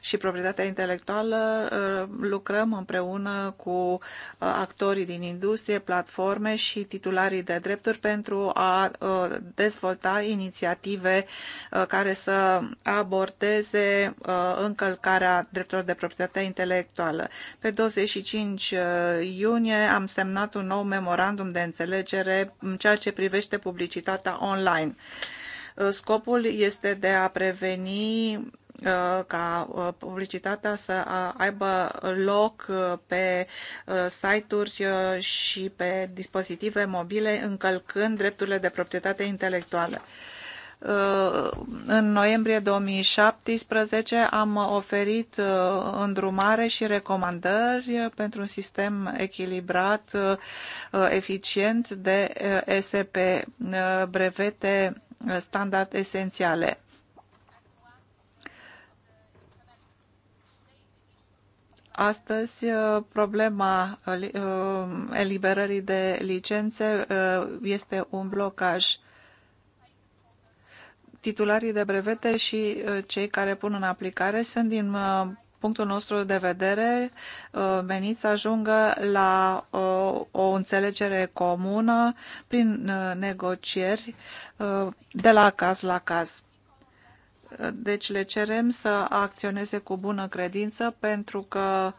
și Proprietatea Intelectuală uh, lucrăm împreună cu uh, actorii din industrie, platforme și titularii de drepturi pentru a dezvolta inițiative care să abordeze încălcarea drepturilor de proprietate intelectuală. Pe 25 iunie am semnat un nou memorandum de înțelegere în ceea ce privește publicitatea online. Uh, scopul este de a preveni uh, ca uh, publicitatea să aibă loc pe site-uri și pe dispozitive mobile, încălcând drepturile de proprietate intelectuală. În noiembrie 2017 am oferit îndrumare și recomandări pentru un sistem echilibrat, eficient de SP, brevete standard esențiale. Astăzi, uh, problema uh, uh, eliberării de licențe este un blocaj. Titularii de brevete și cei care pun în aplicare sunt, din punctul nostru de vedere, veniți să ajungă la o înțelegere comună prin negocieri Uh, de la caz la caz. Uh, deci le cerem să acționeze cu bună credință pentru că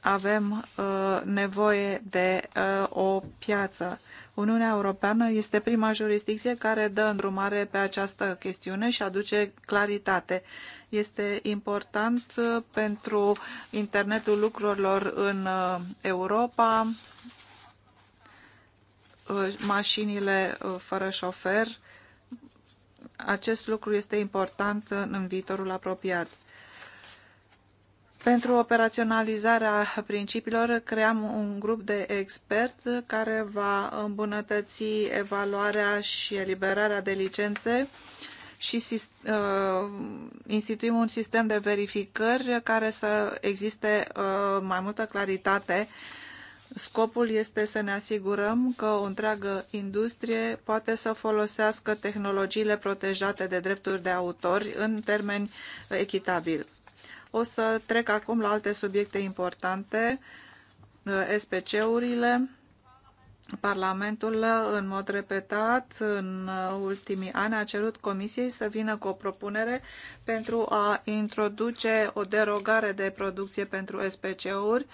avem uh, nevoie de o piață. Uniunea Europeană este prima jurisdicție care dă îndrumare pe această chestiune și aduce claritate. Este important pentru internetul lucrurilor în Europa, Uh, mașinile uh, fără șofer. Acest lucru este important în viitorul apropiat. Pentru operaționalizarea principiilor, creăm un grup de expert care va îmbunătăți evaluarea și eliberarea de licențe și uh, instituim un sistem de verificări care să existe mai multă claritate Scopul este să ne asigurăm că o întreagă industrie poate să folosească tehnologiile protejate de drepturi de autor în termeni echitabili. O să trec acum la alte subiecte importante, eh, SPC-urile. Parlamentul, în mod repetat, în ultimii ani a cerut Comisiei să vină cu o propunere pentru a introduce o derogare de producție pentru SPC-uri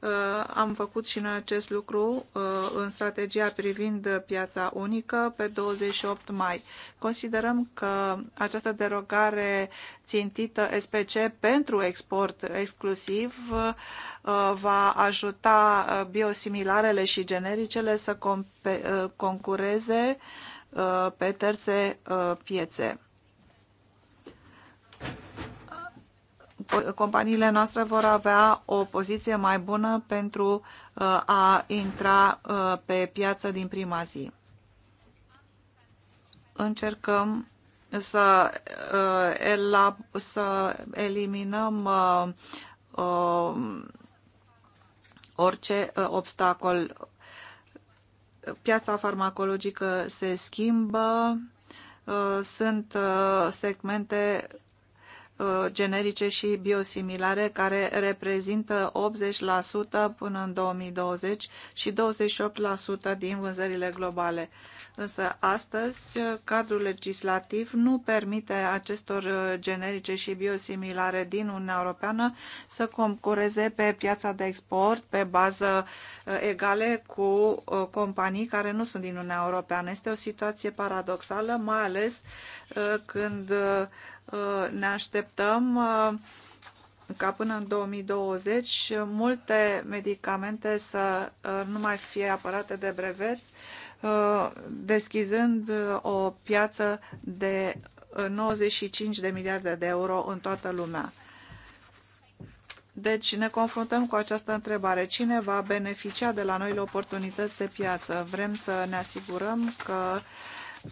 Uh, am făcut și noi acest lucru uh, în strategia privind piața unică pe 28 mai. Considerăm că această derogare țintită SPC pentru export exclusiv uh, va ajuta biosimilarele și genericele să concureze pe terțe piețe companiile noastre vor avea o poziție mai bună pentru uh, a intra uh, pe piață din prima zi. Încercăm să, uh, să eliminăm orice obstacol. Piața farmacologică se schimbă, sunt segmente Uh, generice și biosimilare, care reprezintă 80% până în 2020 și 28% din vânzările globale. Însă astăzi uh, cadrul legislativ nu permite acestor uh, generice și biosimilare din Uniunea Europeană să concureze pe piața de export pe bază egale cu companii care nu sunt din Uniunea Europeană. Este o situație paradoxală, mai ales când Uh, ne așteptăm uh, ca până în 2020 multe medicamente să uh, nu mai fie apărate de brevet, deschizând o piață de 95 de miliarde de euro în toată lumea. Deci ne confruntăm cu această întrebare. Cine va beneficia de la noile oportunități de piață? Vrem să ne asigurăm că uh,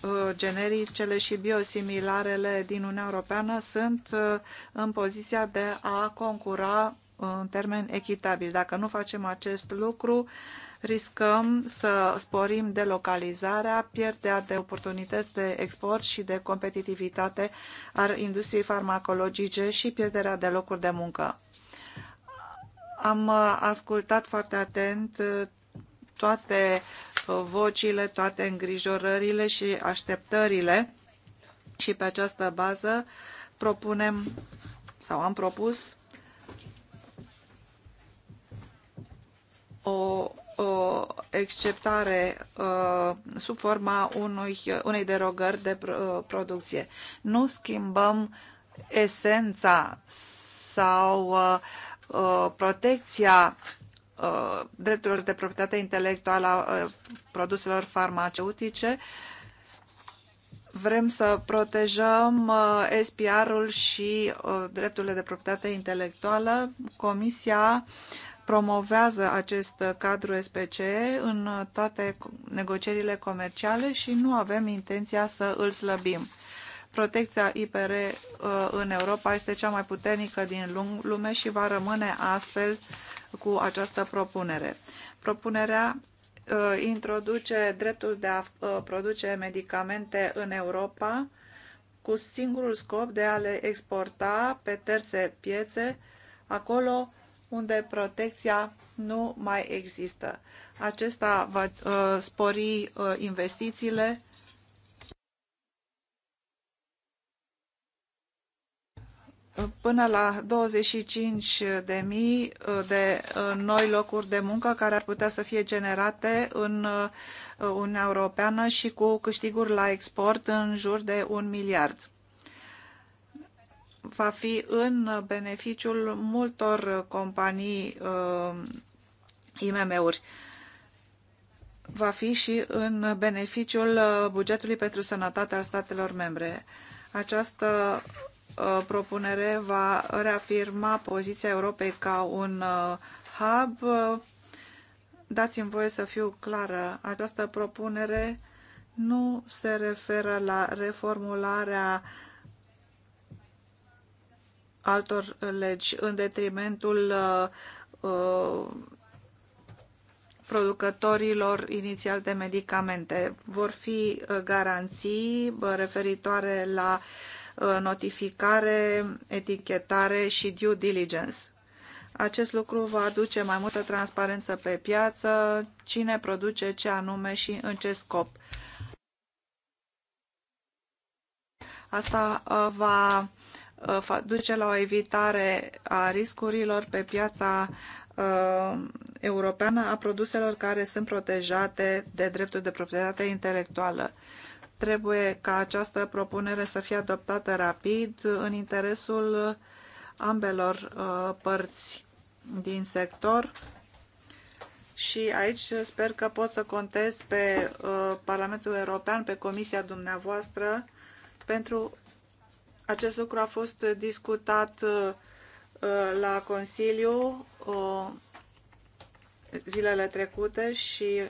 Uh, genericele și biosimilarele din Uniunea Europeană sunt uh, în poziția de a concura uh, în termen echitabil. Dacă nu facem acest lucru, riscăm să sporim delocalizarea, pierderea de oportunități de export și de competitivitate a industriei farmacologice și pierderea de locuri de muncă. Am ascultat foarte atent toate vocile, toate îngrijorările și așteptările și pe această bază propunem sau am propus o, o exceptare uh, sub forma unui, unei derogări de uh, producție. Nu schimbăm esența sau uh, uh protecția Uh, drepturilor de proprietate intelectuală a uh, produselor farmaceutice. Vrem să protejăm uh, SPR-ul și drepturile de proprietate intelectuală. Comisia promovează acest cadru SPC în toate negocierile comerciale și nu avem intenția să îl slăbim protecția IPR în Europa este cea mai puternică din lume și va rămâne astfel cu această propunere. Propunerea uh, introduce dreptul de a uh, produce medicamente în Europa cu singurul scop de a le exporta pe terțe piețe, acolo unde protecția nu mai există. Acesta va uh, spori investițiile până la 25.000 de mii uh, de uh, noi locuri de muncă care ar putea să fie generate în uh, Uniunea Europeană și cu câștiguri la export în jur de un miliard. Va fi în beneficiul multor companii IMM-uri va fi și în beneficiul bugetului pentru sănătate al statelor membre. Această Uh, propunere va reafirma poziția Europei ca un uh, hub. Dați-mi voie să fiu clară. Această propunere nu se referă la reformularea altor legi în detrimentul uh, uh producătorilor inițial de medicamente. Vor fi garanții referitoare la uh, Uh, notificare, etichetare și due diligence. Acest lucru va aduce mai multă transparență pe piață, cine produce ce anume și în ce scop. Asta uh, va uh, duce la o evitare a riscurilor pe piața europeană a produselor care sunt protejate de dreptul de proprietate intelectuală. Trebuie ca această propunere să fie adoptată rapid în interesul ambelor uh, părți din sector și aici sper că pot să contez pe uh, Parlamentul European, pe Comisia dumneavoastră pentru acest lucru a fost discutat uh, la Consiliu zilele trecute și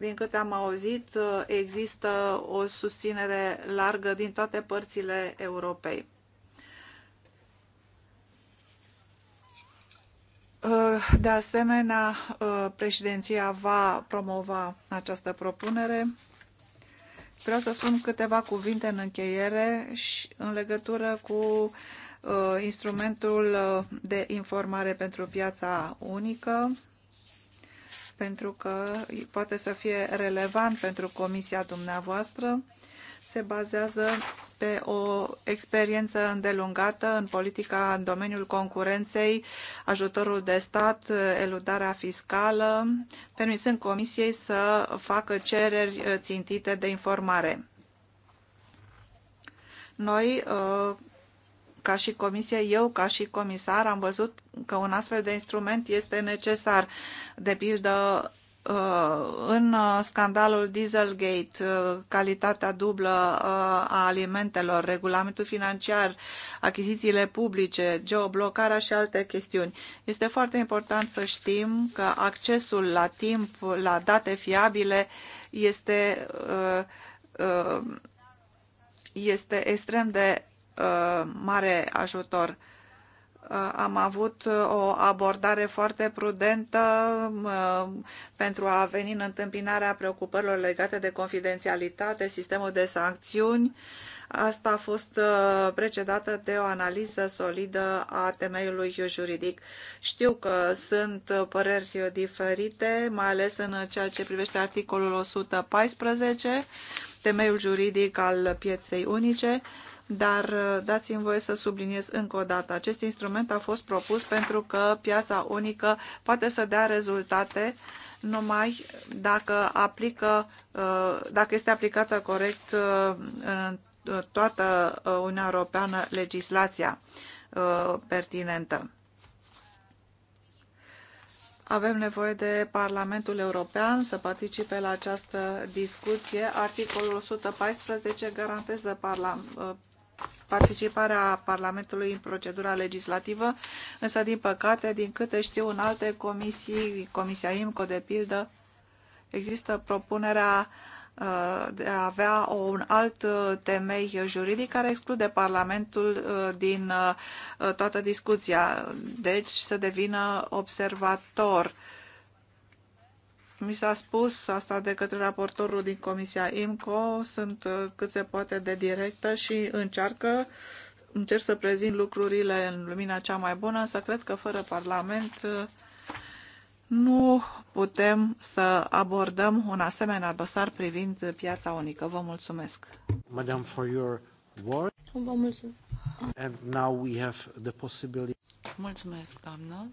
din câte am auzit, există o susținere largă din toate părțile Europei. De asemenea, președinția va promova această propunere. Vreau să spun câteva cuvinte în încheiere și în legătură cu uh, instrumentul uh, de informare pentru piața unică, pentru că poate să fie relevant pentru comisia dumneavoastră, se bazează pe o experiență îndelungată în politica în domeniul concurenței, ajutorul de stat, eludarea fiscală, permisând comisiei să facă cereri țintite de informare. Noi uh, ca și comisie, eu ca și comisar am văzut că un astfel de instrument este necesar. De pildă, uh, în scandalul Dieselgate, uh, calitatea dublă uh, a alimentelor, regulamentul financiar, achizițiile publice, geoblocarea și alte chestiuni. Este foarte important să știm că accesul la timp, la date fiabile este, este extrem de Uh, mare ajutor. Uh, am avut uh, o abordare foarte prudentă pentru a veni în întâmpinarea preocupărilor legate de confidențialitate, sistemul de sancțiuni. Asta a fost precedată de o analiză solidă a temeiului juridic. Știu că sunt păreri diferite, mai ales în ceea ce privește articolul 114, temeiul juridic al pieței unice, dar uh, dați-mi voie să subliniez încă o dată. Acest instrument a fost propus pentru că piața unică poate să dea rezultate numai dacă, aplică, uh, dacă este aplicată corect uh, în toată Uniunea Europeană legislația pertinentă. Avem nevoie de Parlamentul European să participe la această discuție. Articolul 114 garantează participarea Parlamentului în procedura legislativă, însă, din păcate, din câte știu, în alte comisii, Comisia IMCO, de pildă, există propunerea uh, de a avea un alt uh, temei juridic care exclude Parlamentul uh, din toată discuția, deci să devină observator mi s-a spus asta de către raportorul din Comisia IMCO, sunt uh, cât se poate de directă și încearcă, încerc să prezint lucrurile în lumina cea mai bună, să cred că fără Parlament uh, nu putem să abordăm un asemenea dosar privind piața unică. Vă mulțumesc. Madam, for your work. Vă mulțumesc. And now we have the possibility. Mulțumesc, doamnă.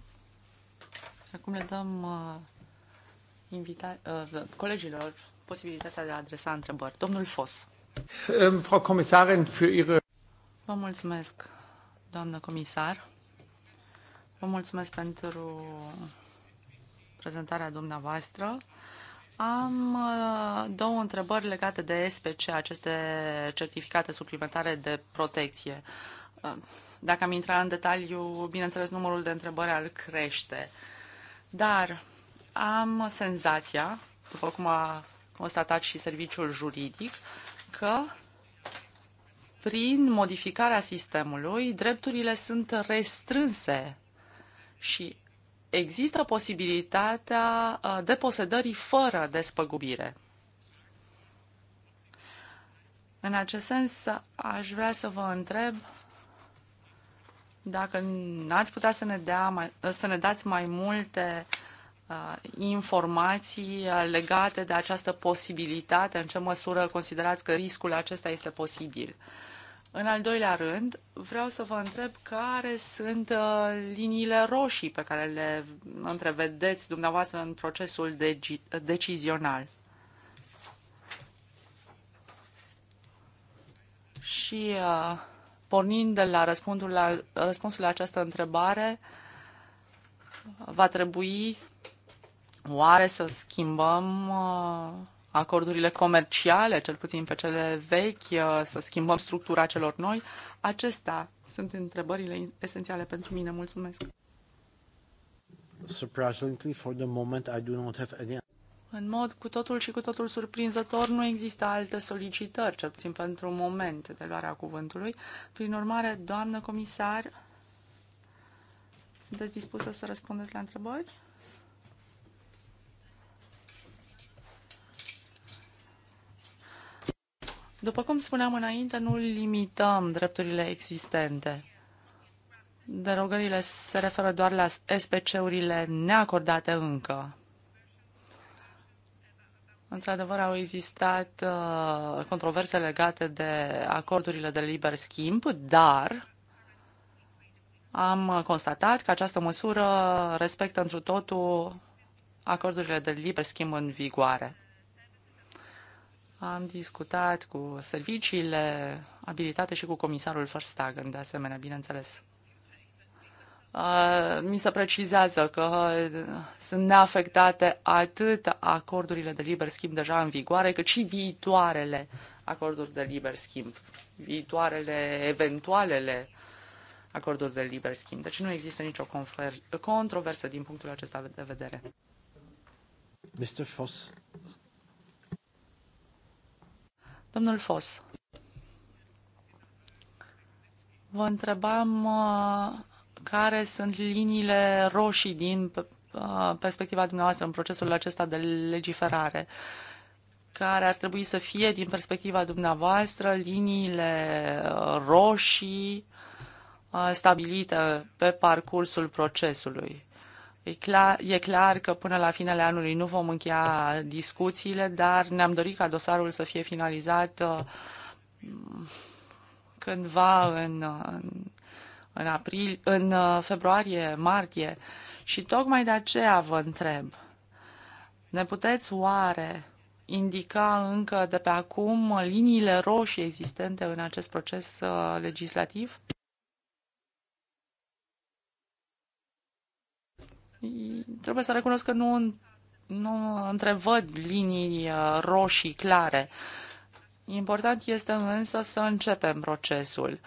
acum le dăm uh, invita- uh, colegilor posibilitatea de a adresa întrebări. Domnul Fos. Ähm, Frau Kommissarin, für Ihre... Vă mulțumesc, doamnă comisar. Vă mulțumesc pentru prezentarea dumneavoastră. Am uh, două întrebări legate de SPC, aceste certificate suplimentare de protecție. Uh, dacă am intrat în detaliu, bineînțeles, numărul de întrebări al crește. Dar am senzația, după cum a constatat și serviciul juridic, că prin modificarea sistemului, drepturile sunt restrânse și există posibilitatea uh, deposedării fără despăgubire. În acest sens, aș vrea să vă întreb dacă n-ați putea să ne, dea mai, să ne dați mai multe Uh, informații legate de această posibilitate, în ce măsură considerați că riscul acesta este posibil. În al doilea rând, vreau să vă întreb care sunt uh, liniile roșii pe care le întrevedeți dumneavoastră în procesul decizional. Și uh, pornind de la răspunsul la, răspunsul la această întrebare, va trebui Oare să schimbăm uh, acordurile comerciale, cel puțin pe cele vechi, uh, să schimbăm structura celor noi? Acestea sunt întrebările esențiale pentru mine. Mulțumesc! Surprisingly, for the moment, I do not have any... În mod cu totul și cu totul surprinzător, nu există alte solicitări, cel puțin pentru un moment, de luarea cuvântului. Prin urmare, doamnă comisar, sunteți dispusă să răspundeți la întrebări? După cum spuneam înainte, nu limităm drepturile existente. Derogările se referă doar la SPC-urile neacordate încă. Într-adevăr, au existat uh, controverse legate de acordurile de liber schimb, dar am constatat că această măsură respectă întru totul acordurile de liber schimb în vigoare. Am discutat cu serviciile abilitate și cu comisarul Verstagen, de asemenea, bineînțeles. Uh, mi se precizează că uh, sunt neafectate atât acordurile de liber schimb deja în vigoare, cât și viitoarele acorduri de liber schimb, viitoarele, eventualele acorduri de liber schimb. Deci nu există nicio controversă din punctul acesta de vedere. Mr. Foss. Domnul Fos, vă întrebam uh, care sunt liniile roșii din uh, perspectiva dumneavoastră în procesul acesta de legiferare care ar trebui să fie, din perspectiva dumneavoastră, liniile uh, roșii stabilite pe parcursul procesului. E clar, e clar că până la finele anului nu vom încheia discuțiile, dar ne-am dorit ca dosarul să fie finalizat uh, cândva în, în, în, april, în uh, februarie, martie. Și tocmai de aceea vă întreb, ne puteți oare indica încă de pe acum liniile roșii existente în acest proces uh, legislativ? Trebuie să recunosc că nu, nu întrevăd linii uh, roșii clare. Important este însă să începem procesul.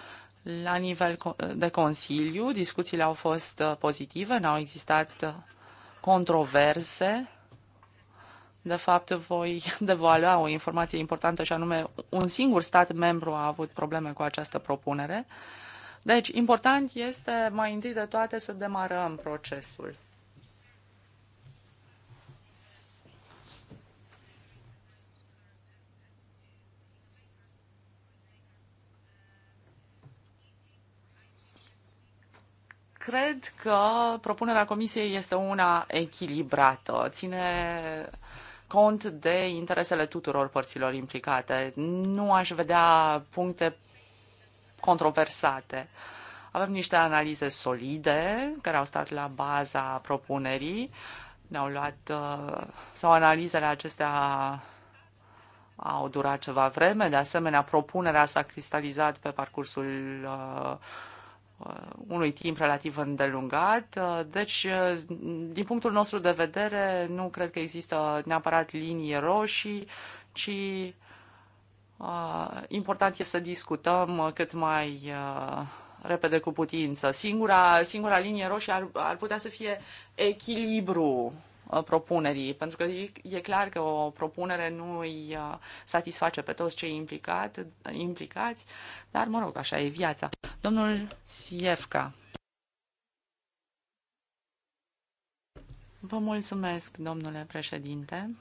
La nivel de Consiliu, discuțiile au fost uh, pozitive, n-au existat uh, controverse. De fapt, voi devoalua o informație importantă și anume un singur stat membru a avut probleme cu această propunere. Deci, important este mai întâi de toate să demarăm procesul. cred că propunerea Comisiei este una echilibrată, ține cont de interesele tuturor părților implicate. Nu aș vedea puncte controversate. Avem niște analize solide care au stat la baza propunerii. Ne-au luat uh, sau analizele acestea au durat ceva vreme. De asemenea, propunerea s-a cristalizat pe parcursul uh, Uh, unui timp relativ îndelungat. Uh, deci, uh, din punctul nostru de vedere, nu cred că există neapărat linii roșii, ci important este să discutăm cât mai repede cu putință. Singura, singura linie roșie ar, ar putea să fie echilibru Uh, propunerii, pentru că e clar că o propunere nu îi uh, satisface pe toți cei implicat, implicați, dar mă rog, așa e viața. Domnul Siefka. Vă mulțumesc, domnule președinte.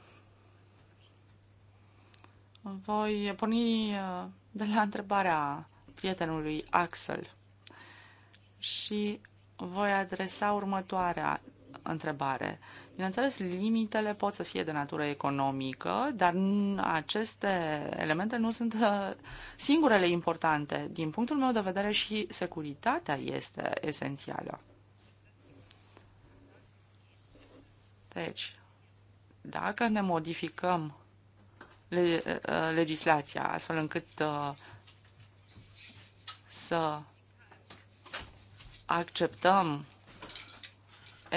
Voi porni uh, de la întrebarea prietenului Axel și voi adresa următoarea întrebare. Bineînțeles, limitele pot să fie de natură economică, dar aceste elemente nu sunt uh, singurele importante. Din punctul meu de vedere și securitatea este esențială. Deci, dacă ne modificăm uh, uh, legislația astfel încât să acceptăm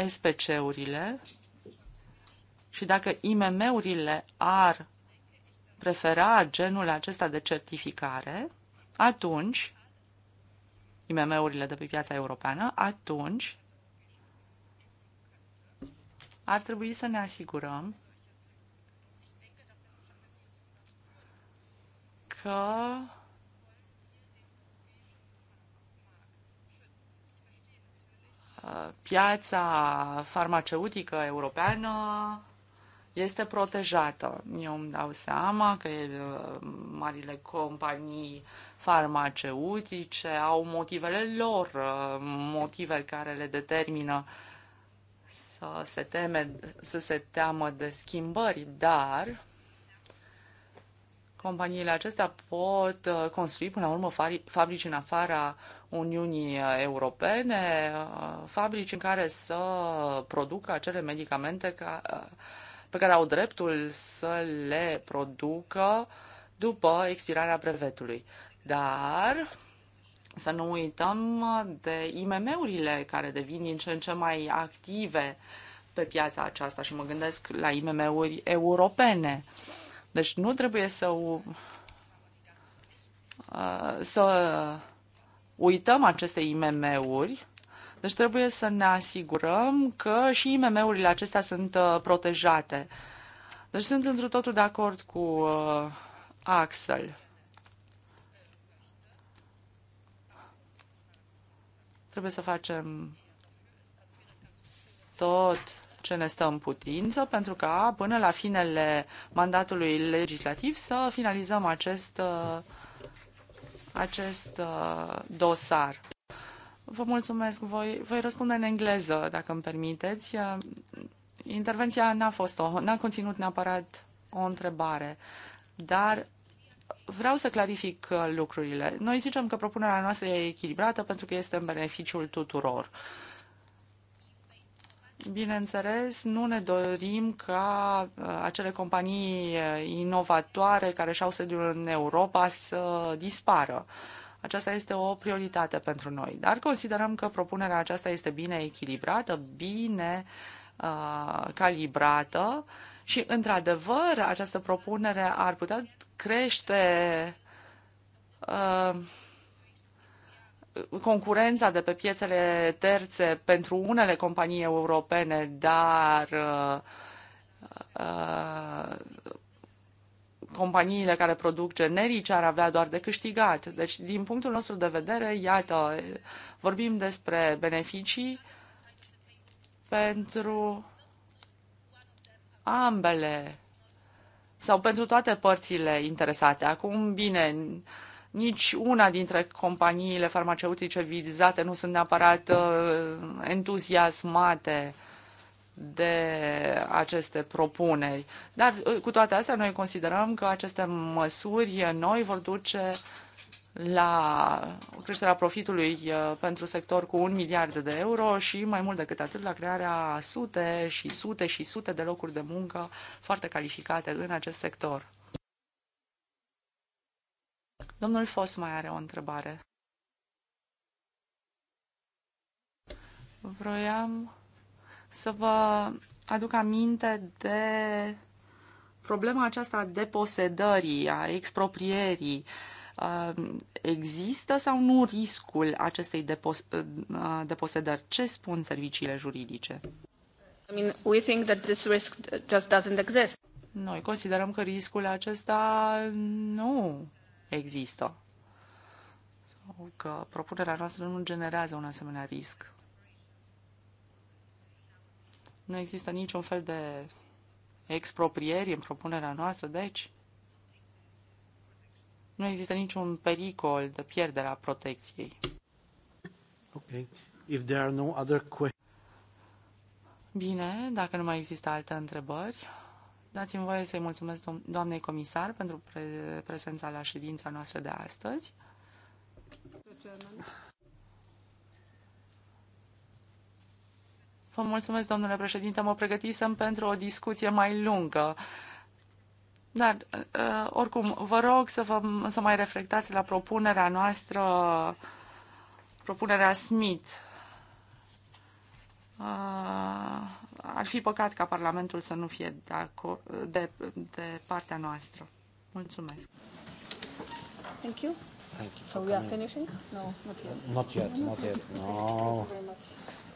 SPC-urile, și dacă IMM-urile ar prefera genul acesta de certificare, atunci, IMM-urile de pe piața europeană, atunci ar trebui să ne asigurăm că piața farmaceutică europeană este protejată. Eu îmi dau seama că marile companii farmaceutice au motivele lor, motive care le determină să se, teme, să se teamă de schimbări, dar companiile acestea pot uh, construi până la urmă fabrici în afara Uniunii Europene, uh, fabrici în care să producă acele medicamente ca, uh, pe care au dreptul să le producă după expirarea brevetului. Dar să nu uităm de IMM-urile care devin din ce în ce mai active pe piața aceasta și mă gândesc la IMM-uri europene. Deci nu trebuie să, uh, să uităm aceste IMM-uri deci trebuie să ne asigurăm că și IMM-urile acestea sunt uh, protejate. Deci sunt într totul de acord cu uh, Axel. Trebuie să facem tot ce ne stă în putință pentru ca până la finele mandatului legislativ să finalizăm acest, uh, acest uh, dosar. Vă mulțumesc. Voi, voi răspunde în engleză, dacă îmi permiteți. Uh, intervenția n-a fost o, n-a conținut neapărat o întrebare, dar vreau să clarific uh, lucrurile. Noi zicem că propunerea noastră e echilibrată pentru că este în beneficiul tuturor. Bineînțeles, nu ne dorim ca uh, acele companii inovatoare care și-au sediul în Europa să dispară. Uh, aceasta este o prioritate pentru noi, dar considerăm că propunerea aceasta este bine echilibrată, bine uh, calibrată și, într-adevăr, această propunere ar putea crește uh, concurența de pe piețele terțe pentru unele companii europene, dar uh, uh companiile care produc generice ar avea doar de câștigat. Deci, din punctul nostru de vedere, iată, vorbim despre beneficii pentru ambele sau pentru toate părțile interesate. Acum, bine, nici una dintre companiile farmaceutice vizate nu sunt neapărat uh, entuziasmate uh, de aceste propuneri. Dar uh, cu toate astea, noi considerăm că aceste măsuri noi vor duce la creșterea profitului uh, pentru sector cu un miliard de euro și mai mult decât atât la crearea sute și sute și sute de locuri de muncă foarte calificate în acest sector. Domnul Fos mai are o întrebare. Vroiam să vă aduc aminte de problema aceasta de posedării, a exproprierii. Uh, există sau nu riscul acestei depos- uh, deposedări? Ce spun serviciile juridice? I mean, we think that this risk just doesn't exist. Noi considerăm că riscul acesta nu există. Sau că propunerea noastră nu generează un asemenea risc. Nu există niciun fel de exproprieri în propunerea noastră, deci nu există niciun pericol de pierdere a protecției. Okay. If there are no other Bine, dacă nu mai există alte întrebări, dați-mi voie să-i mulțumesc doamnei comisar pentru pre prezența la ședința noastră de astăzi. Vă mulțumesc, domnule președinte, mă pregătisem pentru o discuție mai lungă. Dar, uh, oricum, vă rog să, vă, să mai reflectați la propunerea noastră, propunerea Smith. Uh, ar fi păcat ca Parlamentul să nu fie de, de, de partea noastră. Mulțumesc. Thank you. Thank you. So we are finishing? No, not yet. Not yet, not yet. No. Thank you very much.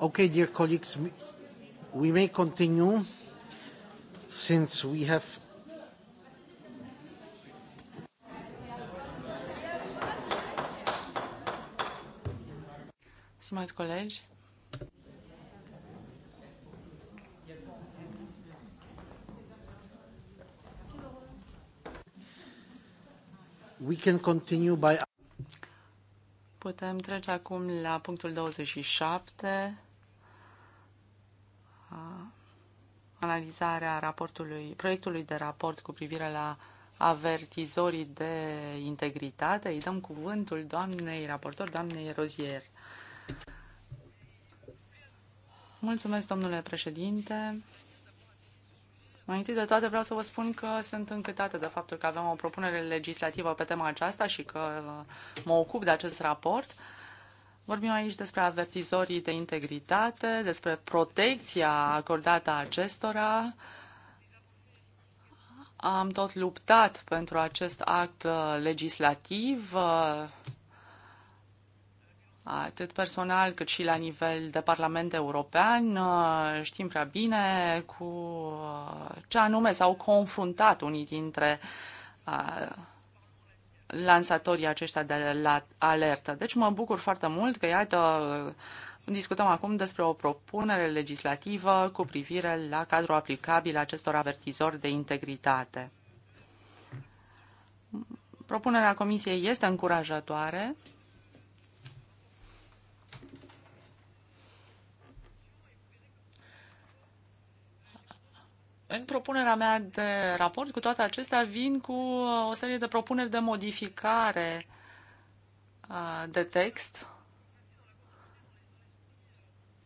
Okay, dear colleagues, we may continue since we have Stimați colegi, we can continue by Putem trece acum la punctul 27, analizarea raportului, proiectului de raport cu privire la avertizorii de integritate. Îi dăm cuvântul doamnei raportor, doamnei Rozier. Mulțumesc, domnule președinte. Mai întâi de toate vreau să vă spun că sunt încântată de faptul că avem o propunere legislativă pe tema aceasta și că mă ocup de acest raport. Vorbim aici despre avertizorii de integritate, despre protecția acordată a acestora. Am tot luptat pentru acest act legislativ atât personal cât și la nivel de Parlament European, uh, știm prea bine cu uh, ce anume s-au confruntat unii dintre uh, lansatorii aceștia de la alertă. Deci mă bucur foarte mult că, iată, discutăm acum despre o propunere legislativă cu privire la cadrul aplicabil acestor avertizori de integritate. Propunerea Comisiei este încurajatoare, În propunerea mea de raport, cu toate acestea, vin cu o serie de propuneri de modificare de text.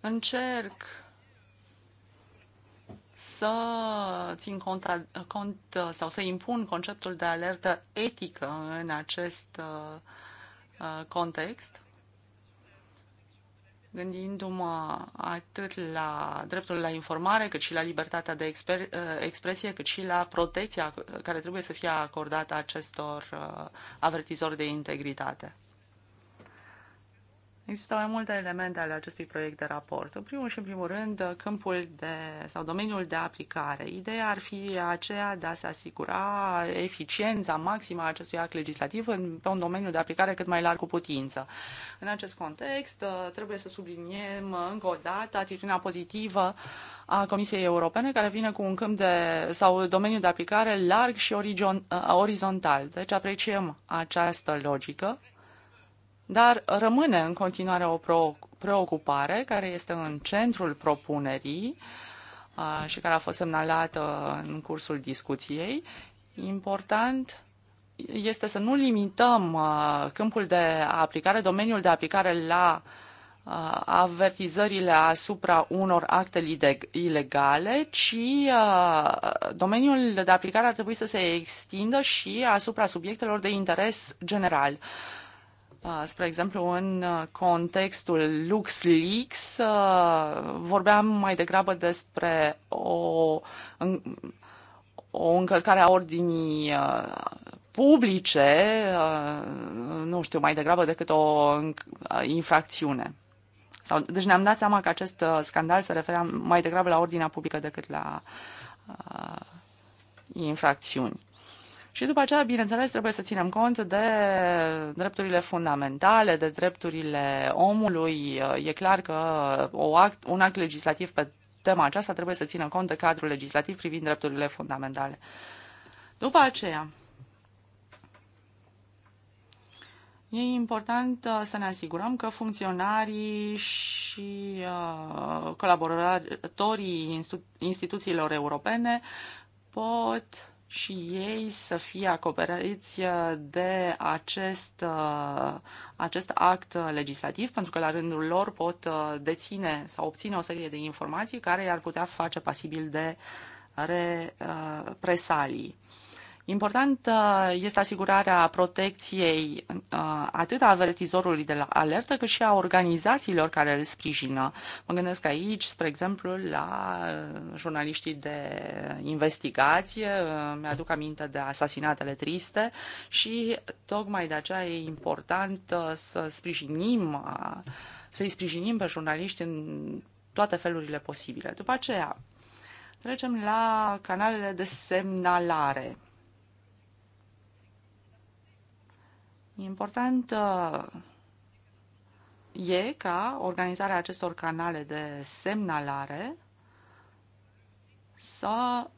Încerc să țin cont, cont sau să impun conceptul de alertă etică în acest context gândindu-mă atât la dreptul la informare, cât și la libertatea de eh, expresie, cât și la protecția care trebuie să fie acordată acestor eh, avertizori de integritate. Există mai multe elemente ale acestui proiect de raport. În primul și în primul rând, câmpul de, sau domeniul de aplicare. Ideea ar fi aceea de a se asigura eficiența maximă a acestui act legislativ în, pe un domeniu de aplicare cât mai larg cu putință. În acest context, trebuie să subliniem încă o dată atitudinea pozitivă a Comisiei Europene, care vine cu un câmp de, sau domeniu de aplicare larg și origion, orizontal. Deci apreciem această logică dar rămâne în continuare o preocupare care este în centrul propunerii și care a fost semnalată în cursul discuției. Important este să nu limităm câmpul de aplicare, domeniul de aplicare la avertizările asupra unor acte ilegale, ci domeniul de aplicare ar trebui să se extindă și asupra subiectelor de interes general. Da, spre exemplu, în uh, contextul LuxLeaks uh, vorbeam mai degrabă despre o, o încălcare a ordinii uh, publice, nu știu, mai degrabă decât o infracțiune. Sau, deci ne-am dat seama că acest scandal se referea mai degrabă la ordinea publică decât la infracțiuni. Și după aceea, bineînțeles, trebuie să ținem cont de drepturile fundamentale, de drepturile omului. E clar că o act, un act legislativ pe tema aceasta trebuie să țină cont de cadrul legislativ privind drepturile fundamentale. După aceea, E important uh, să ne asigurăm că funcționarii și uh, colaboratorii instituțiilor europene pot și ei să fie acoperiți uh, de acest, uh, acest act legislativ, pentru că la rândul lor pot uh, deține sau obține o serie de informații care i-ar putea face pasibil de represalii. Uh, Important uh, este asigurarea protecției uh, atât a avertizorului de la alertă, cât și a organizațiilor care îl sprijină. Mă gândesc aici, spre exemplu, la uh, jurnaliștii de investigație, mi-aduc aminte de asasinatele triste și tocmai de aceea e important să sprijinim, să-i sprijinim pe jurnaliști în toate felurile posibile. După aceea, Trecem la canalele de semnalare. Important uh, e ca organizarea acestor canale de semnalare să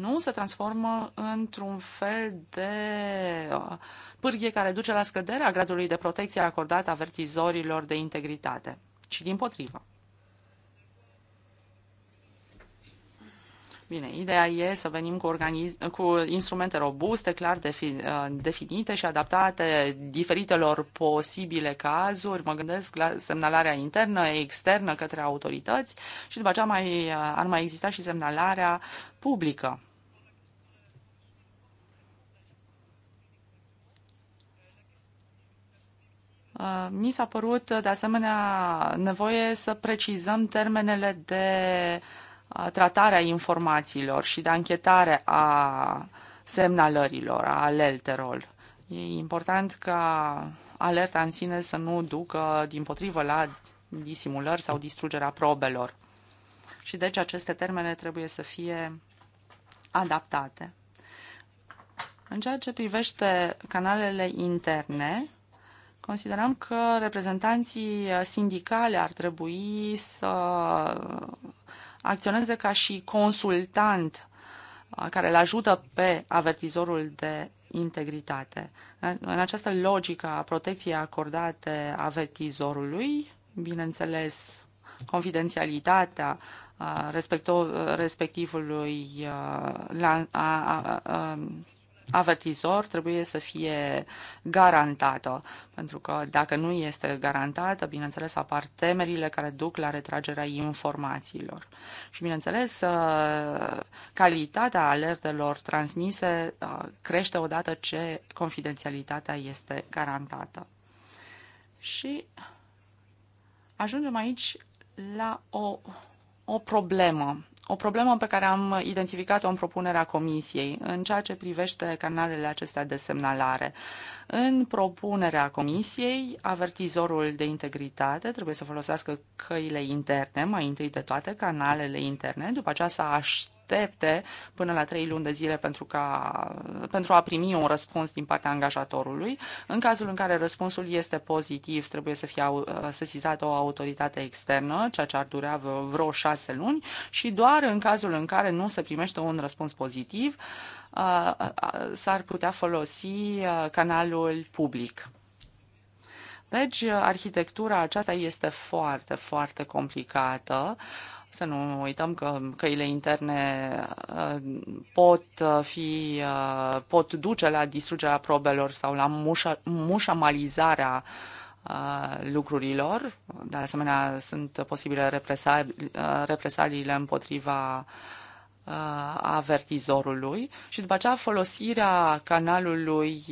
nu se transformă într-un fel de uh, pârghie care duce la scăderea gradului de protecție acordat avertizorilor de integritate, ci din potrivă. Bine, ideea e să venim cu, organiz- cu instrumente robuste, clar uh, definite și adaptate diferitelor posibile cazuri. Mă gândesc la semnalarea internă, externă către autorități și după aceea mai, uh, ar mai exista și semnalarea publică. Uh, mi s-a părut de asemenea nevoie să precizăm termenele de uh, tratarea informațiilor și de anchetare a semnalărilor, a alertelor. E important ca alerta în sine să nu ducă, din potrivă, la disimulări sau distrugerea probelor. Și deci aceste termene trebuie să fie adaptate. În ceea ce privește canalele interne, considerăm că reprezentanții sindicale ar trebui să acționeze ca și consultant uh, care îl ajută pe avertizorul de integritate. În această logică a protecției acordate avertizorului, bineînțeles, confidențialitatea uh, uh, respectivului a, a, a, avertizor trebuie să fie garantată, pentru că dacă nu este garantată, bineînțeles, apar temerile care duc la retragerea informațiilor. Și, bineînțeles, uh, calitatea alertelor transmise uh, crește odată ce confidențialitatea este garantată. Și ajungem aici la o, o problemă o problemă pe care am identificat-o în propunerea Comisiei în ceea ce privește canalele acestea de semnalare. În propunerea Comisiei, avertizorul de integritate trebuie să folosească căile interne, mai întâi de toate canalele interne, după aceea să aștepte aștepte până la trei luni de zile pentru, ca, pentru a primi un răspuns din partea angajatorului. În cazul în care răspunsul este pozitiv, trebuie să fie uh, sesizată o autoritate externă, ceea ce ar durea vreo șase luni și doar în cazul în care nu se primește un răspuns pozitiv, uh, uh, s-ar putea folosi canalul public. Deci, arhitectura aceasta este foarte, foarte complicată. Uh, să nu uităm că căile interne uh, pot, uh, fi, uh, pot duce la distrugerea probelor sau la mușa, mușamalizarea lucrurilor. De asemenea, sunt posibile represali, represaliile împotriva avertizorului și după aceea folosirea canalului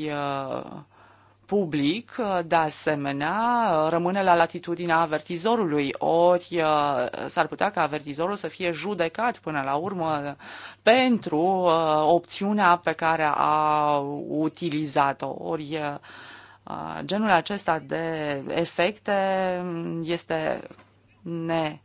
public, uh, de asemenea, uh, rămâne la latitudinea avertizorului, ori uh, s-ar putea ca avertizorul să fie judecat până la urmă pentru opțiunea pe care a utilizat-o. Ori genul acesta de efecte este ne,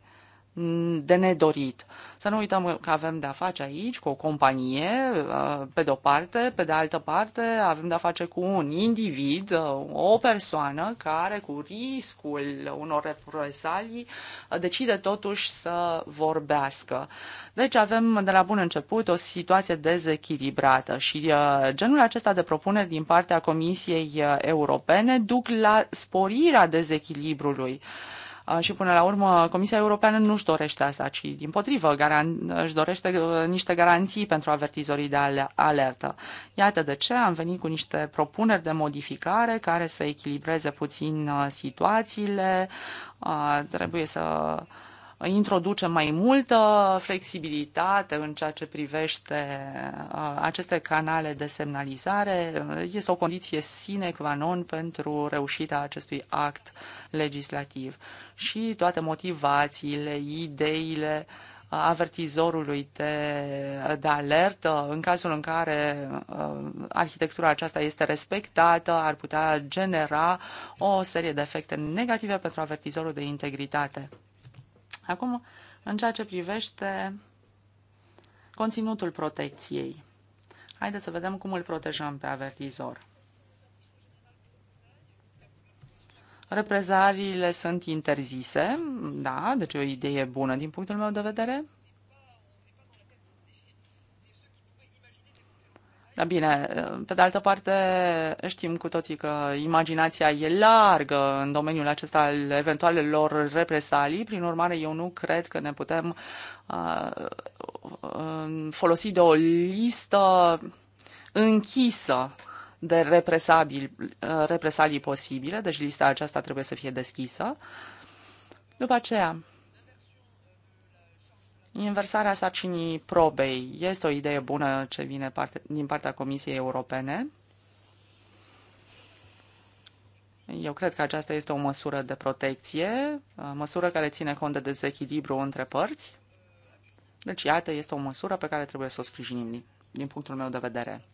de nedorit. Să nu uităm că avem de-a face aici cu o companie, uh, pe de-o parte, pe de altă parte avem de-a face cu un individ, uh, o persoană care cu riscul unor represalii uh, decide totuși să vorbească. Deci avem de la bun început o situație dezechilibrată și genul acesta de propuneri din partea Comisiei Europene duc la sporirea dezechilibrului și până la urmă Comisia Europeană nu-și dorește asta, ci din potrivă garan- își dorește uh, niște garanții pentru avertizorii de alertă. Iată de ce am venit cu niște propuneri de modificare care să echilibreze puțin uh, situațiile. Uh, trebuie să Introduce mai multă flexibilitate în ceea ce privește uh, aceste canale de semnalizare. Este o condiție sine qua non pentru reușita acestui act legislativ. Și toate motivațiile, ideile uh, avertizorului de, de alertă, în cazul în care uh, arhitectura aceasta este respectată, ar putea genera o serie de efecte negative pentru avertizorul de integritate. Acum, în ceea ce privește conținutul protecției, haideți să vedem cum îl protejăm pe avertizor. Reprezariile sunt interzise, da, deci o idee bună din punctul meu de vedere. Da bine, pe de altă parte știm cu toții că imaginația e largă în domeniul acesta al eventualelor represalii, prin urmare eu nu cred că ne putem uh, uh, folosi de o listă închisă de represabil, uh, represalii posibile, deci lista aceasta trebuie să fie deschisă. După aceea, Inversarea sarcinii probei este o idee bună ce vine parte, din partea Comisiei Europene. Eu cred că aceasta este o măsură de protecție, măsură care ține cont de dezechilibru între părți. Deci, iată, este o măsură pe care trebuie să o sprijinim din, din punctul meu de vedere.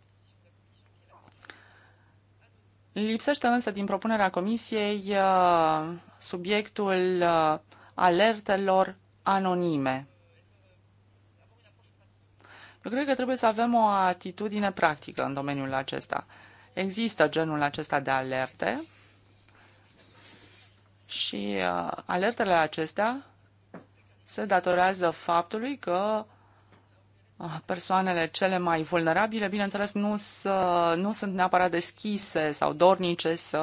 Lipsește însă din propunerea Comisiei uh, subiectul uh, alertelor anonime. Eu cred că trebuie să avem o atitudine practică în domeniul acesta. Există genul acesta de alerte și uh, alertele acestea se datorează faptului că uh, persoanele cele mai vulnerabile, bineînțeles, nu, să, nu sunt neapărat deschise sau dornice să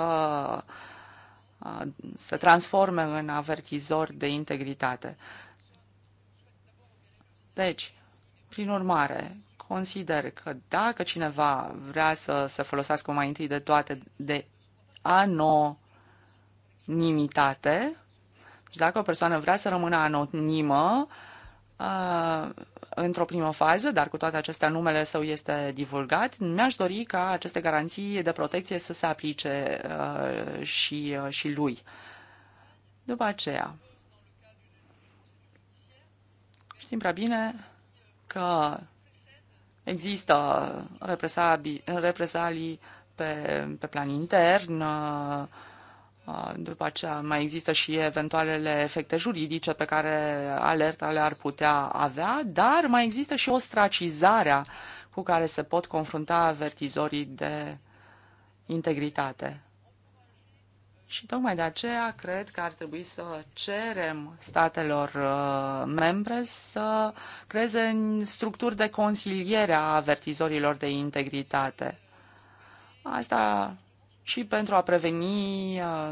uh, se transforme în avertizori de integritate. Deci, prin urmare, consider că dacă cineva vrea să se folosească mai întâi de toate de anonimitate, și deci dacă o persoană vrea să rămână anonimă, uh, într-o primă fază, dar cu toate acestea numele său este divulgat, mi-aș dori ca aceste garanții de protecție să se aplice uh, și, uh, și lui. După aceea, știm prea bine că există represalii pe, pe plan intern, uh, după aceea mai există și eventualele efecte juridice pe care alerta le-ar putea avea, dar mai există și ostracizarea cu care se pot confrunta avertizorii de integritate. Și tocmai de aceea cred că ar trebui să cerem statelor uh, membre să creeze structuri de consiliere a avertizorilor de integritate. Asta și pentru a preveni uh,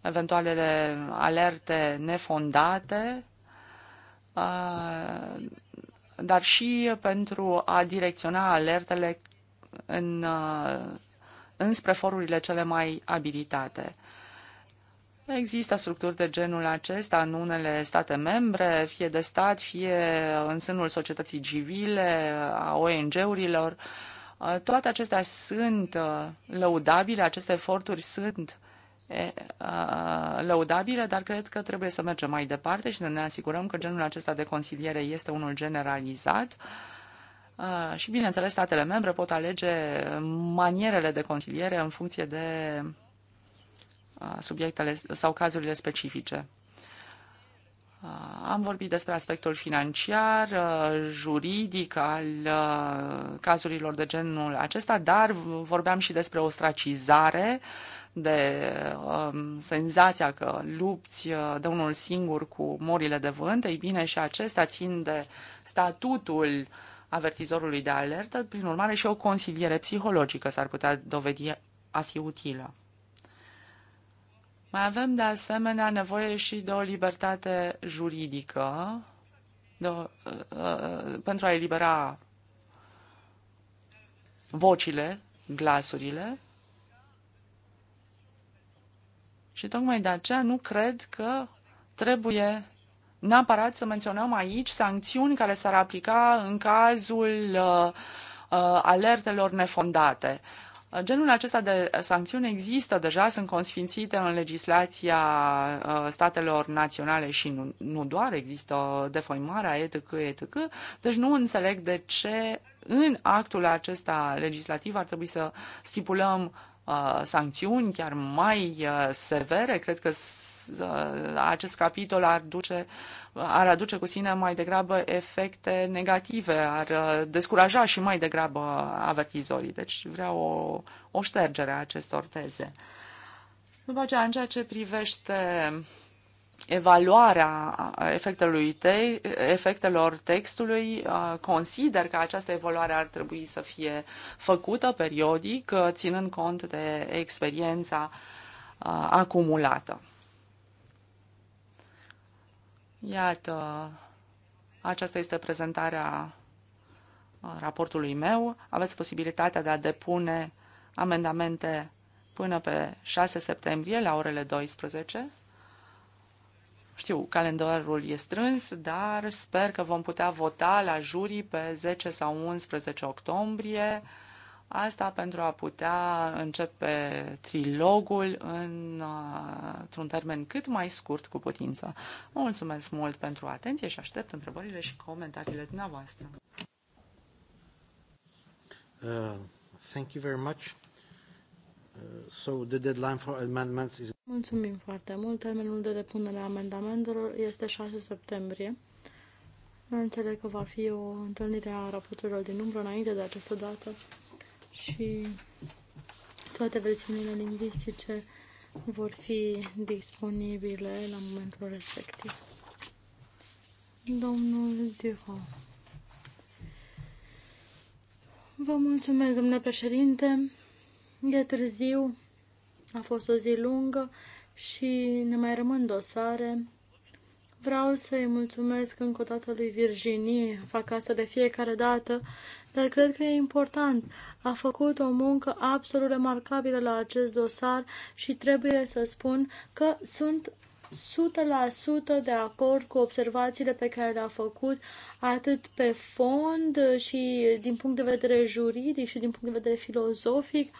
eventualele alerte nefondate, uh, dar și pentru a direcționa alertele în, înspre forurile cele mai abilitate. Există structuri de genul acesta în unele state membre, fie de stat, fie în sânul societății civile, a ONG-urilor. Uh, toate acestea sunt uh, lăudabile, aceste eforturi sunt uh, lăudabile, dar cred că trebuie să mergem mai departe și să ne asigurăm că genul acesta de consiliere este unul generalizat. Și, bineînțeles, statele membre pot alege manierele de consiliere în funcție de subiectele sau cazurile specifice. Am vorbit despre aspectul financiar, juridic al cazurilor de genul acesta, dar vorbeam și despre ostracizare, de senzația că lupți de unul singur cu morile de vânt. Ei bine, și acestea țin de statutul avertizorului de alertă, prin urmare și o consiliere psihologică s-ar putea dovedi a fi utilă. Mai avem de asemenea nevoie și de o libertate juridică de o, uh, uh, uh, pentru a elibera vocile, glasurile. Și tocmai de aceea nu cred că trebuie neapărat să menționăm aici sancțiuni care s-ar aplica în cazul uh, uh, alertelor nefondate. Uh, Genul acesta de sancțiuni există deja, sunt consfințite în legislația uh, statelor naționale și nu, nu doar, există defoimarea etc., etc. Deci nu înțeleg de ce în actul acesta legislativ ar trebui să stipulăm uh, sancțiuni chiar mai uh, severe. Cred că acest capitol ar, duce, ar aduce cu sine mai degrabă efecte negative, ar uh, descuraja și mai degrabă avertizorii. Deci vreau o, o ștergere a acestor teze. După aceea, în ceea ce privește evaluarea efectelui te- efectelor textului, uh, consider că această evaluare ar trebui să fie făcută periodic, uh, ținând cont de experiența acumulată. Iată, aceasta este prezentarea uh, raportului meu. Aveți posibilitatea de a depune amendamente până pe 6 septembrie la orele 12. Știu, calendarul e strâns, dar sper că vom putea vota la jurii pe 10 sau 11 octombrie Asta pentru a putea începe trilogul în, într-un termen cât mai scurt cu putință. mulțumesc mult pentru atenție și aștept întrebările și comentariile dumneavoastră. Uh, thank you very much. Uh, so the deadline for amendments is... Mulțumim foarte mult. Termenul de depunere a amendamentelor este 6 septembrie. Înțeleg că va fi o întâlnire a raporturilor din umbră înainte de această dată și toate versiunile lingvistice vor fi disponibile la momentul respectiv. Domnul Duhon. Vă mulțumesc, domnule președinte. E târziu, a fost o zi lungă și ne mai rămân dosare. Vreau să-i mulțumesc încă o dată lui Virginie. Fac asta de fiecare dată dar cred că e important. A făcut o muncă absolut remarcabilă la acest dosar și trebuie să spun că sunt 100% de acord cu observațiile pe care le-a făcut atât pe fond și din punct de vedere juridic și din punct de vedere filozofic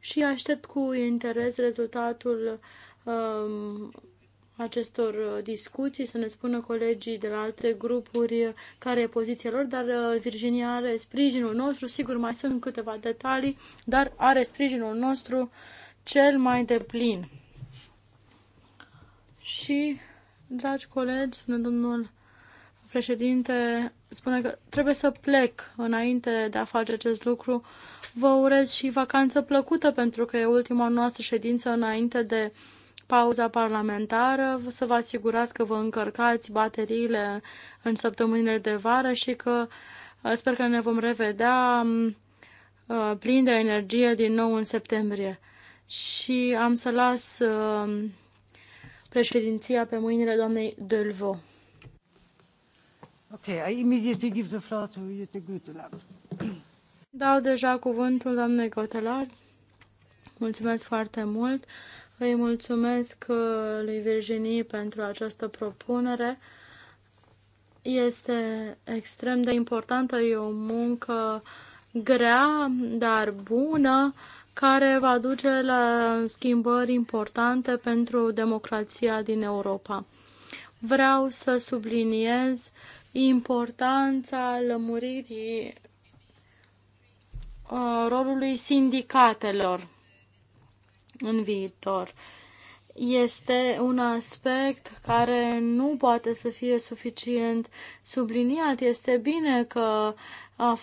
și aștept cu interes rezultatul um, acestor uh, discuții, să ne spună colegii de la alte grupuri uh, care e poziția lor, dar uh, Virginia are sprijinul nostru, sigur mai sunt câteva detalii, dar are sprijinul nostru cel mai deplin. Și, dragi colegi, spune domnul președinte, spune că trebuie să plec înainte de a face acest lucru. Vă urez și vacanță plăcută pentru că e ultima noastră ședință înainte de pauza parlamentară, să vă asigurați că vă încărcați bateriile în săptămânile de vară și că uh, sper că ne vom revedea mm, uh, plin de energie din nou în septembrie. Și am să las uh, președinția pe mâinile doamnei Delvo. Ok, I immediately give the floor to Jutta Gutelard. Dau deja cuvântul doamnei Gotelar. Mulțumesc foarte mult. Îi mulțumesc uh, lui Virginie pentru această propunere. Este extrem de importantă, e o muncă grea, dar bună, care va duce la schimbări importante pentru democrația din Europa. Vreau să subliniez importanța lămuririi uh, rolului sindicatelor în viitor. Este un aspect care nu poate să fie suficient subliniat. Este bine că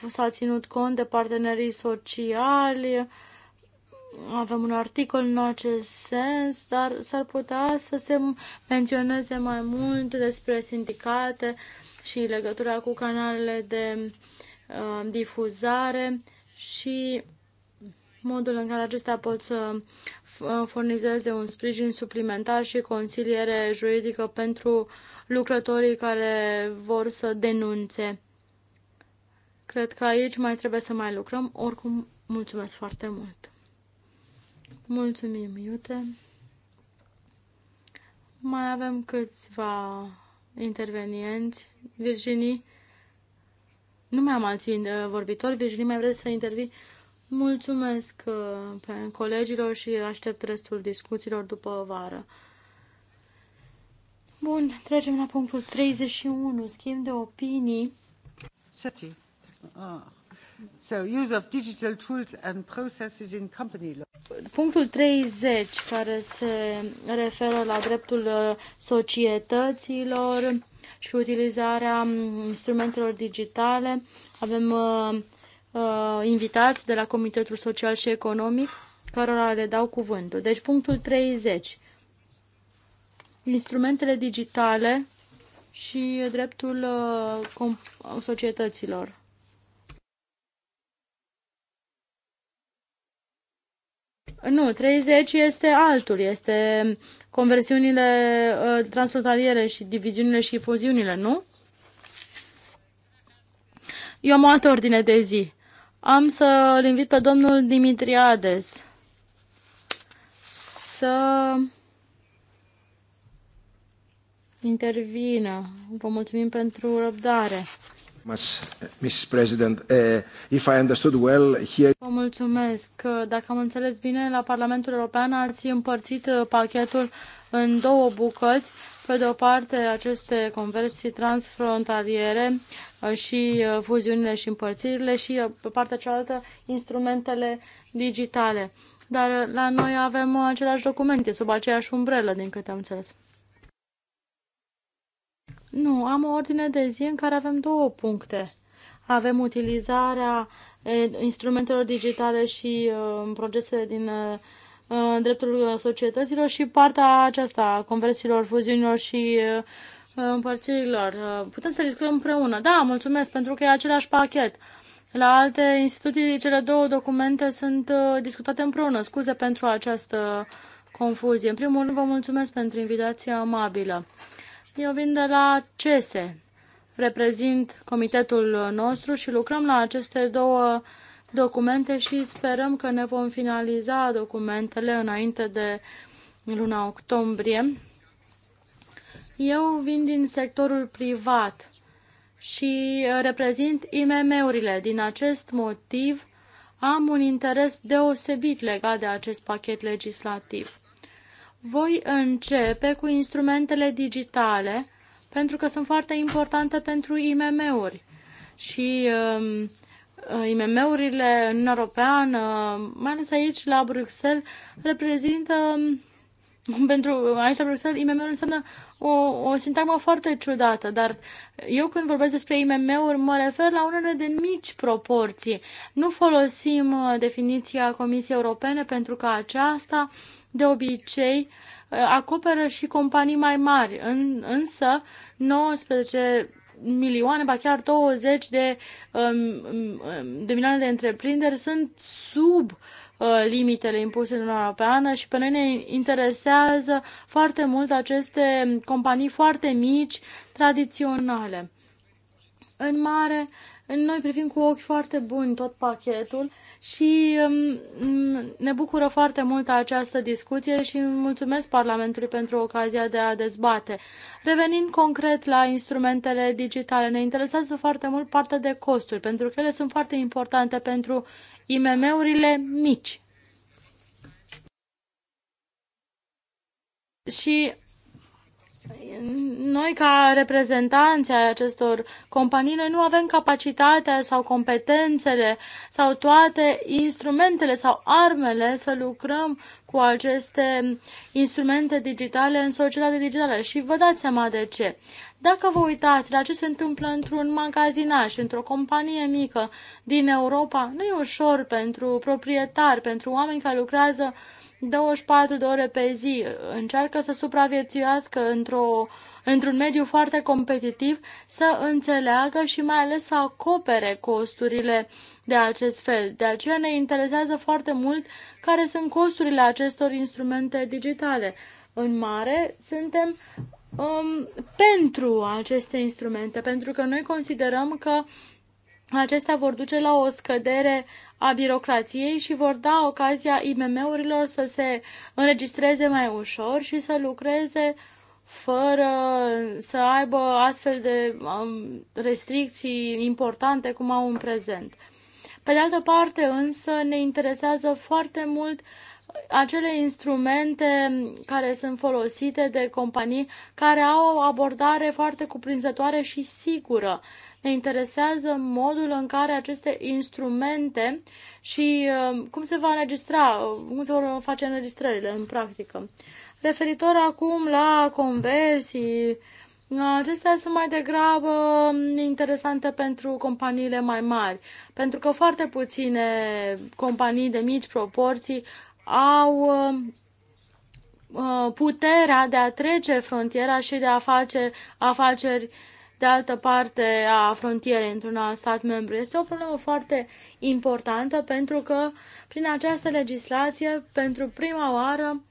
s-a ținut cont de partenerii sociali, avem un articol în acest sens, dar s-ar putea să se menționeze mai mult despre sindicate și legătura cu canalele de uh, difuzare și modul în care acestea pot să uh, furnizeze un sprijin suplimentar și consiliere juridică pentru lucrătorii care vor să denunțe. Cred că aici mai trebuie să mai lucrăm. Oricum, mulțumesc foarte mult. Mulțumim, Iute. Mai avem câțiva intervenienți. Virginie, nu mai am alții uh, vorbitori. Virginie, mai vreți să intervii? Mulțumesc uh, colegilor și aștept restul discuțiilor după vară. Bun, trecem la punctul 31, schimb de opinii. Ah. So, use of digital tools and processes in company law. Punctul 30, care se referă la dreptul uh, societăților și utilizarea mm, instrumentelor digitale. Avem uh, uh, invitați de la Comitetul Social și Economic, cărora le dau cuvântul. Deci punctul 30. Instrumentele digitale și dreptul uh, societăților. Nu, 30 este altul, este conversiunile uh, transfrontaliere și diviziunile și fuziunile, nu? Eu am o altă ordine de zi. Am să-l invit pe domnul Dimitriades să intervină. Vă mulțumim pentru răbdare. Mrs. President, eh, if I understood well, here... Vă mulțumesc. Dacă am înțeles bine, la Parlamentul European ați împărțit eh, pachetul în două bucăți. Pe de o parte, aceste conversii transfrontaliere Uh, și uh, fuziunile și împărțirile și, uh, pe partea cealaltă, instrumentele digitale. Dar la noi avem aceleași documente, sub aceeași umbrelă, din câte am înțeles. Nu, am o ordine de zi în care avem două puncte. Avem utilizarea instrumentelor digitale și uh, procesele din uh, dreptul societăților și partea aceasta conversiilor, fuziunilor și uh, împărțirilor. Uh, putem să discutăm împreună. Da, mulțumesc, pentru că e același pachet. La alte instituții, cele două documente sunt uh, discutate împreună. Scuze pentru această confuzie. În primul rând, vă mulțumesc pentru invitația amabilă. Eu vin de la CESE, reprezint comitetul nostru și lucrăm la aceste două documente și sperăm că ne vom finaliza documentele înainte de luna octombrie eu vin din sectorul privat și uh, reprezint IMM-urile. Din acest motiv am un interes deosebit legat de acest pachet legislativ. Voi începe cu instrumentele digitale, pentru că sunt foarte importante pentru IMM-uri. Și um, uh, IMM-urile în Europeană, uh, mai ales aici la Bruxelles, reprezintă um, pentru aici la Bruxelles, IMM-ul înseamnă o, o sintagmă foarte ciudată, dar eu când vorbesc despre IMM-uri mă refer la unele de mici proporții. Nu folosim uh, definiția Comisiei Europene pentru că aceasta de obicei uh, acoperă și companii mai mari, în, însă 19 milioane, ba chiar 20 de, um, um, de milioane de întreprinderi sunt sub uh, Uh, limitele impuse în Uniunea Europeană și pe noi ne interesează foarte mult aceste companii foarte mici, tradiționale. În mare, noi privim cu ochi foarte buni tot pachetul și um, ne bucură foarte mult această discuție și mulțumesc Parlamentului pentru ocazia de a dezbate. Revenind concret la instrumentele digitale, ne interesează foarte mult partea de costuri, pentru că ele sunt foarte importante pentru IMM-urile mici. Și noi, ca reprezentanți ai acestor companii, noi nu avem capacitatea sau competențele sau toate instrumentele sau armele să lucrăm cu aceste instrumente digitale în societate digitală. Și vă dați seama de ce. Dacă vă uitați la ce se întâmplă într-un magazinaj, într-o companie mică din Europa, nu e ușor pentru proprietari, pentru oameni care lucrează 24 de ore pe zi, încearcă să supraviețuiască într-o, într-un mediu foarte competitiv, să înțeleagă și mai ales să acopere costurile de acest fel. De aceea ne interesează foarte mult care sunt costurile acestor instrumente digitale. În mare, suntem um, pentru aceste instrumente, pentru că noi considerăm că acestea vor duce la o scădere a birocrației și vor da ocazia IMM-urilor să se înregistreze mai ușor și să lucreze fără să aibă astfel de um, restricții importante cum au în prezent. Pe de altă parte, însă, ne interesează foarte mult acele instrumente care sunt folosite de companii care au o abordare foarte cuprinzătoare și sigură. Ne interesează modul în care aceste instrumente și uh, cum se va înregistra, cum se vor face înregistrările în practică. Referitor acum la conversii, Acestea sunt mai degrabă interesante pentru companiile mai mari, pentru că foarte puține companii de mici proporții au uh, uh, puterea de a trece frontiera și de a face afaceri de altă parte a frontierei într-un alt stat membru. Este o problemă foarte importantă pentru că prin această legislație, pentru prima oară,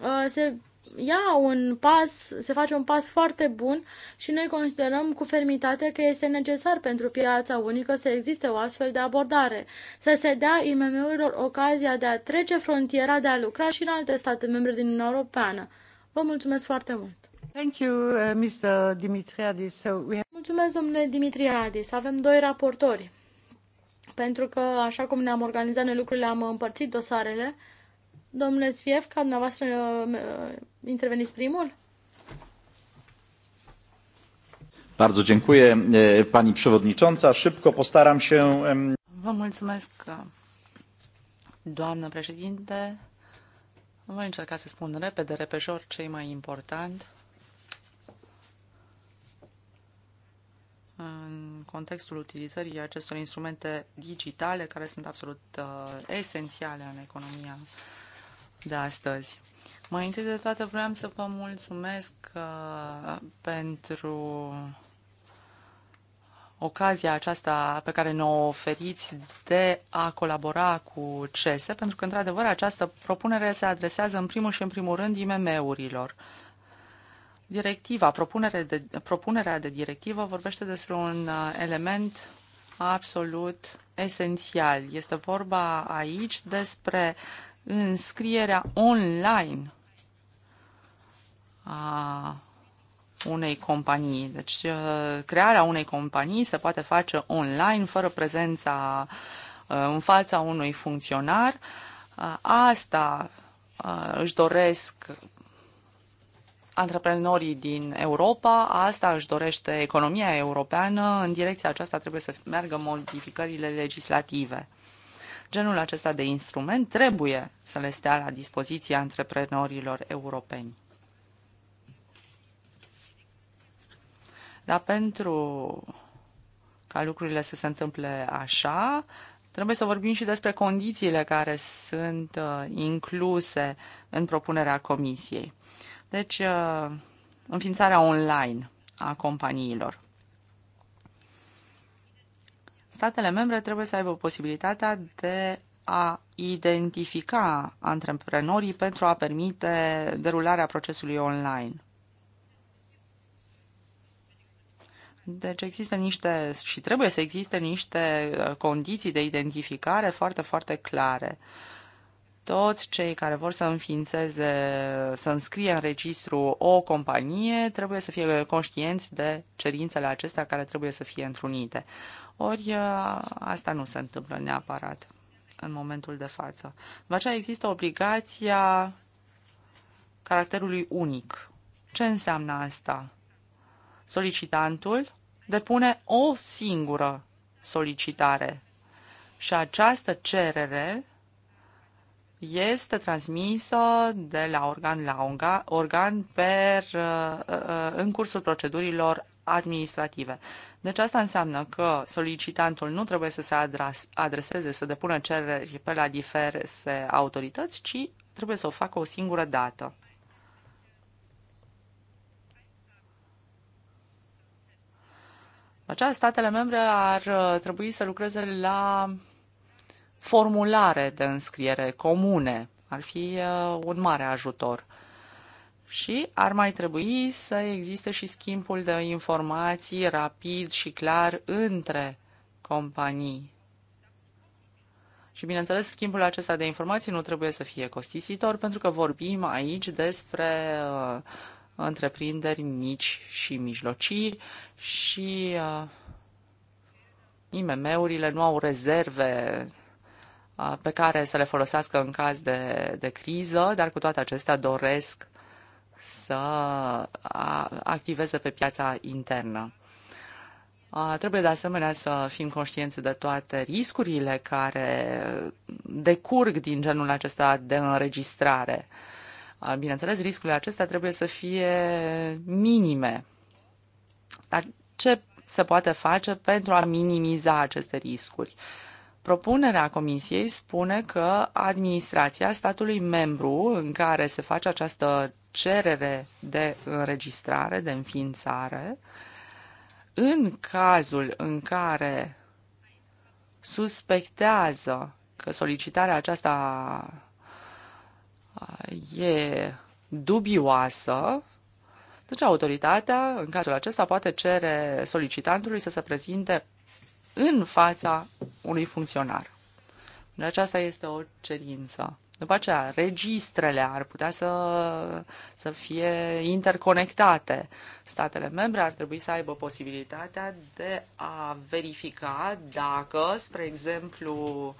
uh, se ia un pas, se face un pas foarte bun și noi considerăm cu fermitate că este necesar pentru piața unică să existe o astfel de abordare, să se dea IMM-urilor ocazia de a trece frontiera, de a lucra și în alte state membre din Uniunea Europeană. Vă mulțumesc foarte mult! Thank you, uh, Mr. Dimitriadis. So we have... Mulțumesc, domnule Dimitriadis. Avem doi raportori. Pentru că, așa cum ne-am organizat noi lucrurile, am împărțit dosarele. Domnule ca dumneavoastră uh, uh, interveniți primul? Bardzo dziękuję pani przewodnicząca. Szybko postaram się. Vă mulțumesc, uh, doamnă președinte. Voi încerca să spun repede, repejor, ce e mai important. în contextul utilizării acestor instrumente digitale care sunt absolut uh, esențiale în economia uh, de astăzi. Mai întâi de toate vreau să vă mulțumesc uh, pentru ocazia aceasta pe care ne-o oferiți de a colabora cu CESE, pentru că, într-adevăr, această propunere se adresează în primul și în primul rând IMM-urilor. Directiva, propunere de, propunerea de directivă vorbește despre un uh, element absolut esențial. Este vorba aici despre uh, înscrierea online a unei companii. Deci uh, crearea unei companii se poate face online fără prezența uh, în fața unui funcționar. Uh, asta își doresc antreprenorii din Europa, asta își dorește economia europeană, în direcția aceasta trebuie să meargă modificările legislative. Genul acesta de instrument trebuie să le stea la dispoziția antreprenorilor europeni. Dar pentru ca lucrurile să se întâmple așa, trebuie să vorbim și despre condițiile care sunt uh, incluse în propunerea comisiei. Deci, uh, înființarea online a companiilor statele membre trebuie să aibă posibilitatea de a identifica antreprenorii pentru a permite derularea procesului online. Deci există niște și trebuie să existe niște uh, condiții de identificare foarte, foarte clare. Toți cei care vor să înființeze, să înscrie în registru o companie, trebuie să fie conștienți de cerințele acestea care trebuie să fie întrunite. Ori uh, asta nu se întâmplă neapărat în momentul de față. După aceea există obligația caracterului unic. Ce înseamnă asta? Solicitantul depune o singură solicitare și această cerere este transmisă de la organ la organ per, uh, uh, în cursul procedurilor administrative. Deci asta înseamnă că solicitantul nu trebuie să se adreseze, să depună cereri pe la diferite autorități, ci trebuie să o facă o singură dată. Aceasta, statele membre ar uh, trebui să lucreze la formulare de înscriere comune. Ar fi uh, un mare ajutor și ar mai trebui să existe și schimbul de informații rapid și clar între companii. Și bineînțeles, schimbul acesta de informații nu trebuie să fie costisitor, pentru că vorbim aici despre uh, întreprinderi mici și mijlocii și uh, IMM-urile nu au rezerve uh, pe care să le folosească în caz de, de criză, dar cu toate acestea doresc să activeze pe piața internă. Trebuie de asemenea să fim conștienți de toate riscurile care decurg din genul acesta de înregistrare. Bineînțeles, riscurile acestea trebuie să fie minime. Dar ce se poate face pentru a minimiza aceste riscuri? Propunerea Comisiei spune că administrația statului membru în care se face această cerere de înregistrare, de înființare, în cazul în care suspectează că solicitarea aceasta e dubioasă, deci autoritatea, în cazul acesta, poate cere solicitantului să se prezinte în fața unui funcționar. Deci aceasta este o cerință. După aceea, registrele ar putea să, să fie interconectate. Statele membre ar trebui să aibă posibilitatea de a verifica dacă, spre exemplu,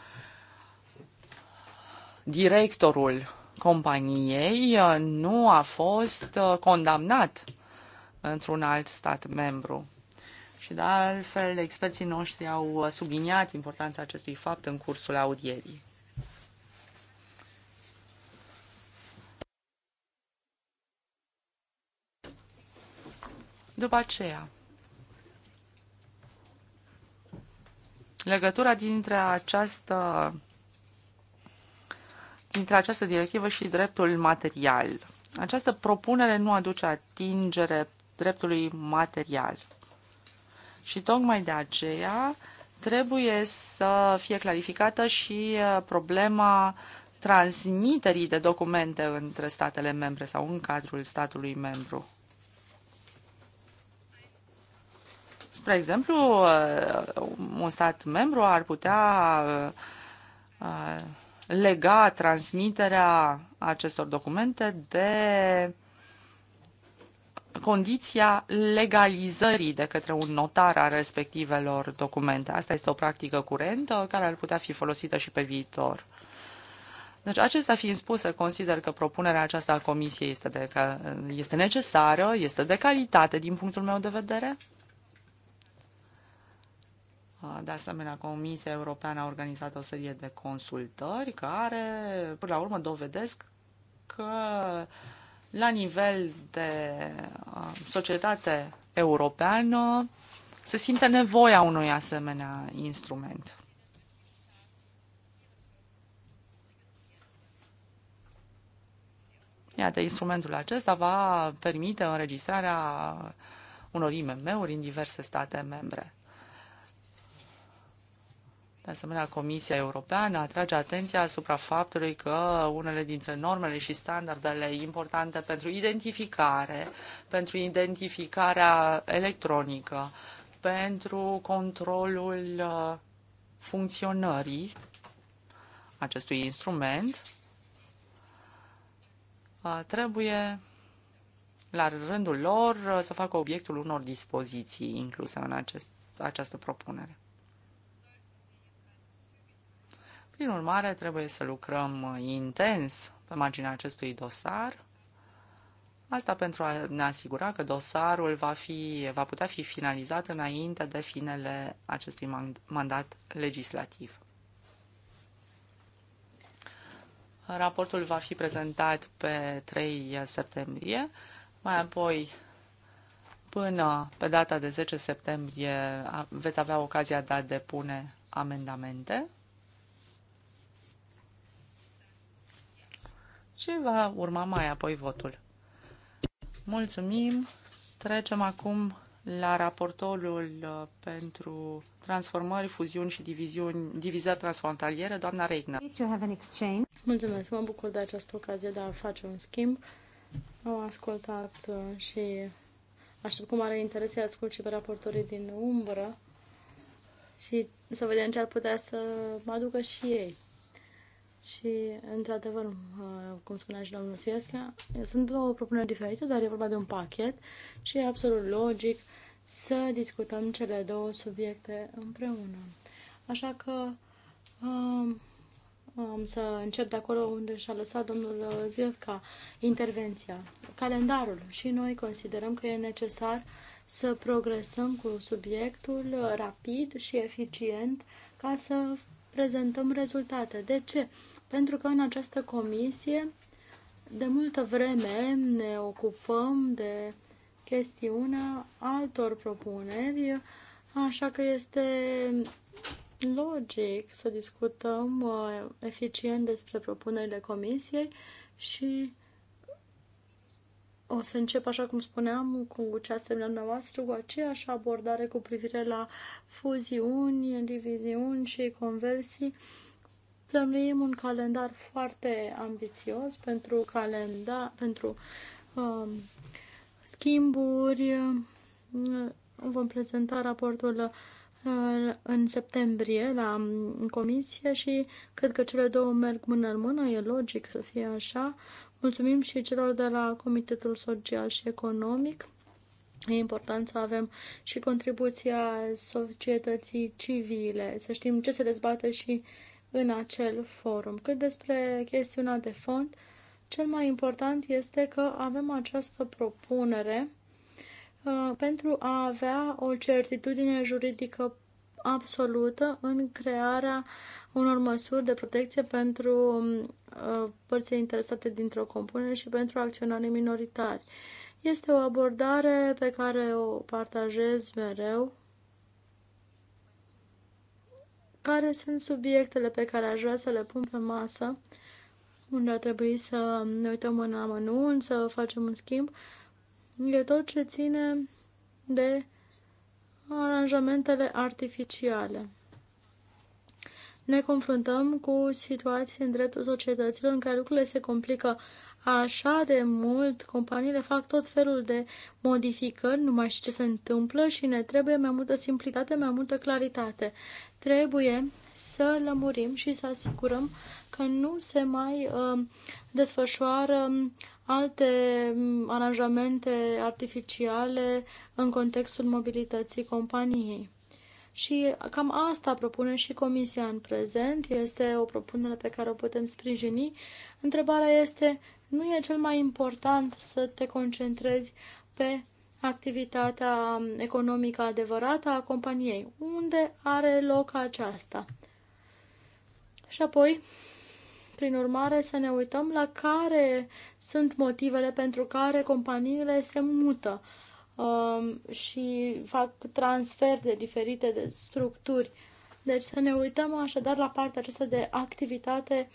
directorul companiei nu a fost condamnat într-un alt stat membru. Și de altfel, experții noștri au subliniat importanța acestui fapt în cursul audierii. După aceea, legătura dintre această, dintre această directivă și dreptul material. Această propunere nu aduce atingere dreptului material. Și tocmai de aceea trebuie să fie clarificată și uh, problema transmiterii de documente între statele membre sau în cadrul statului membru. Spre exemplu, uh, un stat membru ar putea uh, uh, lega transmiterea acestor documente de condiția legalizării de către un notar a respectivelor documente. Asta este o practică curentă care ar putea fi folosită și pe viitor. Deci, acestea fiind spuse, consider că propunerea aceasta a Comisiei este, de, este necesară, este de calitate din punctul meu de vedere Ah, de asemenea, Comisia Europeană a organizat o serie de consultări care, până la urmă, dovedesc că la nivel de ah, societate europeană se simte nevoia unui asemenea instrument. Iată, instrumentul acesta va permite înregistrarea unor IMM-uri în diverse state membre. De asemenea, Comisia Europeană atrage atenția asupra faptului că unele dintre normele și standardele importante pentru identificare, pentru identificarea electronică, pentru controlul uh, funcționării acestui instrument, uh, trebuie la rândul lor să facă obiectul unor dispoziții incluse în acest, această propunere. Prin urmare, trebuie să lucrăm uh, intens pe marginea acestui dosar. Asta pentru a ne asigura că dosarul va, fi, va putea fi finalizat înainte de finele acestui mandat legislativ. Raportul va fi prezentat pe 3 septembrie, mai apoi până pe data de 10 septembrie veți avea ocazia de a depune amendamente. și va urma mai apoi votul. Mulțumim! Trecem acum la raportorul uh, pentru transformări, fuziuni și diviziuni, divizări transfrontaliere, doamna Reigner. Mulțumesc, mă bucur de această ocazie de a face un schimb. Am ascultat uh, și aștept cum are interes să ascult și pe raportorii din umbră și să vedem ce ar putea să mă aducă și ei. Și, într-adevăr, uh, cum spunea și domnul Sviesca, sunt două propuneri diferite, dar e vorba de un pachet și e absolut logic să discutăm cele două subiecte împreună. Așa că um, um, să încep de acolo unde și-a lăsat domnul Zilca uh, intervenția. Calendarul. Și noi considerăm că e necesar să progresăm cu subiectul uh, rapid și eficient ca să prezentăm rezultate. De ce? pentru că în această comisie de multă vreme ne ocupăm de chestiunea altor propuneri, așa că este logic să discutăm uh, eficient despre propunerile comisiei și o să încep, așa cum spuneam, cu ce ați noastră, cu aceeași abordare cu privire la fuziuni, diviziuni și conversii plănuim un calendar foarte ambițios pentru, calenda, pentru um, schimburi. Vom prezenta raportul uh, în septembrie la um, comisie și cred că cele două merg mână în mână, e logic să fie așa. Mulțumim și celor de la Comitetul Social și Economic. E important să avem și contribuția societății civile, să știm ce se dezbate și uh, în acel forum. Cât despre chestiunea de fond, cel mai important este că avem această propunere uh, pentru a avea o certitudine juridică absolută în crearea unor măsuri de protecție pentru um, uh, părțile interesate dintr-o compunere și pentru acționarii minoritari. Este o abordare pe care o partajez mereu care sunt subiectele pe care aș vrea să le pun pe masă, unde ar trebui să ne uităm în amănunt, să facem un schimb. E tot ce ține de aranjamentele artificiale. Ne confruntăm cu situații în dreptul societăților în care lucrurile se complică așa de mult, companiile fac tot felul de modificări, nu mai știu ce se întâmplă și ne trebuie mai multă simplitate, mai multă claritate. Trebuie să lămurim și să asigurăm că nu se mai uh, desfășoară um, alte um, aranjamente artificiale în contextul mobilității companiei. Și cam asta propune și Comisia în prezent. Este o propunere pe care o putem sprijini. Întrebarea este nu e cel mai important să te concentrezi pe activitatea economică adevărată a companiei. Unde are loc aceasta? Și apoi, prin urmare, să ne uităm la care sunt motivele pentru care companiile se mută um, și fac transfer de diferite de structuri. Deci să ne uităm așadar la partea aceasta de activitate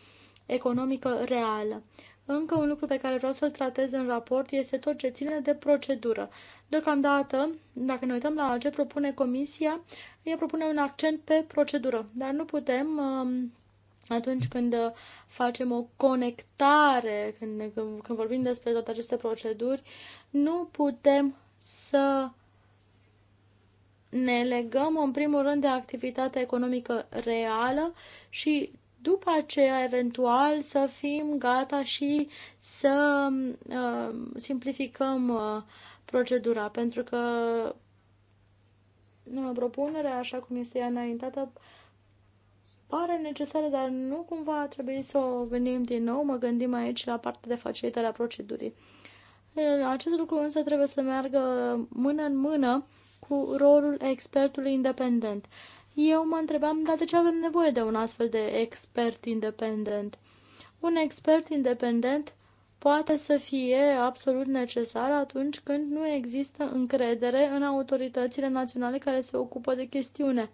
economică reală. Încă un lucru pe care vreau să-l tratez în raport este tot ce ține de procedură. Deocamdată, dacă ne uităm la ce propune Comisia, ea propune un accent pe procedură, dar nu putem um, atunci când facem o conectare, când, când vorbim despre toate aceste proceduri, nu putem să ne legăm în primul rând de activitatea economică reală și după aceea, eventual, să fim gata și să uh, simplificăm uh, procedura, pentru că uh, propunerea, așa cum este ea înaintată, pare necesară, dar nu cumva a trebuit să o gândim din nou. Mă gândim aici la partea de facilitarea procedurii. Uh, acest lucru însă trebuie să meargă mână în mână cu rolul expertului independent. Eu mă întrebam, dar de ce avem nevoie de un astfel de expert independent? Un expert independent poate să fie absolut necesar atunci când nu există încredere în autoritățile naționale care se ocupă de chestiune.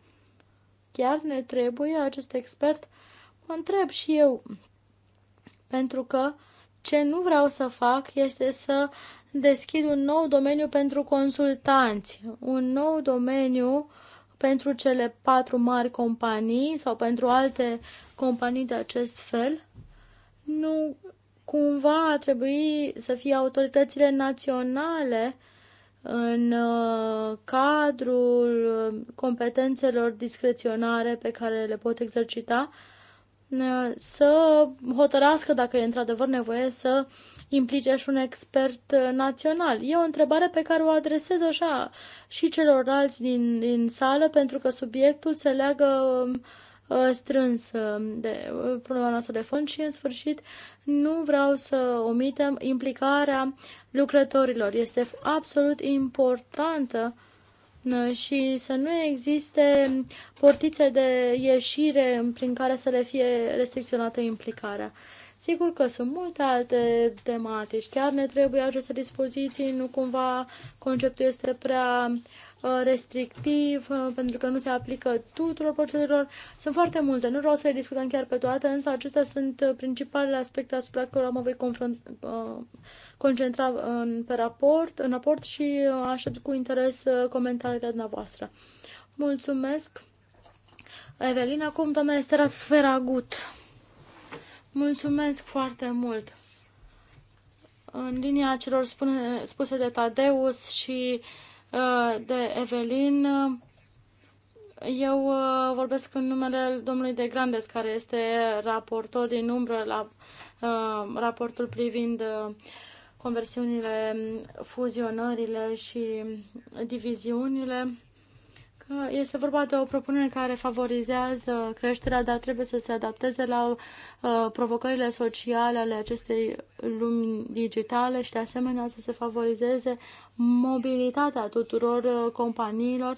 Chiar ne trebuie acest expert? Mă întreb și eu, pentru că ce nu vreau să fac este să deschid un nou domeniu pentru consultanți, un nou domeniu uh, pentru cele patru mari companii sau pentru alte companii de acest fel, nu cumva ar trebui să fie autoritățile naționale în uh, cadrul uh, competențelor discreționare pe care le pot exercita Uh, să hotărască dacă e într-adevăr nevoie să implice și un expert uh, național. E o întrebare pe care o adresez așa și celorlalți din, din sală, pentru că subiectul se leagă um, uh, strâns um, de problema noastră de fond și, în sfârșit, nu vreau să omitem implicarea lucrătorilor. Este absolut importantă și să nu existe portițe de ieșire prin care să le fie restricționată implicarea. Sigur că sunt multe alte tematici, chiar ne trebuie aceste dispoziții, nu cumva conceptul este prea uh, restrictiv, uh, pentru că nu se aplică tuturor procedurilor. Sunt foarte multe, nu vreau să le discutăm chiar pe toate, însă acestea sunt uh, principalele aspecte asupra cărora mă voi confrunta concentra în, pe raport, în raport și uh, aștept cu interes uh, comentariile dumneavoastră. Mulțumesc! Evelina, acum doamna Estera Sferagut. Mulțumesc foarte mult! În linia celor spune, spuse de Tadeus și uh, de Evelin, uh, eu uh, vorbesc în numele domnului de Grandes, care este raportor din umbră la uh, raportul privind uh, conversiunile, fuzionările și diviziunile, că este vorba de o propunere care favorizează creșterea, dar trebuie să se adapteze la uh, provocările sociale ale acestei lumi digitale și de asemenea să se favorizeze mobilitatea tuturor uh, companiilor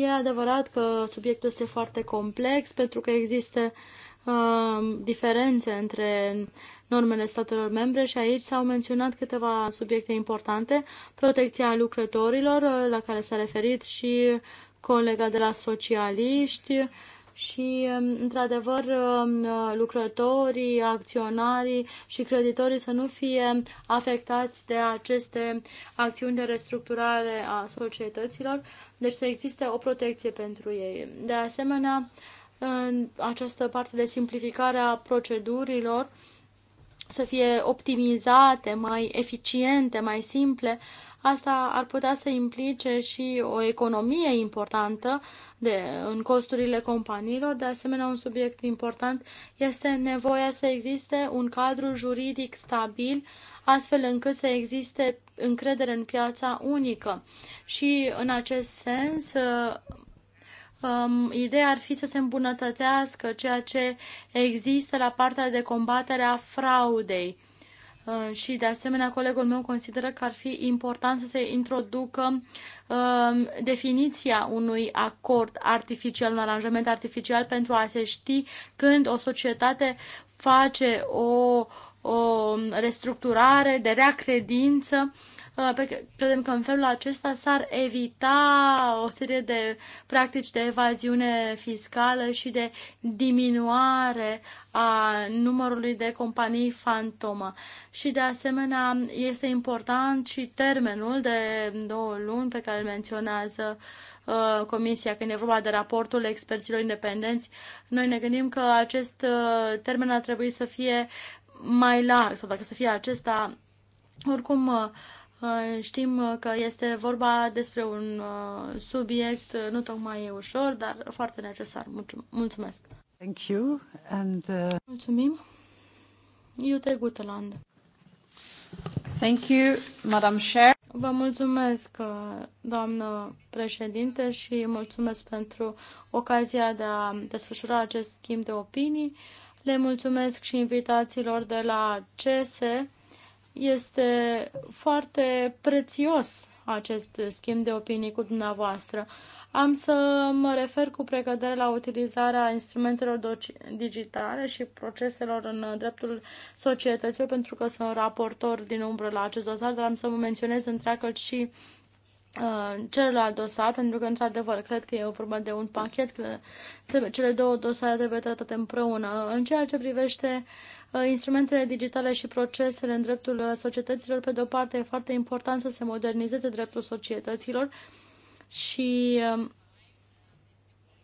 E adevărat că subiectul este foarte complex pentru că există uh, diferențe între normele statelor membre și aici s-au menționat câteva subiecte importante, protecția lucrătorilor, uh, la care s-a referit și colega de la socialiști, și, um, într-adevăr, um, uh, lucrătorii, acționarii și creditorii să nu fie afectați de aceste acțiuni de restructurare a societăților, deci să existe o protecție pentru ei. De asemenea, această parte de simplificare a procedurilor să fie optimizate, mai eficiente, mai simple, asta ar putea să implice și o economie importantă de, în costurile companiilor. De asemenea, un subiect important este nevoia să existe un cadru juridic stabil, astfel încât să existe încredere în piața unică. Și în acest sens, Um, ideea ar fi să se îmbunătățească ceea ce există la partea de combatere a fraudei. Uh, și, de asemenea, colegul meu consideră că ar fi important să se introducă uh, definiția unui acord artificial, un aranjament artificial pentru a se ști când o societate face o, o restructurare de reacredință uh, Uh, pe, credem că în felul acesta s-ar evita o serie de practici de evaziune fiscală și de diminuare a numărului de companii fantomă. Și de asemenea este important și termenul de două luni pe care îl menționează uh, Comisia când e vorba de raportul experților independenți. Noi ne gândim că acest uh, termen ar trebui să fie mai larg sau dacă să fie acesta oricum Uh, știm uh, că este vorba despre un uh, subiect nu tocmai ușor, dar foarte necesar. Mulțumesc! Thank you and, uh... Mulțumim! Iute Guteland! Thank you, Madam Chair. Vă mulțumesc, doamnă președinte, și mulțumesc pentru ocazia de a desfășura acest schimb de opinii. Le mulțumesc și invitațiilor de la CSE. Este foarte prețios acest schimb de opinii cu dumneavoastră. Am să mă refer cu precădere la utilizarea instrumentelor digitale și proceselor în dreptul societății, pentru că sunt raportor din umbră la acest dosar, dar am să mă menționez întreagă și Uh, celălalt dosar, pentru că, într-adevăr, cred că e o vorba de un pachet, că trebuie, cele două dosare trebuie tratate împreună. În ceea ce privește uh, instrumentele digitale și procesele în dreptul uh, societăților, pe de-o parte, e foarte important să se modernizeze dreptul societăților și um,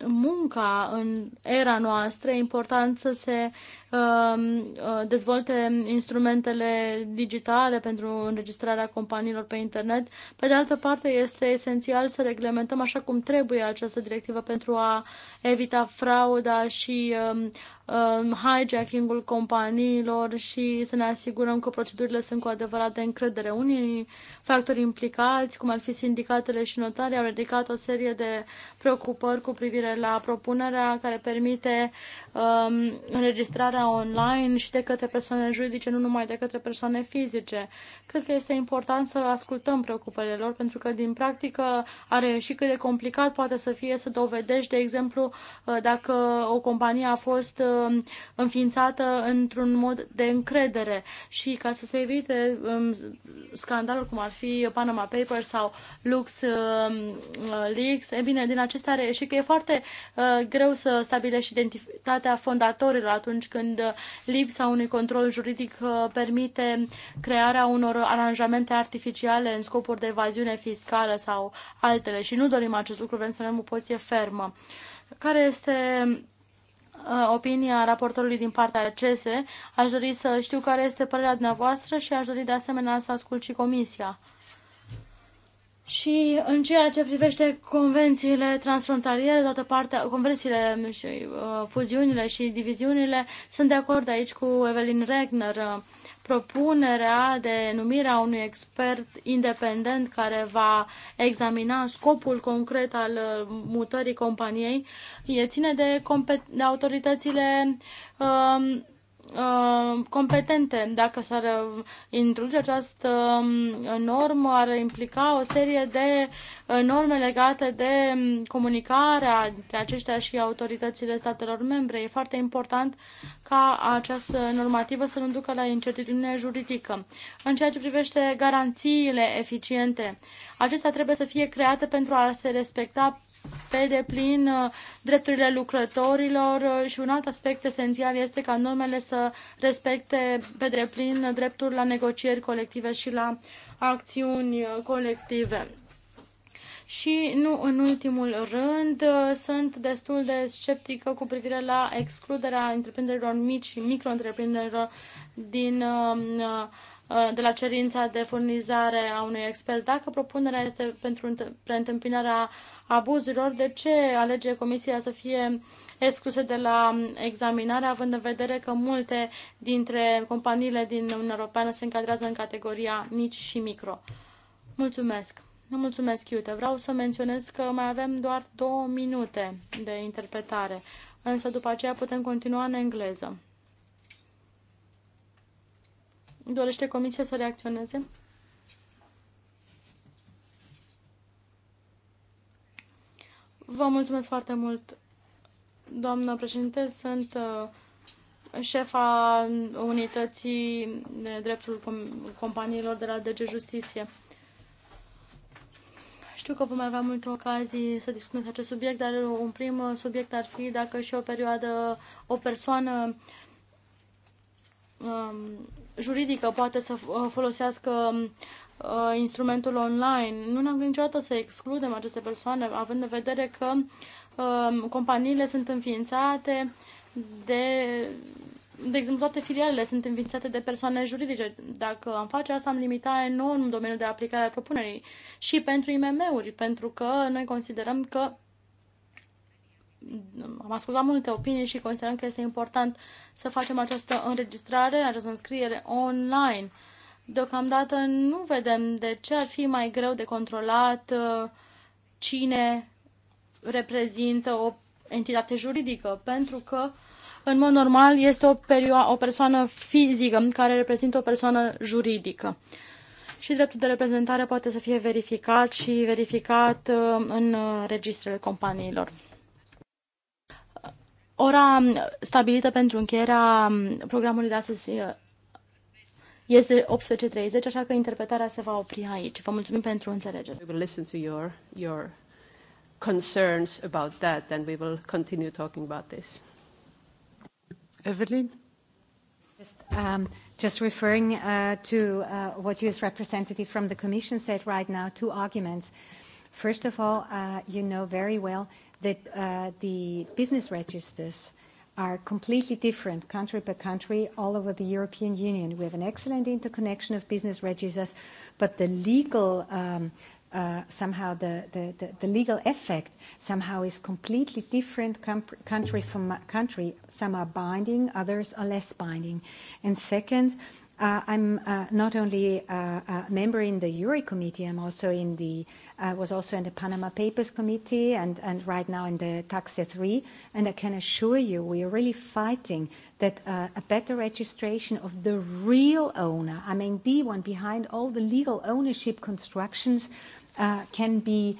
munca în era noastră, e important să se Um, uh, dezvolte instrumentele digitale pentru înregistrarea companiilor pe internet. Pe de altă parte, este esențial să reglementăm așa cum trebuie această directivă pentru a evita frauda și um, um, hijacking-ul companiilor și să ne asigurăm că procedurile sunt cu adevărat de încredere. Unii factori implicați, cum ar fi sindicatele și notarii, au ridicat o serie de preocupări cu privire la propunerea care permite um, înregistrarea vânzarea online și de către persoane juridice, nu numai de către persoane fizice. Cred că este important să ascultăm preocupările lor, pentru că din practică are și cât de complicat poate să fie să dovedești, de exemplu, uh, dacă o companie a fost uh, înființată într-un mod de încredere și ca să se evite um, scandalul cum ar fi Panama Papers sau Lux uh, Leaks, e bine, din acestea are și că e foarte greu să stabilești identitatea fondatorilor atunci când când lipsa unui control juridic uh, permite crearea unor aranjamente artificiale în scopuri de evaziune fiscală sau altele. Și nu dorim acest lucru, vrem să avem o poziție fermă. Care este uh, opinia raportorului din partea CESE. Aș dori să știu care este părerea dumneavoastră și aș dori de asemenea să ascult și comisia. Și în ceea ce privește convențiile transfrontaliere, toată partea, convențiile și uh, fuziunile și diviziunile, sunt de acord aici cu Evelyn Regner. Propunerea de numirea unui expert independent care va examina scopul concret al uh, mutării companiei e ține de, de autoritățile uh, Uh, competente. Dacă s-ar introduce această um, normă, ar implica o serie de uh, norme legate de um, comunicarea între aceștia și autoritățile statelor membre. E foarte important ca această normativă să nu ducă la incertitudine juridică. În ceea ce privește garanțiile eficiente, acestea trebuie să fie create pentru a se respecta pe deplin uh, drepturile lucrătorilor uh, și un alt aspect esențial este ca normele să respecte pe deplin drepturi la negocieri colective și la acțiuni uh, colective. Și nu în ultimul rând, sunt destul de sceptică cu privire la excluderea întreprinderilor mici și micro-întreprinderilor din uh, Uh, de la cerința de furnizare a unui expert. Dacă propunerea este pentru preîntâmpinarea abuzurilor, de ce alege Comisia să fie excluse de la examinare, având în vedere că multe dintre companiile din Uniunea Europeană se încadrează în categoria mici și micro? Mulțumesc! Mulțumesc, Iute. Vreau să menționez că mai avem doar două minute de interpretare, însă după aceea putem continua în engleză. Dorește Comisia să reacționeze? Vă mulțumesc foarte mult, doamnă președinte. Sunt uh, șefa unității de dreptul companiilor de la DG Justiție. Știu că vom avea multe ocazii să discutăm acest subiect, dar un prim subiect ar fi dacă și o perioadă, o persoană um, juridică poate să uh, folosească uh, instrumentul online. Nu ne-am gândit niciodată să excludem aceste persoane, având în vedere că um, companiile sunt înființate de de exemplu, toate filialele sunt înființate de persoane juridice. Dacă am face asta, am limita enorm domeniul de aplicare al propunerii și pentru IMM-uri, pentru că noi considerăm că am ascultat multe opinii și considerăm că este important să facem această înregistrare, această înscriere online. Deocamdată nu vedem de ce ar fi mai greu de controlat uh, cine reprezintă o entitate juridică, pentru că în mod normal este o, perio- o persoană fizică care reprezintă o persoană juridică și dreptul de reprezentare poate să fie verificat și verificat uh, în uh, registrele companiilor. Ora stabilită pentru încheierea programului de astăzi uh, este 18.30, așa că interpretarea se va opri aici. Vă mulțumim pentru înțelegere. We will listen to your, your concerns about that and we will continue talking about this. Evelyn? Just, um, just referring uh, to uh, what you as representative from the Commission said right now, two arguments. First of all, uh, you know very well that uh, the business registers are completely different country by country all over the European Union. We have an excellent interconnection of business registers, but the legal um, uh, somehow the, the, the, the legal effect somehow is completely different country from country. Some are binding, others are less binding. And second, uh, Uh, I'm uh, not only uh, a member in the URI committee, I'm also in the, was also in the Panama Papers committee and, and right now in the Taxa 3. And I can assure you, we are really fighting that a better registration of the real owner, I mean, the one behind all the legal ownership constructions, can be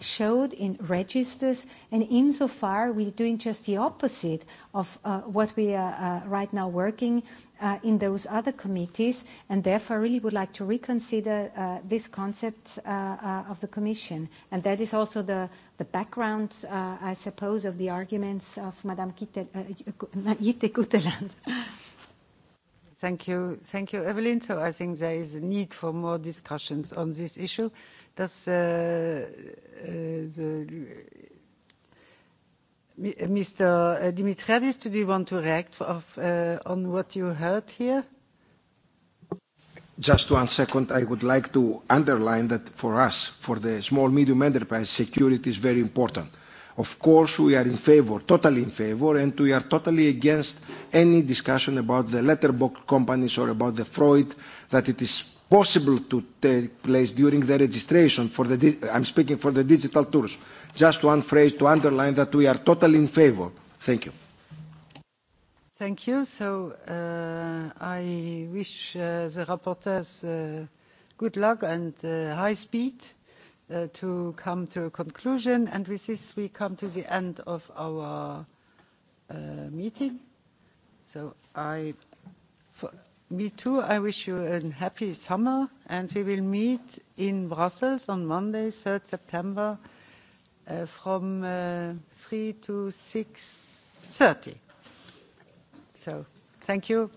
showed in registers, and insofar we're doing just the opposite of what we are right now working uh, in those other committees, and therefore I really would like to reconsider uh, this concept uh, uh, of the Commission. And that is also the, the background, uh, I suppose, of the arguments of Madame Kitte, uh, Guteland. Uh, Thank you. Thank you, Evelyn. So I think there is a need for more discussions on this issue. Does uh, uh, the Mr. Eh, Dimitriadis, do you want to react of, uh, on what you heard here? Just one second. I would like to underline that for us, for the small medium enterprise, security is very important. Of course, we are in favor, totally in favor, and we are totally against any discussion about the letterbox companies or about the Freud, that it is possible to take place during the registration for the, I'm speaking for the digital tours. Just one phrase to underline that we are totally in favor. Thank you. Thank you. So uh, I wish uh, the rapporteurs uh, good luck and uh, high speed uh, to come to a conclusion. And with this, we come to the end of our uh, meeting. So I Me too. I wish you a happy summer, and we will meet in Brussels on Monday, 3rd September, uh, from uh, 3 to 6:30. So thank you.